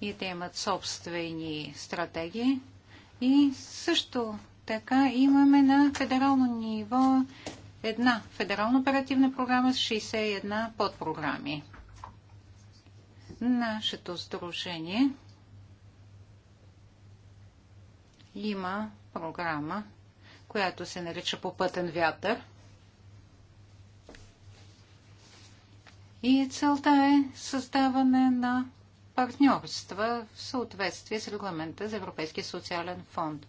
и те имат собствени стратегии. И също така имаме на федерално ниво една федерална оперативна програма с 61 подпрограми. Нашето сдружение има програма, която се нарича Попътен вятър. И целта е създаване на партньорства в съответствие с регламента за Европейския социален фонд.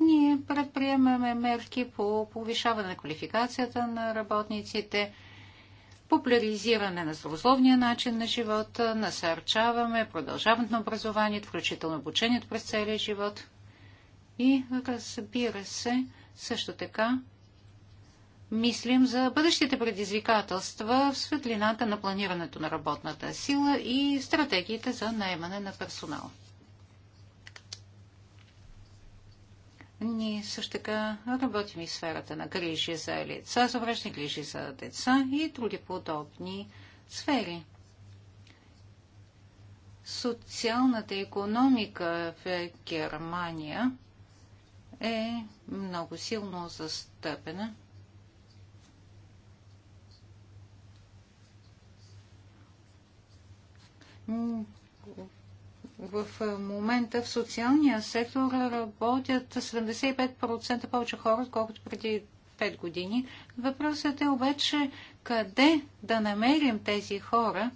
Ние предприемаме мерки по повишаване на квалификацията на работниците, популяризиране на здравословния начин на живота, насърчаваме продължаването на образованието, включително обучението през целия живот. И разбира се, също така мислим за бъдещите предизвикателства в светлината на планирането на работната сила и стратегиите за наемане на персонал. Ние също така работим и сферата на грижи за лица, за грижи за деца и други подобни сфери. Социалната економика в Германия е много силно застъпена в момента в социалния сектор работят 75% повече хора, отколкото преди 5 години. Въпросът е обаче къде да намерим тези хора.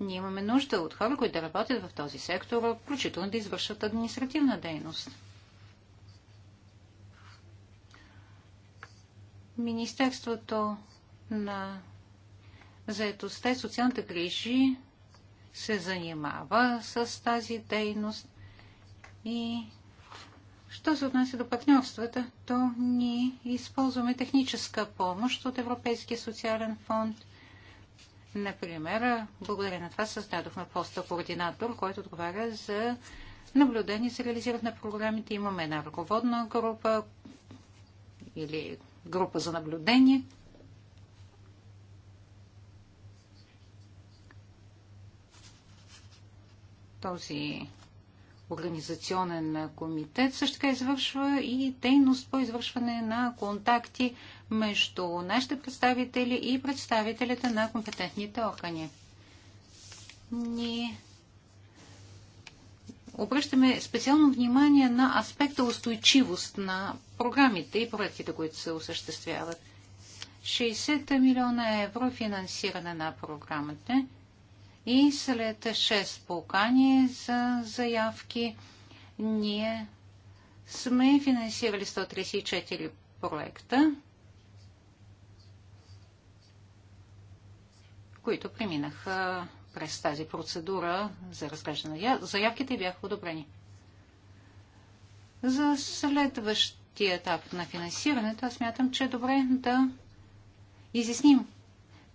Ние имаме нужда от хора, които да работят в този сектор, включително да извършват административна дейност. Министерството на заедостта и социалните грижи се занимава с тази дейност и Що се отнася до партньорствата, то ние използваме техническа помощ от Европейския социален фонд. Например, благодаря на това създадохме поста координатор, който отговаря за наблюдение за реализиране на програмите. Имаме една ръководна група или група за наблюдение, Този организационен комитет също така извършва и дейност по извършване на контакти между нашите представители и представителите на компетентните органи. Ние обръщаме специално внимание на аспекта устойчивост на програмите и проектите, които се осъществяват. 60 милиона евро е финансиране на програмата и след 6 покани за заявки ние сме финансирали 134 проекта, които преминаха през тази процедура за разглеждане заявките и бяха одобрени. За следващия етап на финансирането аз мятам, че е добре да изясним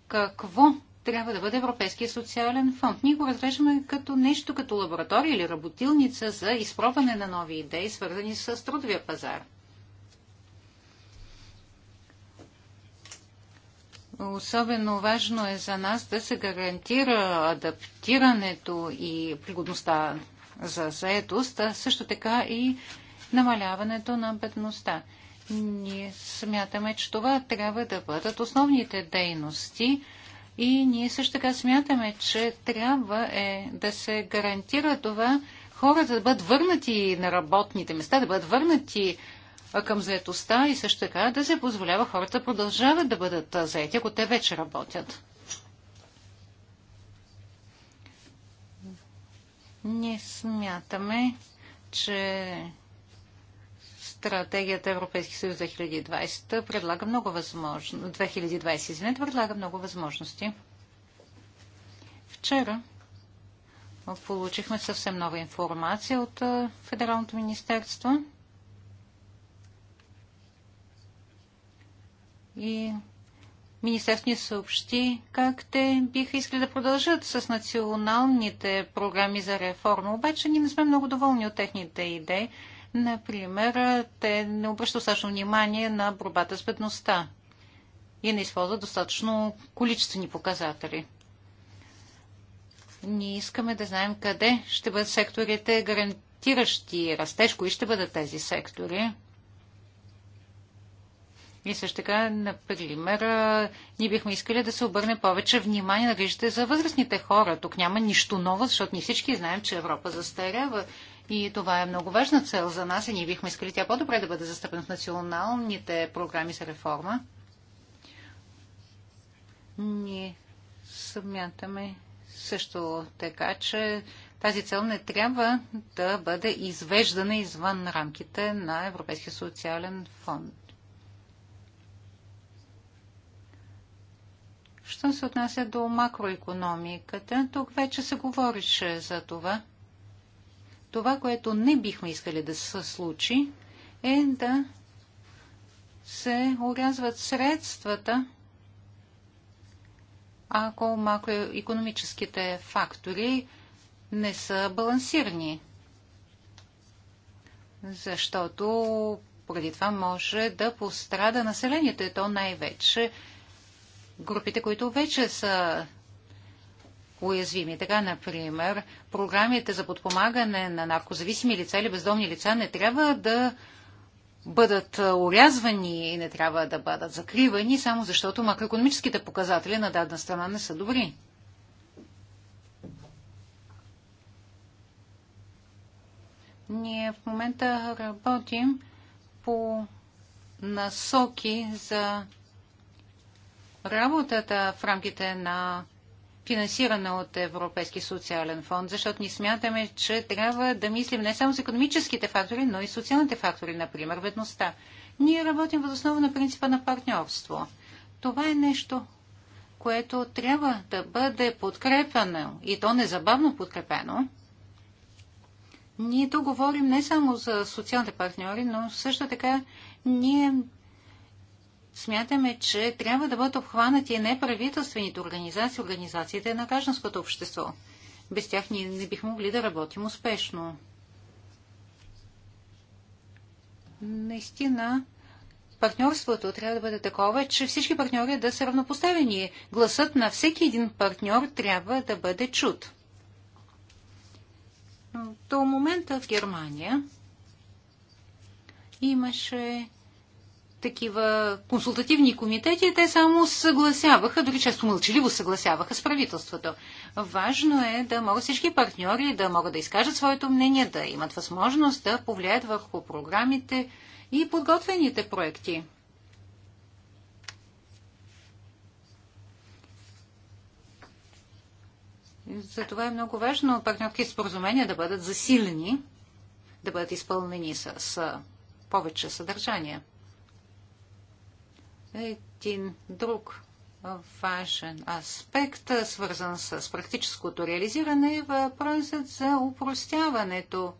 какво трябва да бъде Европейския социален фонд. Ние го разрежаме като нещо като лаборатория или работилница за изпробване на нови идеи, свързани с трудовия пазар. Особено важно е за нас да се гарантира адаптирането и пригодността за заетост, а също така и намаляването на бедността. Ние смятаме, че това трябва да бъдат основните дейности, и ние също така смятаме, че трябва е да се гарантира това хората да бъдат върнати на работните места, да бъдат върнати към заетостта и също така да се позволява хората да продължават да бъдат заети, ако те вече работят. Ние смятаме, че Стратегията Европейски съюз 2020 предлага много възможности. 2020, извинете, предлага много възможности. Вчера получихме съвсем нова информация от Федералното министерство. И Министерството ни съобщи как те биха искали да продължат с националните програми за реформа, обаче ние не сме много доволни от техните идеи. Например, те не обръщат достатъчно внимание на борбата с бедността и не използват достатъчно количествени показатели. Ние искаме да знаем къде ще бъдат секторите гарантиращи растеж, кои ще бъдат тези сектори. И също така, например, ние бихме искали да се обърне повече внимание на грижите за възрастните хора. Тук няма нищо ново, защото ние всички знаем, че Европа застарява и това е много важна цел за нас и ние бихме искали тя по-добре да бъде застъпена в националните програми за реформа. Ние смятаме също така, че тази цел не трябва да бъде извеждана извън рамките на Европейския социален фонд. Що се отнася до макроекономиката, тук вече се говорише за това – това, което не бихме искали да се случи, е да се урязват средствата, ако макроекономическите фактори не са балансирани. Защото поради това може да пострада населението и то най-вече групите, които вече са уязвими. Така, например, програмите за подпомагане на наркозависими лица или бездомни лица не трябва да бъдат урязвани и не трябва да бъдат закривани, само защото макроекономическите показатели на дадена страна не са добри. Ние в момента работим по насоки за работата в рамките на финансирана от Европейски социален фонд, защото ни смятаме, че трябва да мислим не само за економическите фактори, но и социалните фактори, например бедността. Ние работим въз основа на принципа на партньорство. Това е нещо, което трябва да бъде подкрепено и то незабавно подкрепено. Ние то говорим не само за социалните партньори, но също така ние смятаме, че трябва да бъдат обхванати неправителствените организации, организациите на гражданското общество. Без тях ние не бихме могли да работим успешно. Наистина, партньорството трябва да бъде такова, че всички партньори да са равнопоставени. Гласът на всеки един партньор трябва да бъде чут. До момента в Германия имаше такива консултативни комитети, те само съгласяваха, дори често мълчаливо съгласяваха с правителството. Важно е да могат всички партньори да могат да изкажат своето мнение, да имат възможност да повлияят върху програмите и подготвените проекти. Затова е много важно партньорски споразумения да бъдат засилени, да бъдат изпълнени с, повече съдържание един друг важен аспект, свързан с практическото реализиране, е въпросът за упростяването.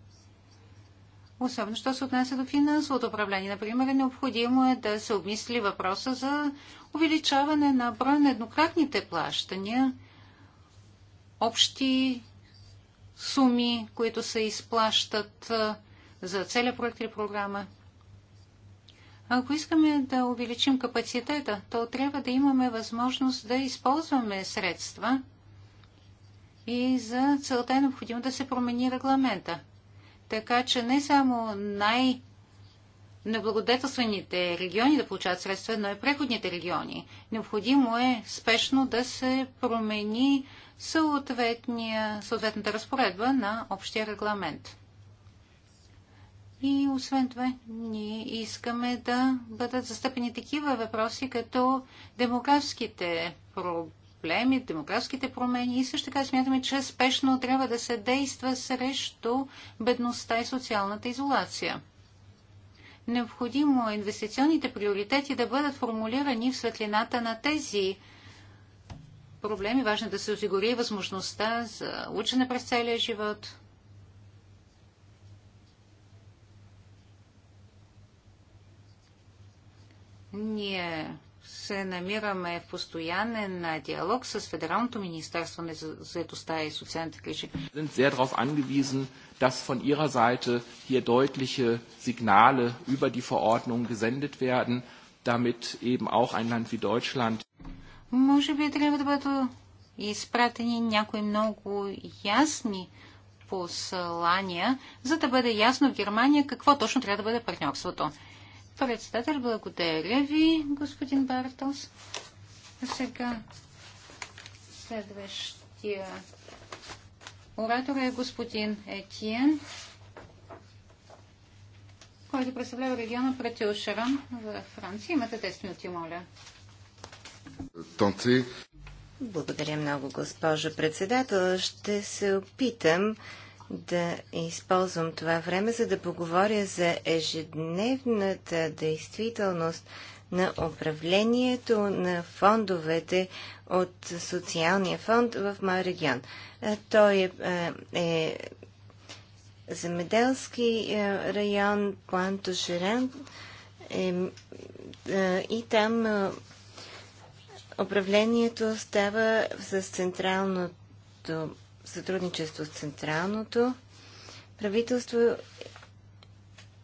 Особено, що се отнася до финансовото управление. Например, е необходимо е да се обмисли въпроса за увеличаване на броя на еднократните плащания, общи суми, които се изплащат за целия проект или програма. Ако искаме да увеличим капацитета, то трябва да имаме възможност да използваме средства и за целта е необходимо да се промени регламента. Така че не само най- неблагодетелствените региони да получават средства, но и преходните региони. Необходимо е спешно да се промени съответната разпоредба на общия регламент. И освен това, ние искаме да бъдат застъпени такива въпроси, като демографските проблеми, демографските промени. И също така смятаме, че спешно трябва да се действа срещу бедността и социалната изолация. Необходимо е инвестиционните приоритети да бъдат формулирани в светлината на тези проблеми. Важно е да се осигури възможността за учене през целия живот, Ние се намираме в постоянен диалог с Федералното министерство на заедостта и социалните грижи. Sind sehr darauf angewiesen, dass von ihrer Seite hier deutliche Signale über die Verordnung gesendet werden, damit eben auch ein Land wie Deutschland. Може би трябва да бъдат изпратени някои много ясни послания, за да бъде ясно в Германия какво точно трябва да бъде партньорството. Председател, благодаря ви, господин Бартос. А сега следващия оратор е господин Етиен, който представлява региона пред Шаран в Франция. Имате 10 минути, моля. Благодаря много, госпожо председател. Ще се опитам да използвам това време, за да поговоря за ежедневната действителност на управлението на фондовете от социалния фонд в моя регион. Той е, е, е земеделски е, район Планто Шерен е, е, и там е, управлението става с централното сътрудничество с Централното правителство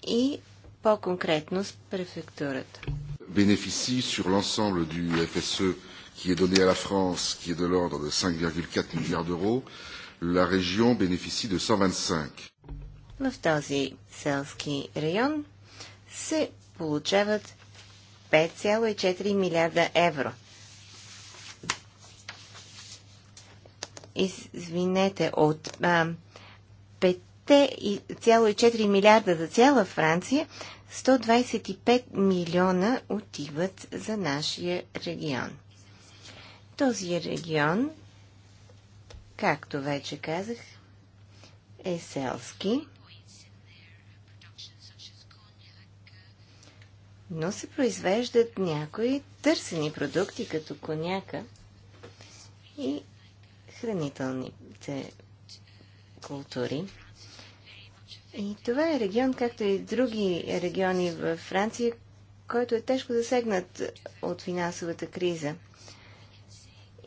и по-конкретно с префектурата. Бенефиси sur l'ensemble du FSE qui est donné à la France, qui est de l'ordre de 5,4 milliards d'euros, la région bénéficie de 125. В този селски район се получават 5,4 милиарда евро – извинете, от а, 5,4 милиарда за цяла Франция, 125 милиона отиват за нашия регион. Този регион, както вече казах, е селски, но се произвеждат някои търсени продукти, като коняка и хранителните култури. И това е регион, както и други региони в Франция, който е тежко засегнат от финансовата криза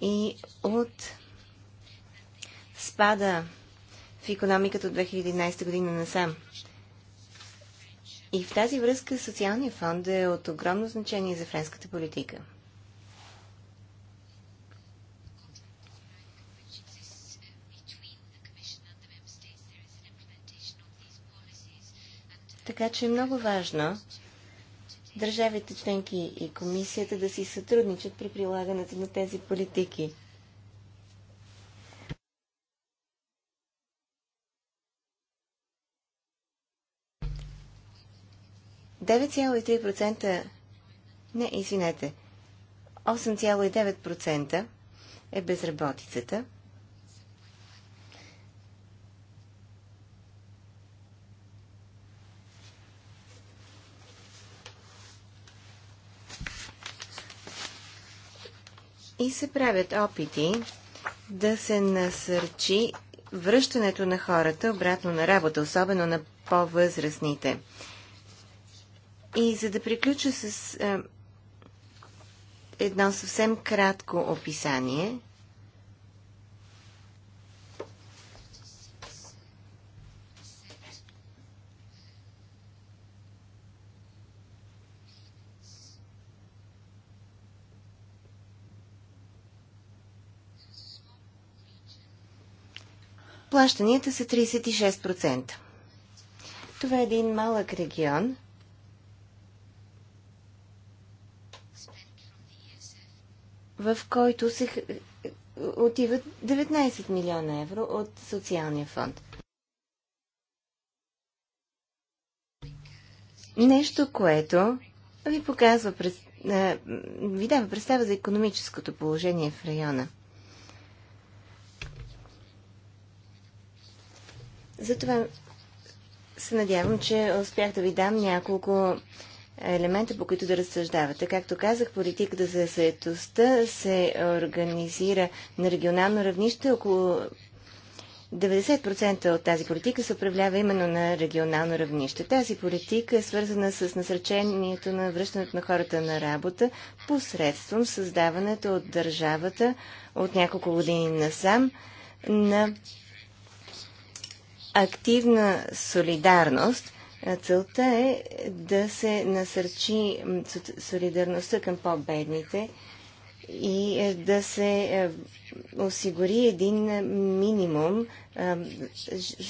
и от спада в економиката от 2011 година насам. И в тази връзка социалния фонд е от огромно значение за френската политика. Така че е много важно държавите членки и комисията да си сътрудничат при прилагането на тези политики. процента не, извинете, 8,9% е безработицата – и се правят опити да се насърчи връщането на хората обратно на работа, особено на по-възрастните. И за да приключа с е, едно съвсем кратко описание – Плащанията са 36%. Това е един малък регион. в който се отиват 19 милиона евро от социалния фонд. Нещо, което ви показва, ви дава представа за економическото положение в района. Затова се надявам, че успях да ви дам няколко елемента, по които да разсъждавате. Както казах, политиката за заедостта се организира на регионално равнище. Около 90% от тази политика се управлява именно на регионално равнище. Тази политика е свързана с насречението на връщането на хората на работа посредством създаването от държавата от няколко години насам на активна солидарност. Целта е да се насърчи солидарността към по-бедните и е, да се е, осигури един е, минимум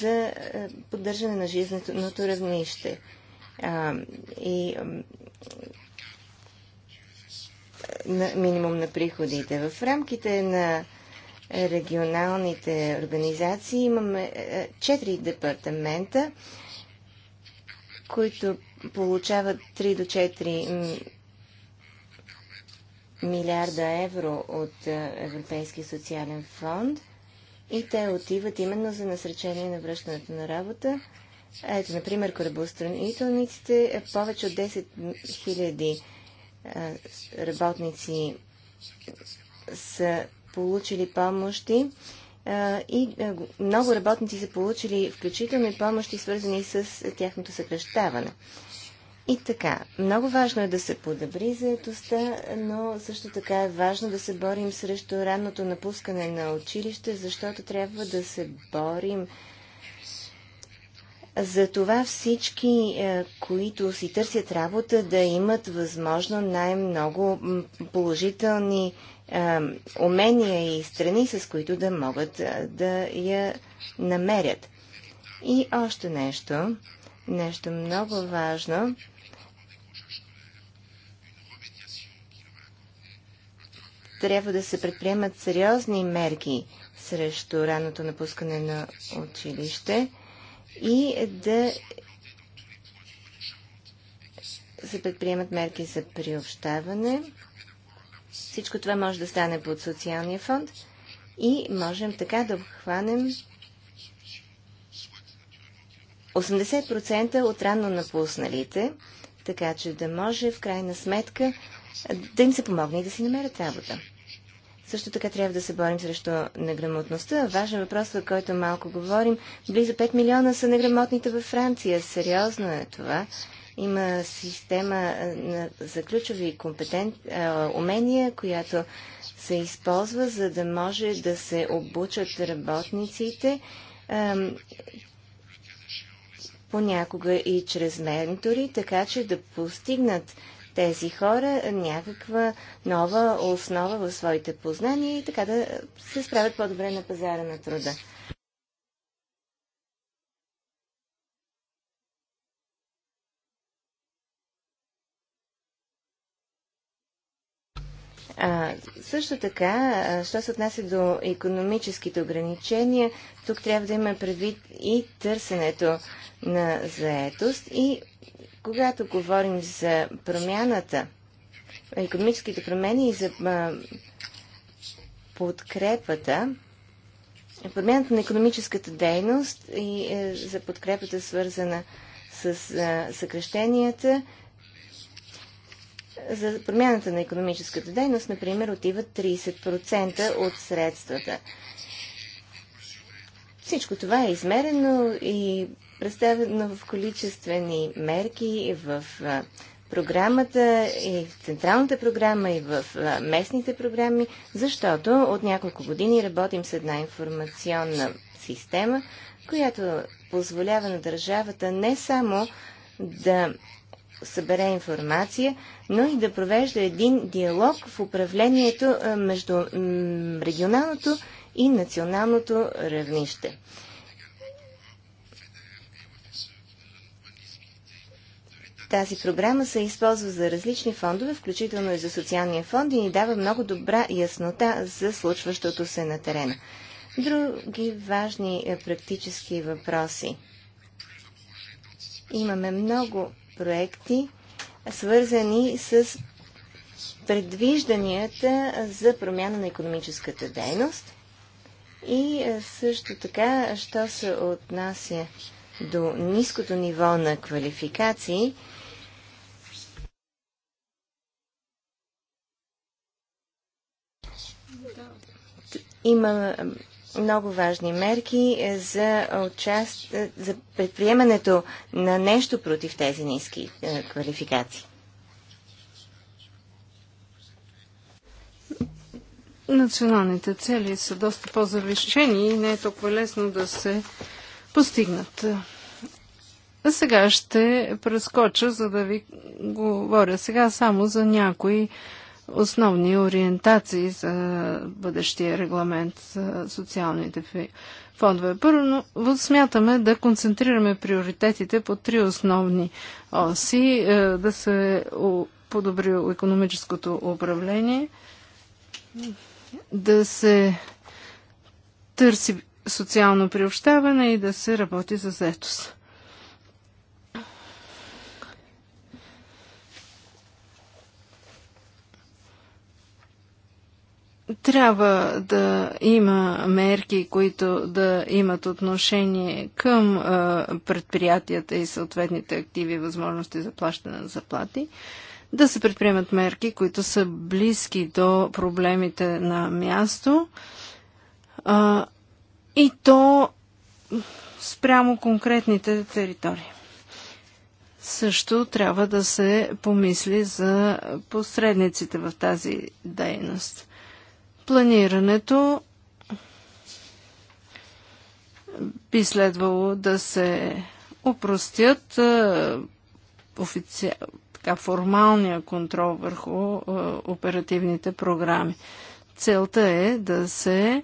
за поддържане на жизненото равнище. И минимум на приходите. В рамките на регионалните организации. Имаме е, е, четири департамента, които получават 3 до 4 милиарда евро от е, Европейския социален фонд и те отиват именно за насречение на връщането на работа. Ето, например, корабостранителниците, повече от 10 000 работници са получили помощи и много работници са получили включително и помощи, свързани с тяхното съкръщаване. И така, много важно е да се подобри заедостта, но също така е важно да се борим срещу ранното напускане на училище, защото трябва да се борим за това всички, които си търсят работа, да имат възможно най-много положителни умения и страни, с които да могат да я намерят. И още нещо, нещо много важно. Трябва да се предприемат сериозни мерки срещу ранното напускане на училище и да се предприемат мерки за приобщаване. Всичко това може да стане под социалния фонд и можем така да обхванем 80% от ранно напусналите, така че да може в крайна сметка да им се помогне и да си намерят работа. Също така трябва да се борим срещу неграмотността. Важен въпрос, за който малко говорим. Близо 5 милиона са неграмотните във Франция. Сериозно е това. Има система за ключови компетент, умения, която се използва, за да може да се обучат работниците понякога и чрез ментори, така че да постигнат тези хора някаква нова основа в своите познания и така да се справят по-добре на пазара на труда. А, също така, а, що се отнася до економическите ограничения, тук трябва да има предвид и търсенето на заетост и когато говорим за промяната, економическите промени и за а, подкрепата, промяната на економическата дейност и е, за подкрепата свързана с съкрещенията, за промяната на економическата дейност, например, отиват 30% от средствата. Всичко това е измерено и представено в количествени мерки и в програмата, и в централната програма, и в местните програми, защото от няколко години работим с една информационна система, която позволява на държавата не само да събере информация, но и да провежда един диалог в управлението между регионалното и националното равнище. Тази програма се използва за различни фондове, включително и за социалния фонд и ни дава много добра яснота за случващото се на терена. Други важни е, практически въпроси. Имаме много проекти, свързани с предвижданията за промяна на економическата дейност и е, също така, що се отнася до ниското ниво на квалификации, има много важни мерки е, за, отчаст... Е, за предприемането на нещо против тези ниски е, квалификации. Националните цели са доста по-завишени и не е толкова лесно да се постигнат. А сега ще прескоча, за да ви говоря сега само за някои основни ориентации за бъдещия регламент за социалните фондове. Първо смятаме да концентрираме приоритетите по три основни оси, е, да се подобри економическото управление, да се търси социално приобщаване и да се работи за заетост. трябва да има мерки, които да имат отношение към предприятията и съответните активи и възможности за плащане на заплати, да се предприемат мерки, които са близки до проблемите на място и то спрямо конкретните територии. Също трябва да се помисли за посредниците в тази дейност. Планирането би следвало да се опростят офици... така, формалния контрол върху оперативните програми. Целта е да се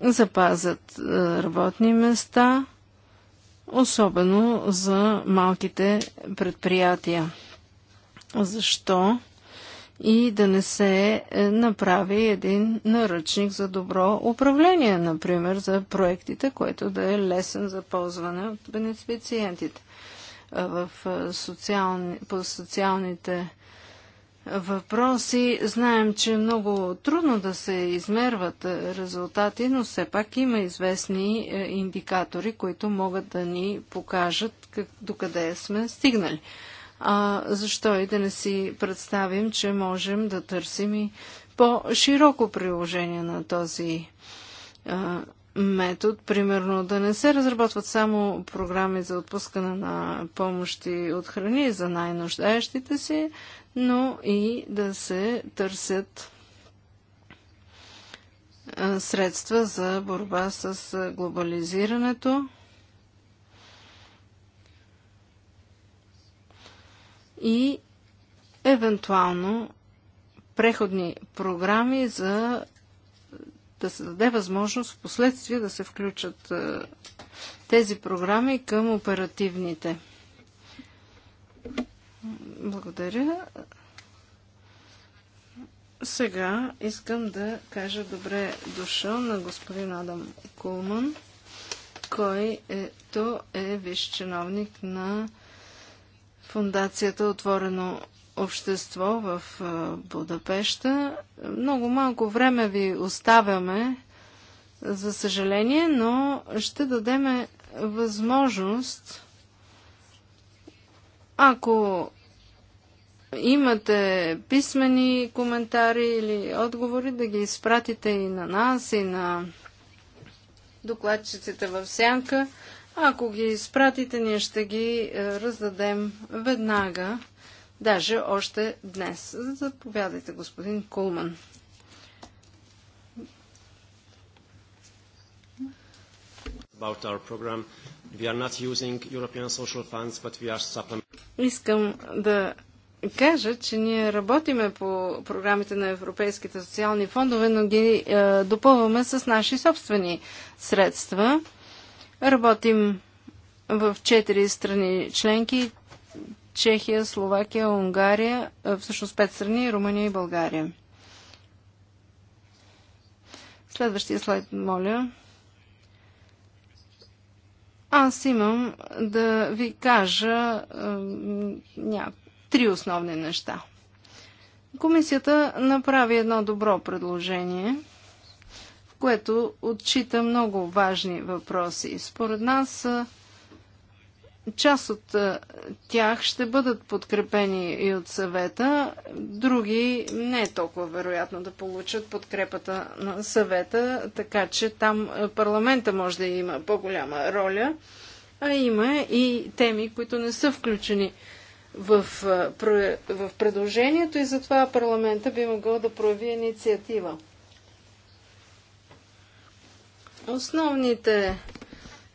запазят работни места, особено за малките предприятия. Защо? и да не се е, направи един наръчник за добро управление, например, за проектите, което да е лесен за ползване от бенефициентите. В социални, по социалните въпроси знаем, че е много трудно да се измерват резултати, но все пак има известни е, индикатори, които могат да ни покажат как, докъде сме стигнали. А защо и да не си представим, че можем да търсим и по-широко приложение на този а, метод. Примерно да не се разработват само програми за отпускане на помощи от храни за най-нуждаещите си, но и да се търсят средства за борба с глобализирането и евентуално преходни програми за да се даде възможност в последствие да се включат е, тези програми към оперативните. Благодаря. Сега искам да кажа добре дошъл на господин Адам Кулман, който е, е висш чиновник на фундацията е Отворено общество в Будапешта. Много малко време ви оставяме, за съжаление, но ще дадеме възможност, ако имате писмени коментари или отговори, да ги изпратите и на нас, и на докладчиците в сянка. Ако ги изпратите, ние ще ги е, раздадем веднага, даже още днес. Заповядайте, господин Кулман. about our program. We are not using European social funds, but we are Искам да кажа, че ние работиме по програмите на европейските социални фондове, но ги е, допълваме с наши собствени средства. Работим в четири страни членки Чехия, Словакия, Унгария, всъщност пет страни Румъния и България. Следващия слайд, моля. Аз имам да ви кажа е, ня, три основни неща. Комисията направи едно добро предложение – което отчита много важни въпроси. Според нас част от тях ще бъдат подкрепени и от съвета, други не е толкова вероятно да получат подкрепата на съвета, така че там парламента може да има по-голяма роля, а има и теми, които не са включени в, в предложението и затова парламента би могъл да прояви инициатива. Основните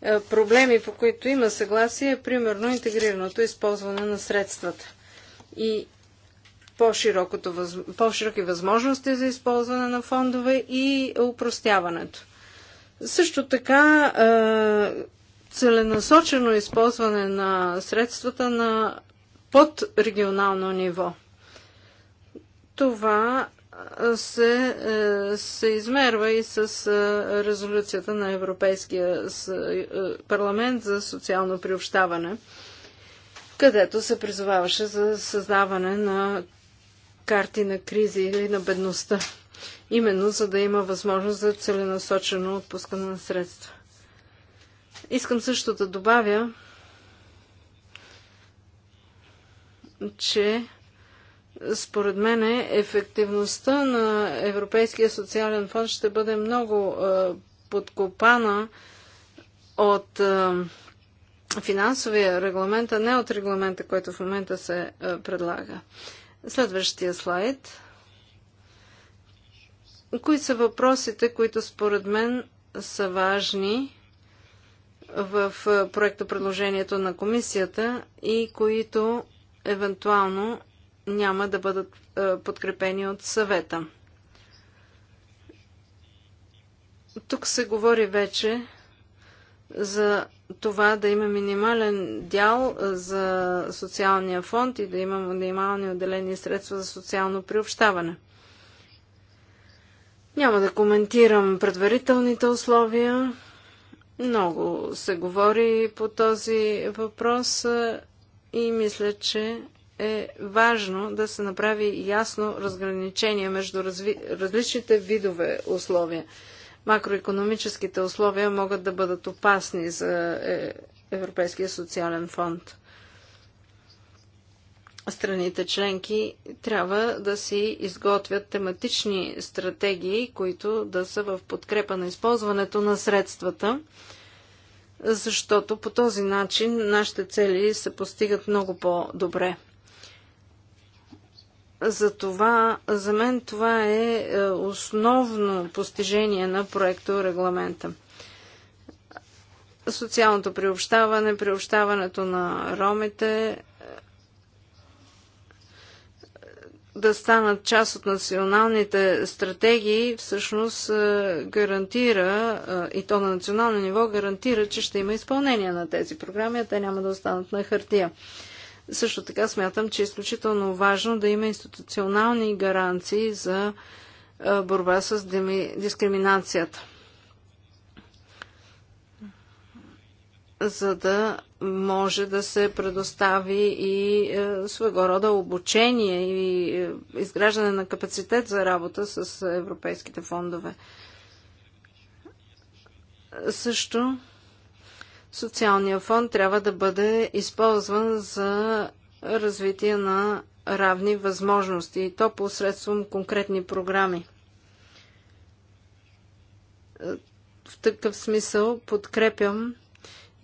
е, проблеми, по които има съгласие, е примерно интегрираното използване на средствата и по широки възможности за използване на фондове и упростяването. Също така е, целенасочено използване на средствата на под регионално ниво. Това се, е, се измерва и с е, резолюцията на Европейския е, парламент за социално приобщаване, където се призоваваше за създаване на карти на кризи или на бедността, именно за да има възможност за целенасочено отпускане на средства. Искам също да добавя, че според мен ефективността на Европейския социален фонд ще бъде много подкопана от финансовия регламент, а не от регламента, който в момента се предлага. Следващия слайд. Кои са въпросите, които според мен са важни в проекта предложението на комисията и които евентуално няма да бъдат е, подкрепени от съвета. Тук се говори вече за това да има минимален дял е, за социалния фонд и да има минимални отделени средства за социално приобщаване. Няма да коментирам предварителните условия. Много се говори по този въпрос е, и мисля, че е важно да се направи ясно разграничение между разви... различните видове условия. Макроекономическите условия могат да бъдат опасни за е, Европейския социален фонд. Страните членки трябва да си изготвят тематични стратегии, които да са в подкрепа на използването на средствата защото по този начин нашите цели се постигат много по-добре. За това, за мен това е, е основно постижение на проекта регламента. Социалното приобщаване, приобщаването на ромите е, да станат част от националните стратегии, всъщност е, гарантира, и то на национално ниво гарантира, че ще има изпълнение на тези програми, а те няма да останат на хартия. Също така смятам, че е изключително важно да има институционални гаранции за борба с дискриминацията. За да може да се предостави и своего рода обучение и изграждане на капацитет за работа с европейските фондове. Също социалния фонд трябва да бъде използван за развитие на равни възможности и то посредством конкретни програми. В такъв смисъл подкрепям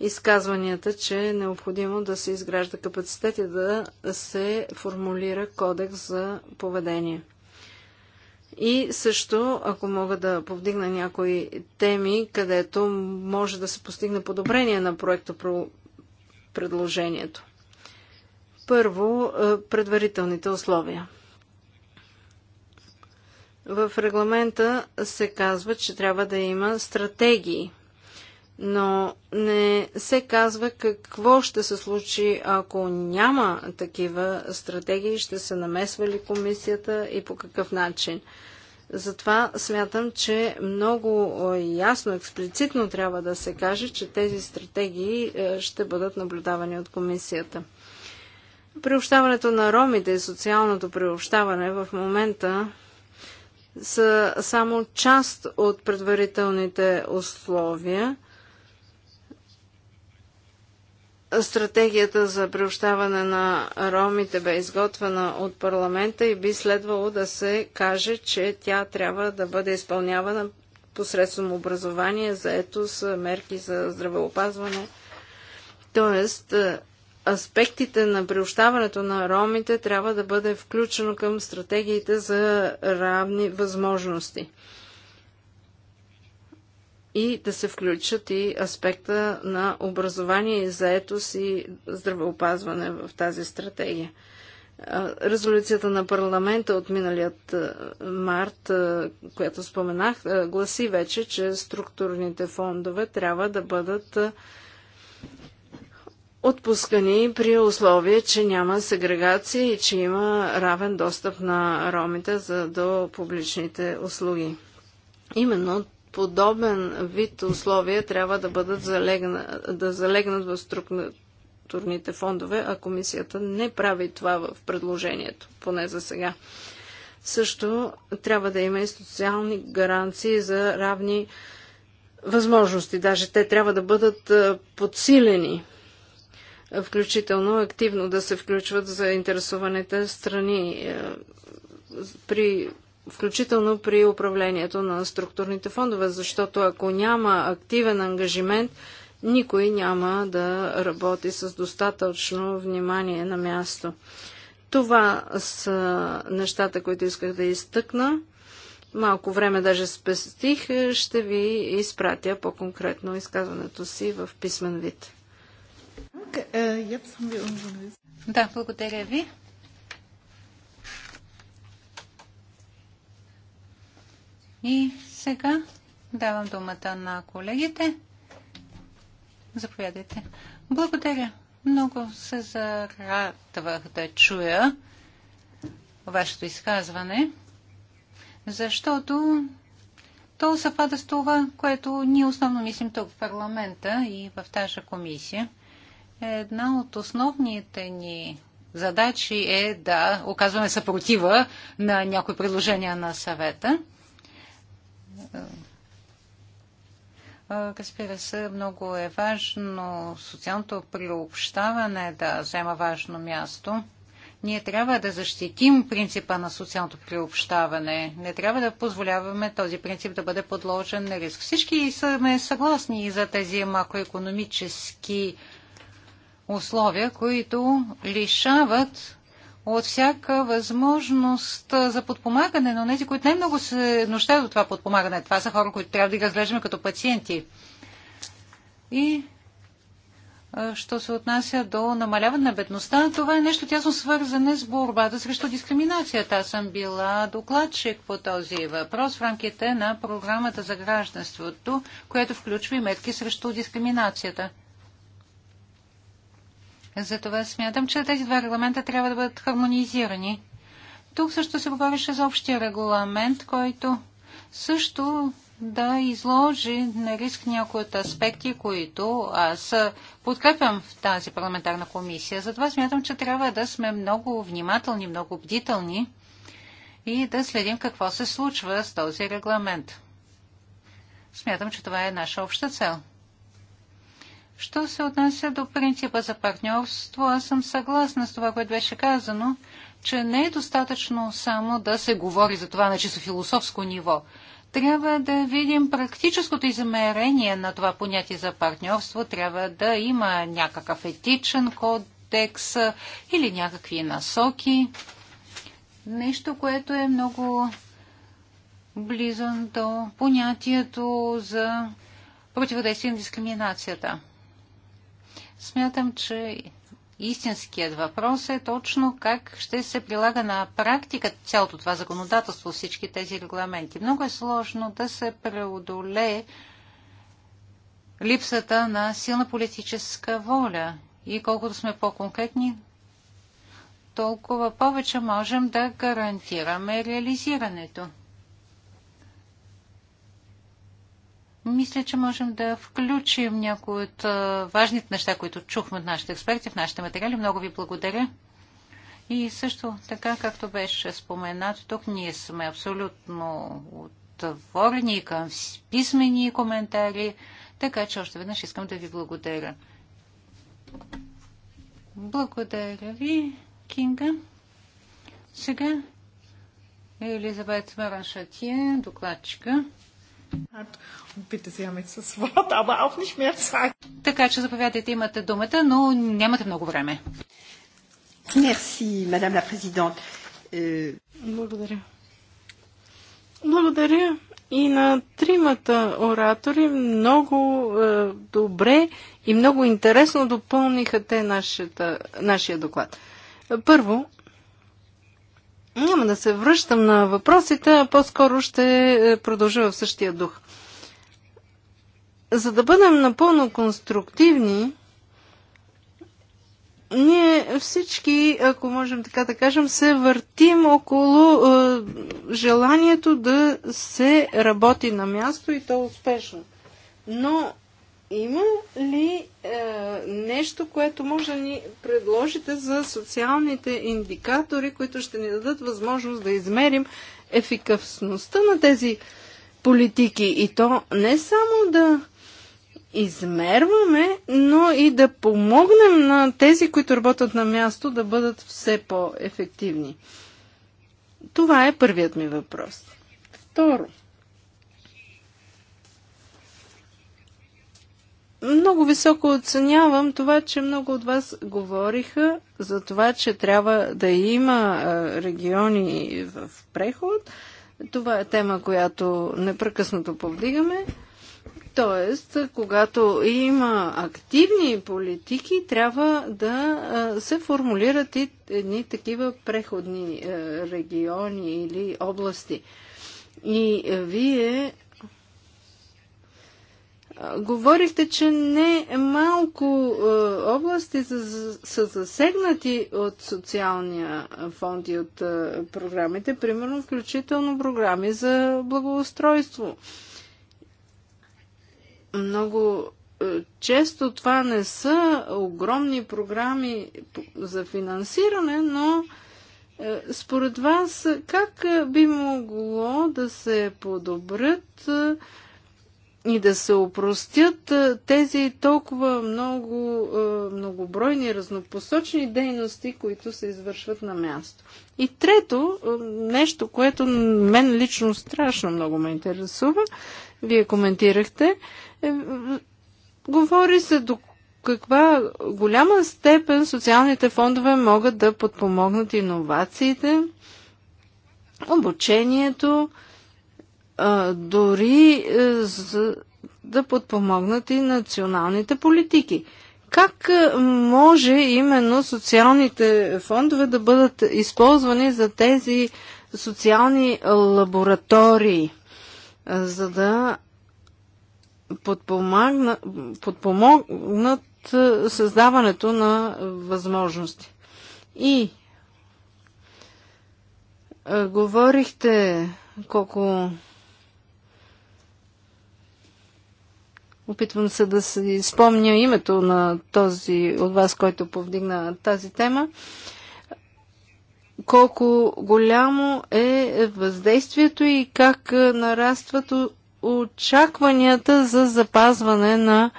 изказванията, че е необходимо да се изгражда капацитет и да се формулира кодекс за поведение. И също, ако мога да повдигна някои теми, където може да се постигне подобрение на проекта про предложението. Първо, е, предварителните условия. В регламента се казва, че трябва да има стратегии но не се казва какво ще се случи, ако няма такива стратегии, ще се намесва ли комисията и по какъв начин. Затова смятам, че много ясно, експлицитно трябва да се каже, че тези стратегии е, ще бъдат наблюдавани от комисията. Приобщаването на ромите и социалното приобщаване в момента са само част от предварителните условия Стратегията за приобщаване на ромите бе изготвена от парламента и би следвало да се каже, че тя трябва да бъде изпълнявана посредством образование, заетост, мерки за здравеопазване. Тоест, е, аспектите на приобщаването на ромите трябва да бъде включено към стратегиите за равни възможности и да се включат и аспекта на образование и заетост и здравеопазване в тази стратегия. Резолюцията на парламента от миналият март, която споменах, гласи вече, че структурните фондове трябва да бъдат отпускани при условие, че няма сегрегация и че има равен достъп на ромите за, до публичните услуги. Именно подобен вид условия трябва да бъдат залегна, да залегнат в структурните фондове, а комисията не прави това в предложението, поне за сега. Също трябва да има и социални гаранции за равни възможности. Даже те трябва да бъдат подсилени, включително активно да се включват заинтересованите страни при включително при управлението на структурните фондове, защото ако няма активен ангажимент, никой няма да работи с достатъчно внимание на място. Това са нещата, които исках да изтъкна. Малко време даже спестих. Ще ви изпратя по-конкретно изказването си в писмен вид. Äh, да, благодаря ви. И сега давам думата на колегите. Заповядайте. Благодаря. Много се зарадвах да чуя вашето изказване, защото то съвпада с това, което ние основно мислим тук в парламента и в тази комисия. Една от основните ни задачи е да оказваме съпротива на някои предложения на съвета – Разбира се, много е важно социалното приобщаване да взема важно място. Ние трябва да защитим принципа на социалното приобщаване. Не трябва да позволяваме този принцип да бъде подложен на риск. Всички сме съгласни за тези макроекономически условия, които лишават от всяка възможност за подпомагане но тези, които най-много се нуждаят от това подпомагане. Това са хора, които трябва да ги разглеждаме като пациенти. И що се отнася до намаляване на бедността, това е нещо тясно свързане с борбата срещу дискриминацията. Аз съм била докладчик по този въпрос в рамките на програмата за гражданството, което включва и метки срещу дискриминацията. Затова смятам, че тези два регламента трябва да бъдат хармонизирани. Тук също се говореше за общия регламент, който също да изложи на риск някои от аспекти, които аз подкрепям в тази парламентарна комисия. Затова смятам, че трябва да сме много внимателни, много бдителни и да следим какво се случва с този регламент. Смятам, че това е наша обща цел. Що се отнася до принципа за партньорство, аз съм съгласна с това, което беше казано, че не е достатъчно само да се говори за това на чисто философско ниво. Трябва да видим практическото измерение на това понятие за партньорство. Трябва да има някакъв етичен кодекс или някакви насоки. Нещо, което е много близо до понятието за противодействие на дискриминацията. Смятам, че истинският въпрос е точно как ще се прилага на практика цялото това законодателство, всички тези регламенти. Много е сложно да се преодолее липсата на силна политическа воля. И колкото сме по-конкретни, толкова повече можем да гарантираме реализирането. Мисля, че можем да включим някои от важните неща, които чухме от нашите експерти в нашите материали. Много ви благодаря. И също така, както беше споменато, тук ние сме абсолютно отворени към писмени коментари, така че още веднъж искам да ви благодаря. Благодаря ви, Кинга. Сега Елизабет Мараншатие, докладчика. Така че заповядайте, имате думата, но нямате много време. Мерси, мадам ла президент. Благодаря. Благодаря и на тримата оратори. Много е, добре и много интересно допълниха те нашата, нашия доклад. Първо, няма да се връщам на въпросите, а по-скоро ще е, продължа в същия дух. За да бъдем напълно конструктивни, ние всички, ако можем така да кажем, се въртим около е, желанието да се работи на място и то успешно. Но има ли е, нещо, което може да ни предложите за социалните индикатори, които ще ни дадат възможност да измерим ефикасността на тези политики? И то не само да измерваме, но и да помогнем на тези, които работят на място, да бъдат все по-ефективни. Това е първият ми въпрос. Второ. Много високо оценявам това, че много от вас говориха за това, че трябва да има региони в преход. Това е тема, която непрекъснато повдигаме. Тоест, когато има активни политики, трябва да се формулират и едни такива преходни региони или области. И вие Говорихте, че не е малко е, области са засегнати от социалния фонд и от е, програмите, примерно включително програми за благоустройство. Много често това не са огромни програми за финансиране, но според вас как би могло да се подобрят и да се опростят тези толкова много многобройни разнопосочни дейности, които се извършват на място. И трето, нещо, което мен лично страшно много ме интересува, вие коментирахте, е, говори се до каква голяма степен социалните фондове могат да подпомогнат иновациите, обучението, дори е, за да подпомогнат и националните политики. Как е, може именно социалните фондове да бъдат използвани за тези социални лаборатории, е, за да подпомогнат, подпомогнат създаването на възможности? И говорихте колко Опитвам се да си спомня името на този от вас, който повдигна тази тема. Колко голямо е въздействието и как нарастват очакванията за запазване на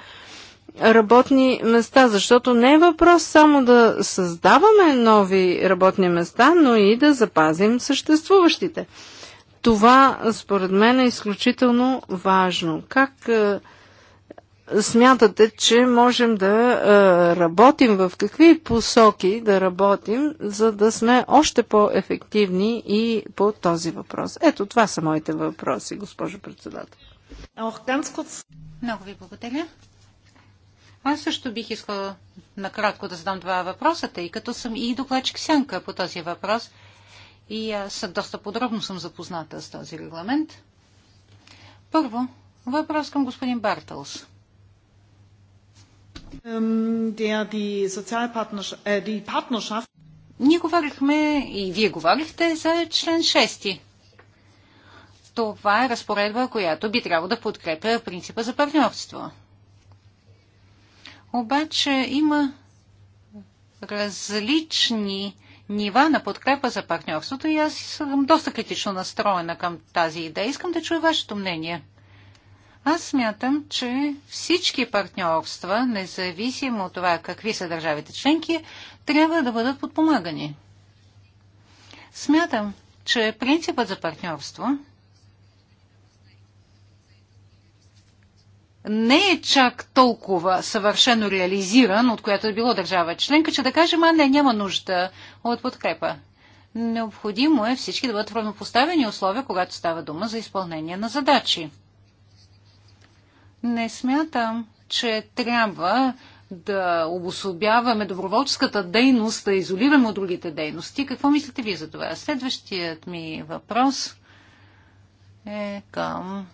работни места, защото не е въпрос само да създаваме нови работни места, но и да запазим съществуващите. Това, според мен, е изключително важно. Как смятате, че можем да е, работим в какви посоки да работим, за да сме още по-ефективни и по този въпрос? Ето, това са моите въпроси, госпожо председател. Много ви благодаря. Аз също бих искала накратко да задам два въпроса, тъй като съм и докладчик сянка по този въпрос и аз доста подробно съм запозната с този регламент. Първо, въпрос към господин Бартълс. Äh, Ние говорихме и вие говорихте за член 6. Това е разпоредба, която би трябвало да подкрепя принципа за партньорство. Обаче има различни нива на подкрепа за партньорството и аз съм доста критично настроена към тази идея. Искам да чуя вашето мнение. Аз смятам, че всички партньорства, независимо от това какви са държавите членки, трябва да бъдат подпомагани. Смятам, че принципът за партньорство не е чак толкова съвършено реализиран, от която е било държава членка, че да кажем, а не, няма нужда от подкрепа. Необходимо е всички да бъдат равнопоставени условия, когато става дума за изпълнение на задачи. Не смятам, че трябва да обособяваме доброволческата дейност, да изолираме от другите дейности. Какво мислите ви за това? Следващият ми въпрос е към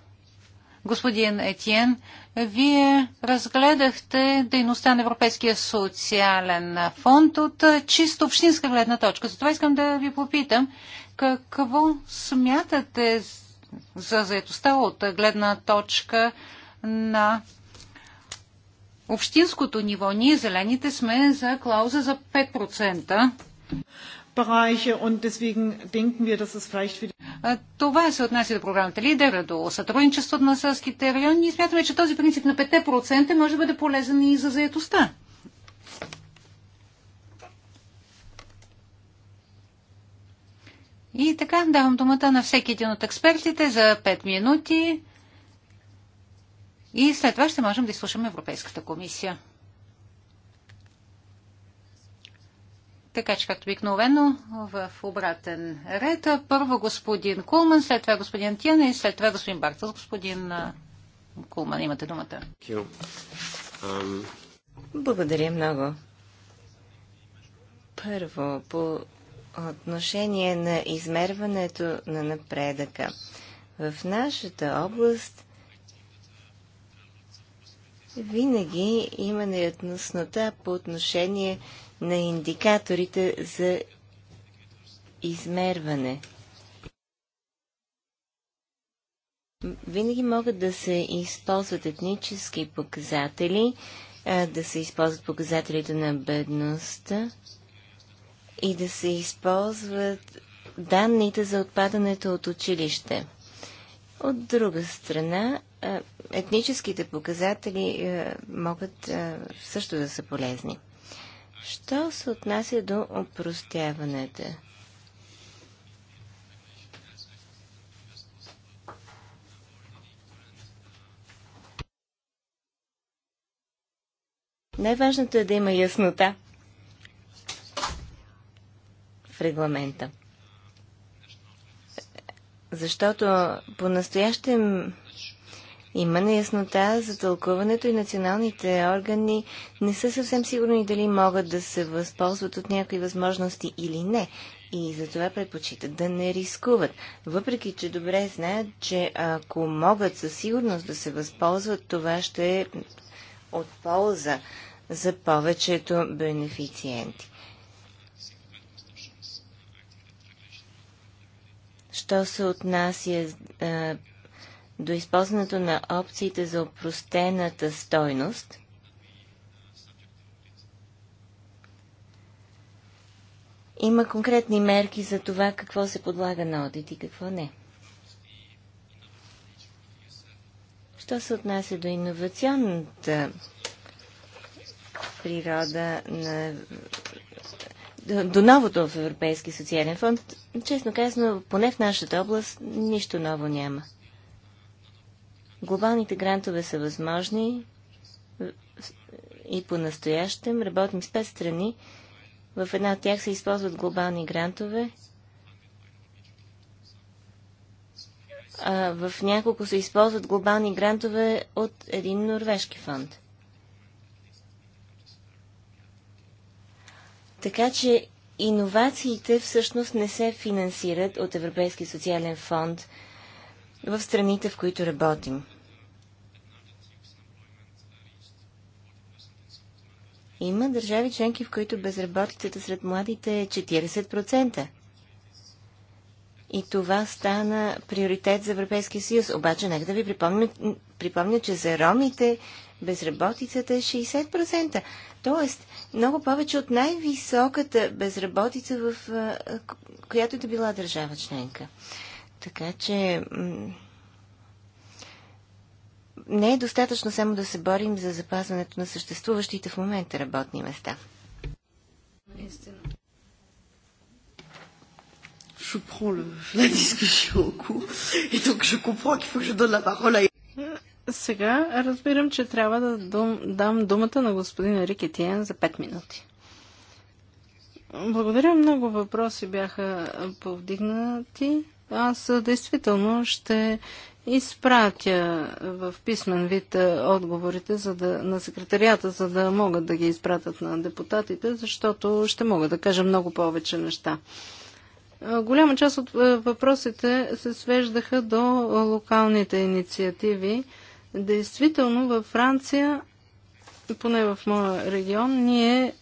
господин Етиен. Вие разгледахте дейността на Европейския социален фонд от чисто общинска гледна точка. Затова искам да ви попитам какво смятате за заедостта от гледна точка на общинското ниво. Ние зелените сме за клауза за 5%. Това се отнася до програмата Лидера, до сътрудничеството на селските райони. Ние смятаме, че този принцип на 5% може да бъде полезен и за заетостта. И така, давам думата на всеки един от експертите за 5 минути. И след това ще можем да изслушаме Европейската комисия. Така че, както обикновено, в обратен ред. Първо господин Кулман, след това господин Тиена и след това господин Бартъл. Господин Кулман, имате думата. Благодаря много. Първо, по отношение на измерването на напредъка. В нашата област винаги има неяснота по отношение на индикаторите за измерване. Винаги могат да се използват етнически показатели, да се използват показателите на бедността и да се използват данните за отпадането от училище. От друга страна, е, етническите показатели е, могат е, също да са полезни. Що се отнася до опростяването? Най-важното е да има яснота в регламента. Защото по-настоящем има неяснота за тълкуването и националните органи не са съвсем сигурни дали могат да се възползват от някои възможности или не. И затова предпочитат да не рискуват. Въпреки, че добре знаят, че ако могат със сигурност да се възползват, това ще е от полза за повечето бенефициенти. Що се отнася а, до използването на опциите за опростената стойност, има конкретни мерки за това какво се подлага на одит и какво не. Що се отнася до иновационната природа на до, до новото в Европейски социален фонд, честно казано, поне в нашата област нищо ново няма. Глобалните грантове са възможни и по-настоящем. Работим с пет страни. В една от тях се използват глобални грантове. А в няколко се използват глобални грантове от един норвежки фонд. Така че иновациите всъщност не се финансират от Европейски социален фонд в страните, в които работим. Има държави членки, в които безработицата сред младите е 40%. И това стана приоритет за Европейския съюз. Обаче, нека да ви припомня, припомня че за ромите безработицата е 60%. Тоест, много повече от най-високата безработица, в която е да била държава членка. Така че не е достатъчно само да се борим за запазването на съществуващите в момента работни места. Наистина. Je prends le, la discussion au cours et donc je comprends qu'il faut que je donne la parole à... Сега разбирам, че трябва да дум, дам думата на господин Рикетиен за 5 минути. Благодаря, много въпроси бяха повдигнати. Аз действително ще изпратя в писмен вид е, отговорите за да, на секретарията, за да могат да ги изпратят на депутатите, защото ще мога да кажа много повече неща. Е, голяма част от е, въпросите се свеждаха до локалните инициативи. Действително във Франция, поне в моя регион, ние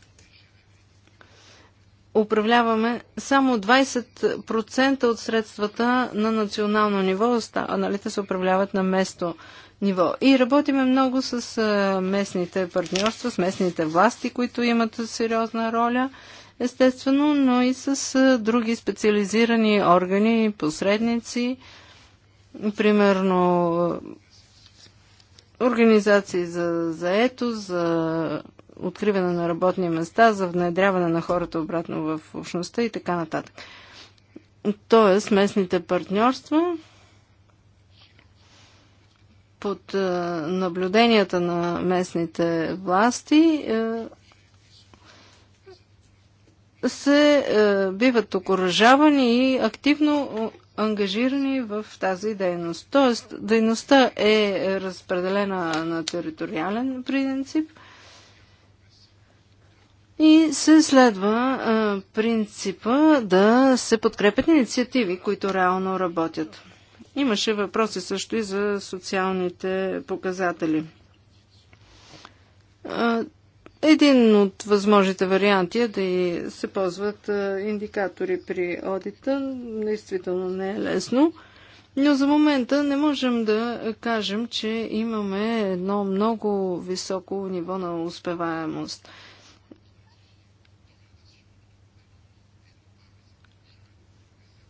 управляваме само 20% от средствата на национално ниво, останалите се управляват на место ниво. И работиме много с местните партньорства, с местните власти, които имат сериозна роля, естествено, но и с други специализирани органи и посредници, примерно организации за заето, за откриване на работни места, за внедряване на хората обратно в общността и така нататък. Тоест, местните партньорства под е, наблюденията на местните власти е, се е, биват окоръжавани и активно ангажирани в тази дейност. Тоест, дейността е разпределена на териториален принцип и се следва а, принципа да се подкрепят инициативи, които реално работят. Имаше въпроси също и за социалните показатели. А, един от възможните варианти е да се ползват а, индикатори при одита. Действително не е лесно. Но за момента не можем да кажем, че имаме едно много високо ниво на успеваемост.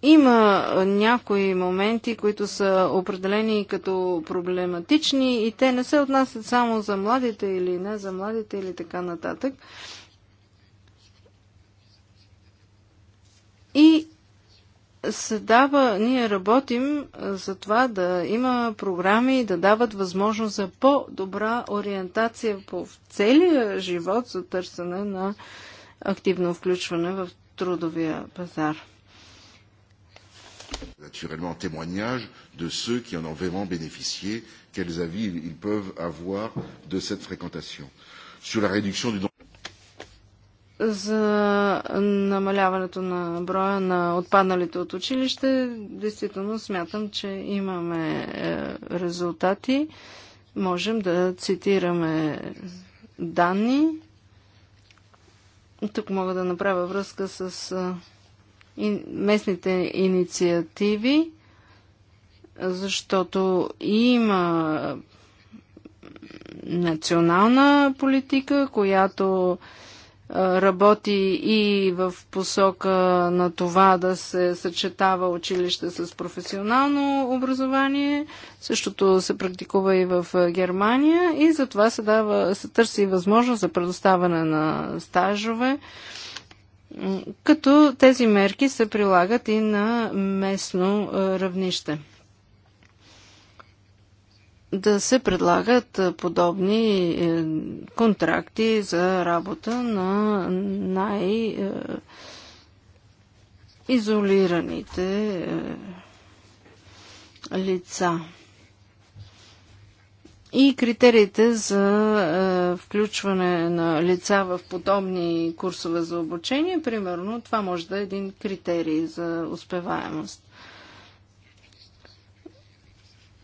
Има някои моменти, които са определени като проблематични и те не се отнасят само за младите или не за младите или така нататък. И се дава, ние работим за това да има програми, да дават възможност за по-добра ориентация по целия живот за търсене на активно включване в трудовия пазар naturellement témoignage de ceux qui en ont vraiment bénéficié, quels avis ils peuvent avoir de cette fréquentation. Sur la réduction du nombre за намаляването на броя на отпадналите от училище, действително смятам, че имаме резултати. Можем да цитираме данни. Тук мога да направя връзка с местните инициативи, защото има национална политика, която работи и в посока на това да се съчетава училище с професионално образование. Същото се практикува и в Германия и затова се, дава, се търси възможност за предоставяне на стажове като тези мерки се прилагат и на местно равнище. Да се предлагат подобни е, контракти за работа на най-изолираните е, е, лица и критериите за е, включване на лица в подобни курсове за обучение, примерно, това може да е един критерий за успеваемост.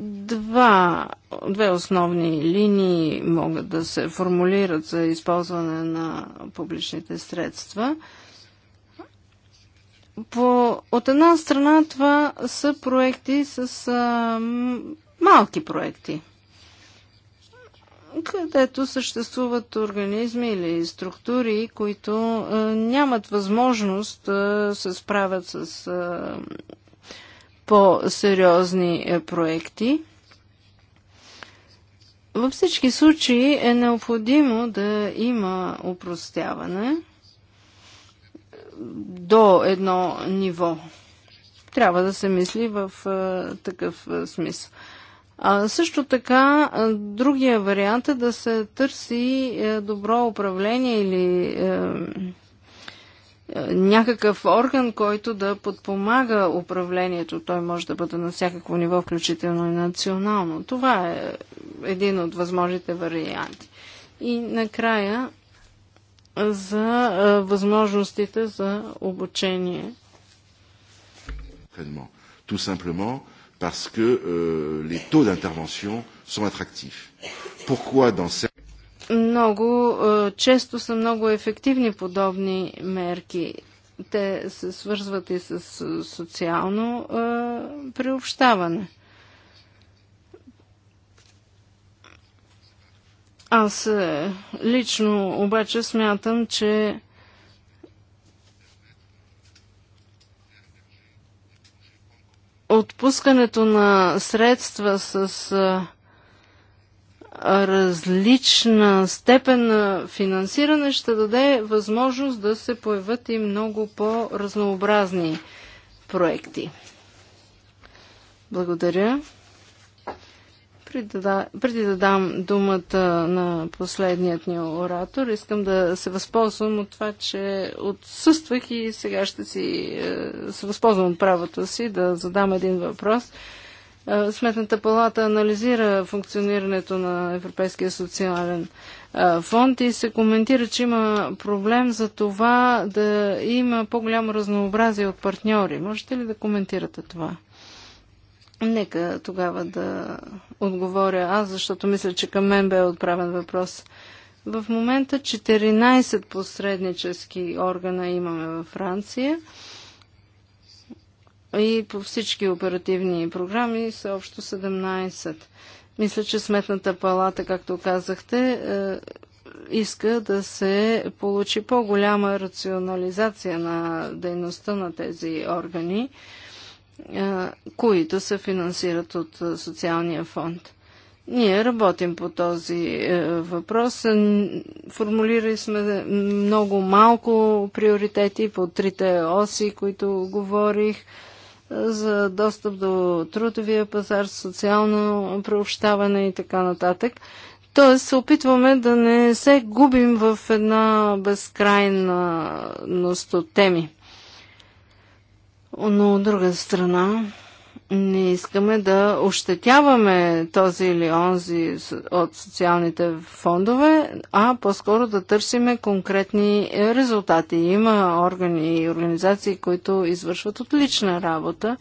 Два, две основни линии могат да се формулират за използване на публичните средства. По, от една страна това са проекти с а, е, малки проекти – където съществуват организми или структури, които а, нямат възможност да се справят с а, по-сериозни е, проекти. Във всички случаи е необходимо да има упростяване до едно ниво. Трябва да се мисли в такъв смисъл. А, също така, другия вариант е да се търси е, добро управление или е, е, някакъв орган, който да подпомага управлението. Той може да бъде на всякакво ниво, включително и национално. Това е един от възможните варианти. И накрая за е, възможностите за обучение. Tout simplement, parce que euh, les taux d'intervention sont attractifs. Pourquoi dans ces... много euh, често са много ефективни подобни мерки. Те се свързват и с социално е, приобщаване. Аз е, лично обаче смятам, че отпускането на средства с различна степен на финансиране ще даде възможност да се появят и много по-разнообразни проекти. Благодаря. Преди да дам думата на последният ни оратор, искам да се възползвам от това, че отсъствах и сега ще си е, се възползвам от правото си да задам един въпрос. Е, Сметната палата анализира функционирането на Европейския социален е, фонд и се коментира, че има проблем за това да има по-голямо разнообразие от партньори. Можете ли да коментирате това? Нека тогава да отговоря аз, защото мисля, че към мен бе отправен въпрос. В момента 14 посреднически органа имаме във Франция и по всички оперативни програми са общо 17. Мисля, че Сметната палата, както казахте, е, иска да се получи по-голяма рационализация на дейността на тези органи които се финансират от социалния фонд. Ние работим по този е, въпрос. Формулирали сме много малко приоритети по трите оси, които говорих за достъп до трудовия пазар, социално преобщаване и така нататък. Тоест се опитваме да не се губим в една безкрайна от теми. Но от друга страна, не искаме да ощетяваме този или онзи от социалните фондове, а по-скоро да търсиме конкретни резултати. Има органи и организации, които извършват отлична работа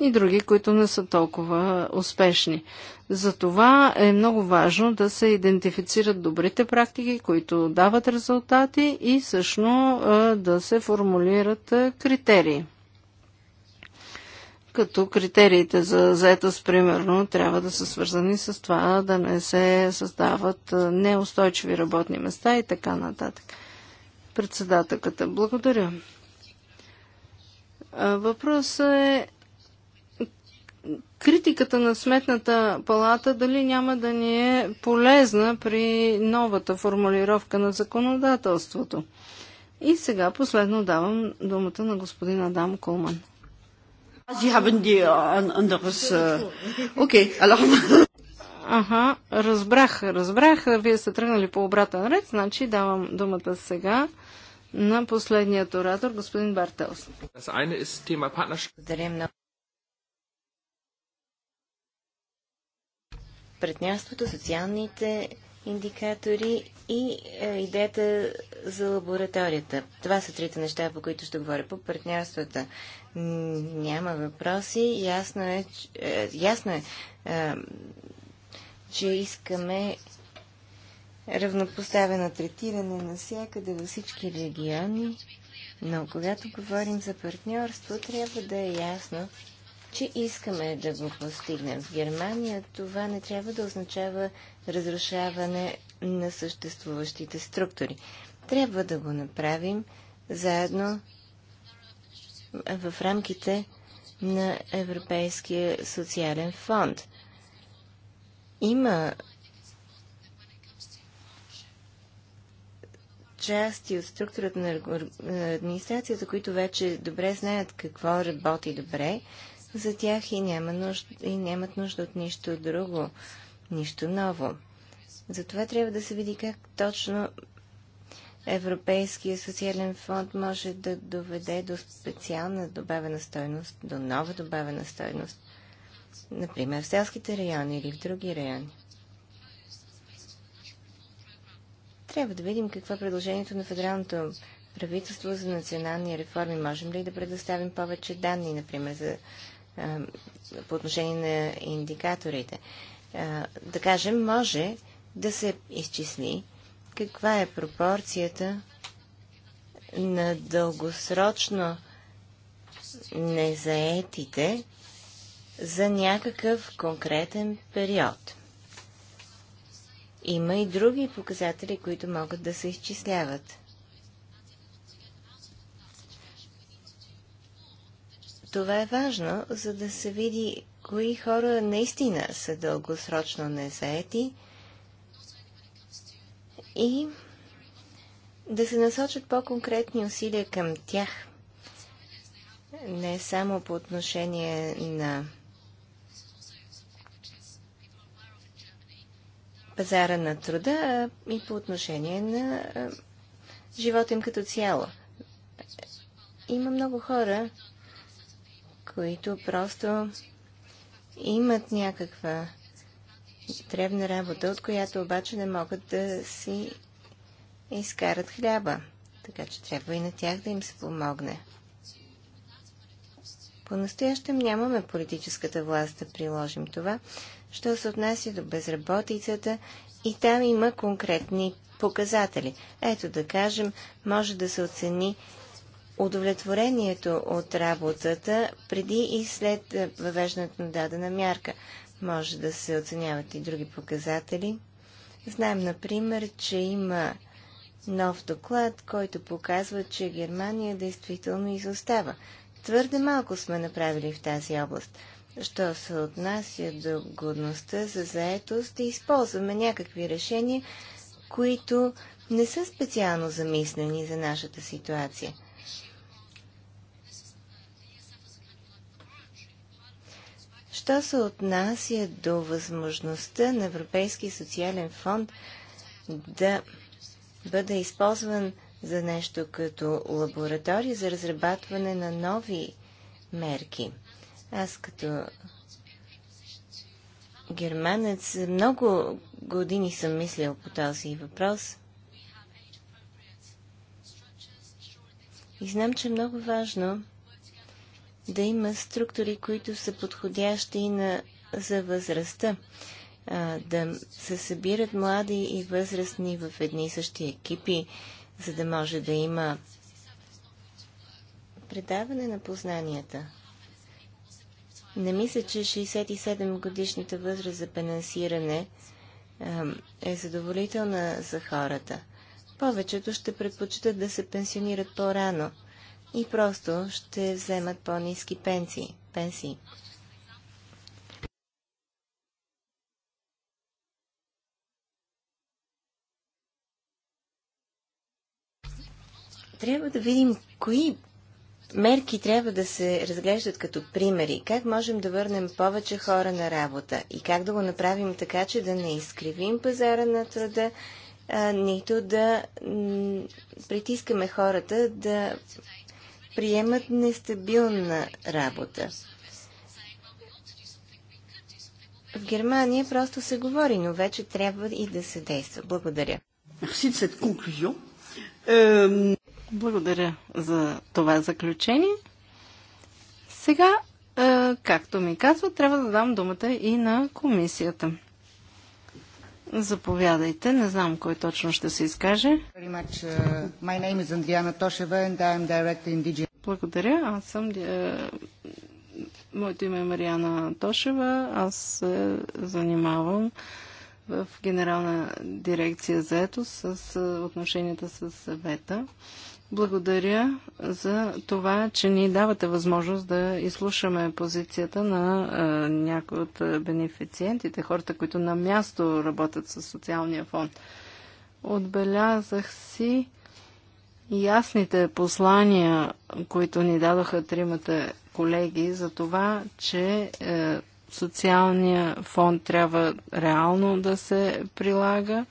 и други, които не са толкова успешни. Затова е много важно да се идентифицират добрите практики, които дават резултати и всъщност да се формулират критерии като критериите за заетост, примерно, трябва да са свързани с това да не се създават неустойчиви работни места и така нататък. Председателката, благодаря. Въпросът е критиката на Сметната палата дали няма да ни е полезна при новата формулировка на законодателството. И сега последно давам думата на господин Адам Кулман. Sie haben die anderes... Окей, äh, okay, alors... Аха, разбрах, разбрах. Вие сте тръгнали по обратен ред, значи давам думата сега на последният оратор, господин Бартелс. Благодаря много. Партньорството, социалните индикатори и е, идеята за лабораторията. Това са трите неща, по които ще говоря. По партньорствата няма въпроси. Ясно е, че, е, ясно е, е, че искаме равнопоставено третиране навсякъде във всички региони, но когато говорим за партньорство, трябва да е ясно, че искаме да го постигнем в Германия. Това не трябва да означава разрушаване на съществуващите структури. Трябва да го направим заедно е в рамките на Европейския социален фонд. Има части от структурата на администрацията, които вече добре знаят какво работи добре за тях и, няма нужда, и нямат нужда от нищо друго, нищо ново. Затова трябва да се види как точно Европейския социален фонд може да доведе до специална добавена стойност, до нова добавена стойност, например в селските райони или в други райони. Трябва да видим какво е предложението на федералното правителство за национални реформи. Можем ли да предоставим повече данни, например, за, по отношение на индикаторите? да кажем, може да се изчисли каква е пропорцията на дългосрочно незаетите за някакъв конкретен период. Има и други показатели, които могат да се изчисляват. Това е важно, за да се види кои хора наистина са дългосрочно незаети – и да се насочат по-конкретни усилия към тях. Не само по отношение на пазара на труда, а и по отношение на живота им като цяло. Има много хора, които просто имат някаква древна работа, от която обаче не могат да си изкарат хляба. Така че трябва и на тях да им се помогне. По-настоящем нямаме политическата власт да приложим това. Що се отнася до безработицата, и там има конкретни показатели. Ето да кажем, може да се оцени удовлетворението от работата преди и след въвеждането на дадена мярка. Може да се оценяват и други показатели. Знаем, например, че има нов доклад, който показва, че Германия действително изостава. Твърде малко сме направили в тази област. Що се отнася до годността за заетост, да използваме някакви решения, които не са специално замислени за нашата ситуация – Що се отнася до възможността на Европейския социален фонд да бъде използван за нещо като лаборатория за разрабатване на нови мерки. Аз като германец много години съм мислил по този въпрос. И знам, че е много важно да има структури, които са подходящи на, за възрастта. А, да се събират млади и възрастни в едни и същи екипи, за да може да има предаване на познанията. Не мисля, че 67 годишната възраст за пенансиране а, е задоволителна за хората. Повечето ще предпочитат да се пенсионират по-рано – и просто ще вземат по-низки пенсии. пенсии. Трябва да видим кои мерки трябва да се разглеждат като примери. Как можем да върнем повече хора на работа и как да го направим така, че да не изкривим пазара на труда, нито да притискаме хората да приемат нестабилна работа. В Германия просто се говори, но вече трябва и да се действа. Благодаря. Благодаря за това заключение. Сега, е, както ми казва, трябва да дам думата и на комисията. Заповядайте. Не знам кой точно ще се изкаже. Uh, Благодаря. Аз съм... Е, моето име е Мариана Тошева. Аз се занимавам в Генерална дирекция заето с е, отношенията с съвета. Благодаря за това, че ни давате възможност да изслушаме позицията на е, някои от е, бенефициентите, хората, които на място работят със социалния фонд. Отбелязах си ясните послания, които ни дадоха тримата колеги за това, че е, социалния фонд трябва реално да се прилага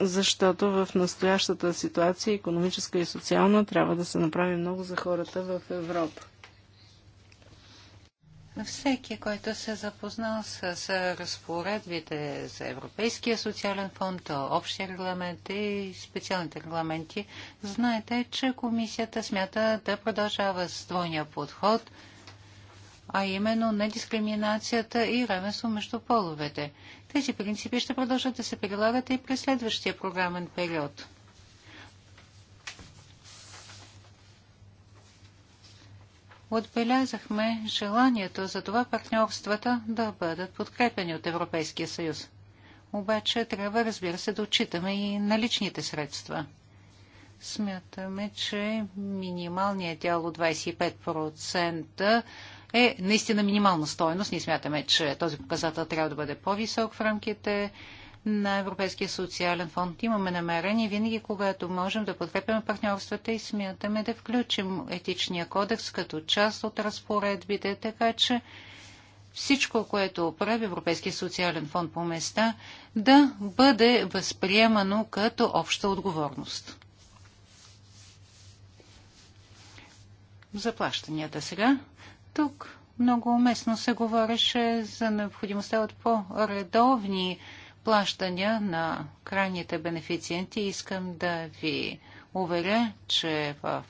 защото в настоящата ситуация, економическа и социална, трябва да се направи много за хората в Европа. Всеки, който се запознал с, с разпоредбите за Европейския социален фонд, общия регламент и специалните регламенти, знаете, че комисията смята да продължава с двойния подход – а именно недискриминацията и равенство между половете. Тези принципи ще продължат да се прилагат и през следващия програмен период. Отбелязахме желанието за това партньорствата да бъдат подкрепени от Европейския съюз. Обаче трябва, разбира се, да отчитаме и наличните средства. Смятаме, че минималният дял от 25% е наистина минимална стоеност. Ние смятаме, че този показател трябва да бъде по-висок в рамките на Европейския социален фонд. Имаме намерение винаги, когато можем да подкрепяме партньорствата и смятаме да включим етичния кодекс като част от разпоредбите, така че всичко, което прави Европейския социален фонд по места, да бъде възприемано като обща отговорност. Заплащанията сега. Тук много уместно се говореше за необходимостта от по-редовни плащания на крайните бенефициенти. Искам да ви уверя, че в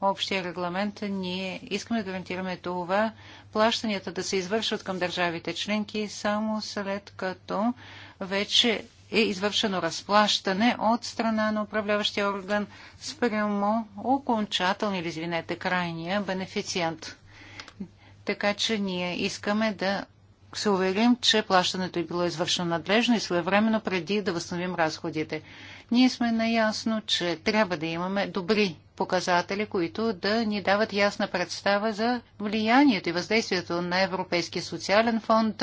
общия регламент ние искаме да гарантираме това плащанията да се извършват към държавите членки само след като вече е извършено разплащане от страна на управляващия орган спрямо окончателни или, извинете, крайния бенефициент. Така че ние искаме да се уверим, че плащането е било извършено надлежно и своевременно преди да възстановим разходите. Ние сме наясно, че трябва да имаме добри показатели, които да ни дават ясна представа за влиянието и въздействието на Европейския социален фонд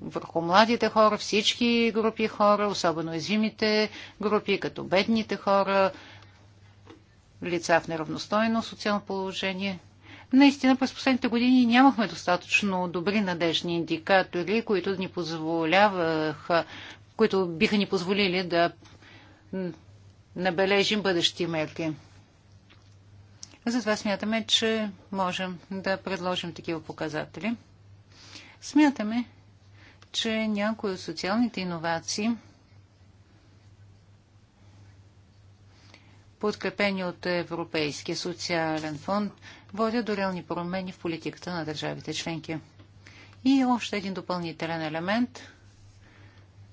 върху младите хора, всички групи хора, особено уязвимите групи, като бедните хора, лица в неравностойно социално положение. Наистина през последните години нямахме достатъчно добри надежни индикатори, които ни позволяваха, които биха ни позволили да набележим бъдещи мерки. Затова смятаме, че можем да предложим такива показатели. Смятаме, че някои от социалните иновации, подкрепени от Европейския социален фонд, водят до реални промени в политиката на държавите членки. И още един допълнителен елемент,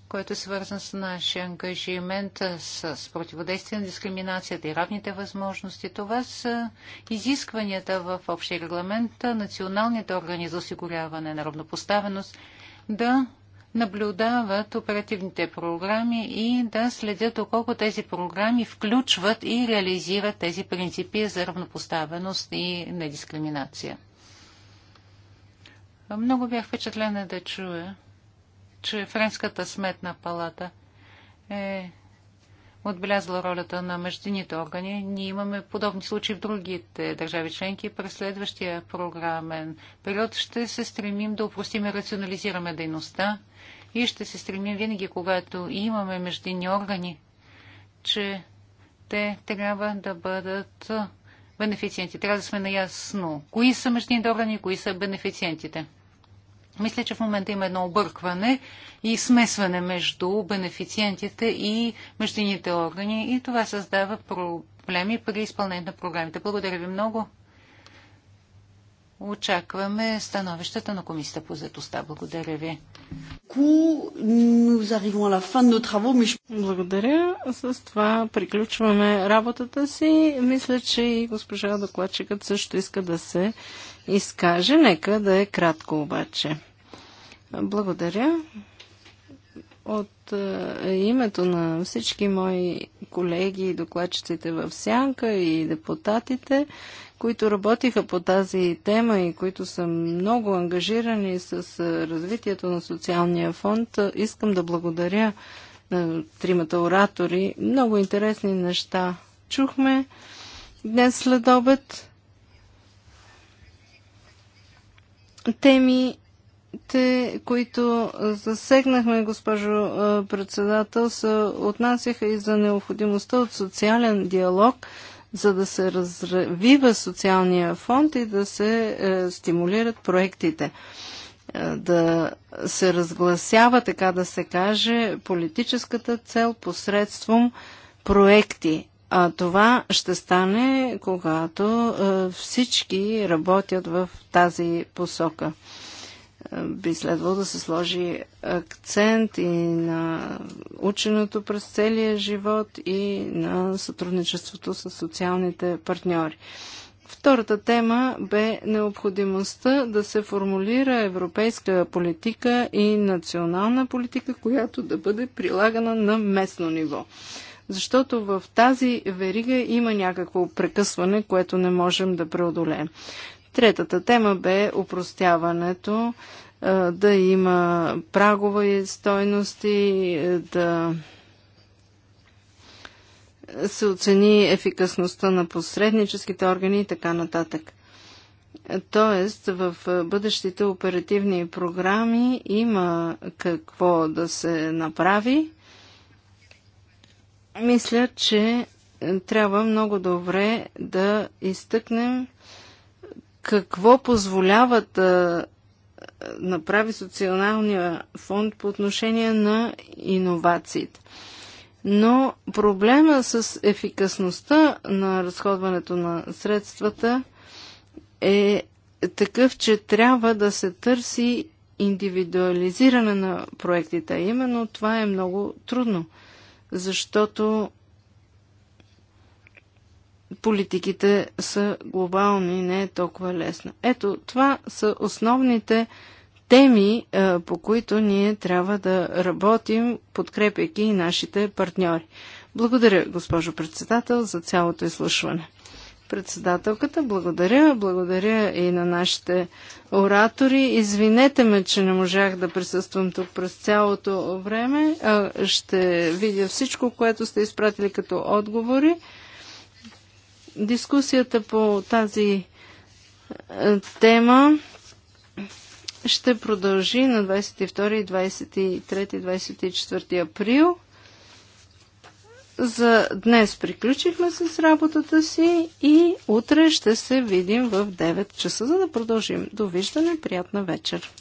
който е свързан с нашия ангажимент с противодействие на дискриминацията и равните възможности. Това са изискванията в общия регламент националните органи за осигуряване на равнопоставеност да наблюдават оперативните програми и да следят доколко тези програми включват и реализират тези принципи за равнопоставеност и недискриминация. Много бях впечатлена да чуя, че Френската сметна палата е отбелязала ролята на междинните органи. Ние имаме подобни случаи в другите държави членки. През следващия програмен период ще се стремим да упростим и рационализираме дейността и ще се стремим винаги, когато имаме междинни органи, че те трябва да бъдат бенефициенти. Трябва да сме наясно кои са междинните органи, кои са бенефициентите. Мисля, че в момента има едно объркване и смесване между бенефициентите и междинните органи и това създава проблеми при изпълнението на програмите. Благодаря ви много. Очакваме становищата на комисията по заедостта. Благодаря ви. Благодаря. С това приключваме работата си. Мисля, че и госпожа докладчикът също иска да се изкаже. Нека да е кратко обаче. Благодаря. От е, името на всички мои колеги, докладчиците в Сянка и депутатите, които работиха по тази тема и които са много ангажирани с развитието на социалния фонд, искам да благодаря на тримата оратори. Много интересни неща чухме днес след обед. Теми, те, които засегнахме, госпожо председател, се отнасяха и за необходимостта от социален диалог – за да се развива социалния фонд и да се е, стимулират проектите. Е, да се разгласява, така да се каже, политическата цел посредством проекти. А това ще стане, когато е, всички работят в тази посока би следвало да се сложи акцент и на ученото през целия живот и на сътрудничеството с социалните партньори. Втората тема бе необходимостта да се формулира европейска политика и национална политика, която да бъде прилагана на местно ниво. Защото в тази верига има някакво прекъсване, което не можем да преодолеем. Третата тема бе упростяването, да има прагови стойности, е, да се оцени ефикасността на посредническите органи и така нататък. Тоест, в бъдещите оперативни програми има какво да се направи. Мисля, че е, трябва много добре да изтъкнем какво позволява да е, направи социалния фонд по отношение на иновациите. Но проблема с ефикасността на разходването на средствата е такъв, че трябва да се търси индивидуализиране на проектите. Именно това е много трудно, защото политиките са глобални, не е толкова лесна. Ето, това са основните теми, е, по които ние трябва да работим, подкрепяйки и нашите партньори. Благодаря, госпожо председател, за цялото изслушване. Председателката, благодаря. Благодаря и на нашите оратори. Извинете ме, че не можах да присъствам тук през цялото време. Е, ще видя всичко, което сте изпратили като отговори. Дискусията по тази е, тема ще продължи на 22, 23, 24 април. За днес приключихме с работата си и утре ще се видим в 9 часа, за да продължим. Довиждане, приятна вечер!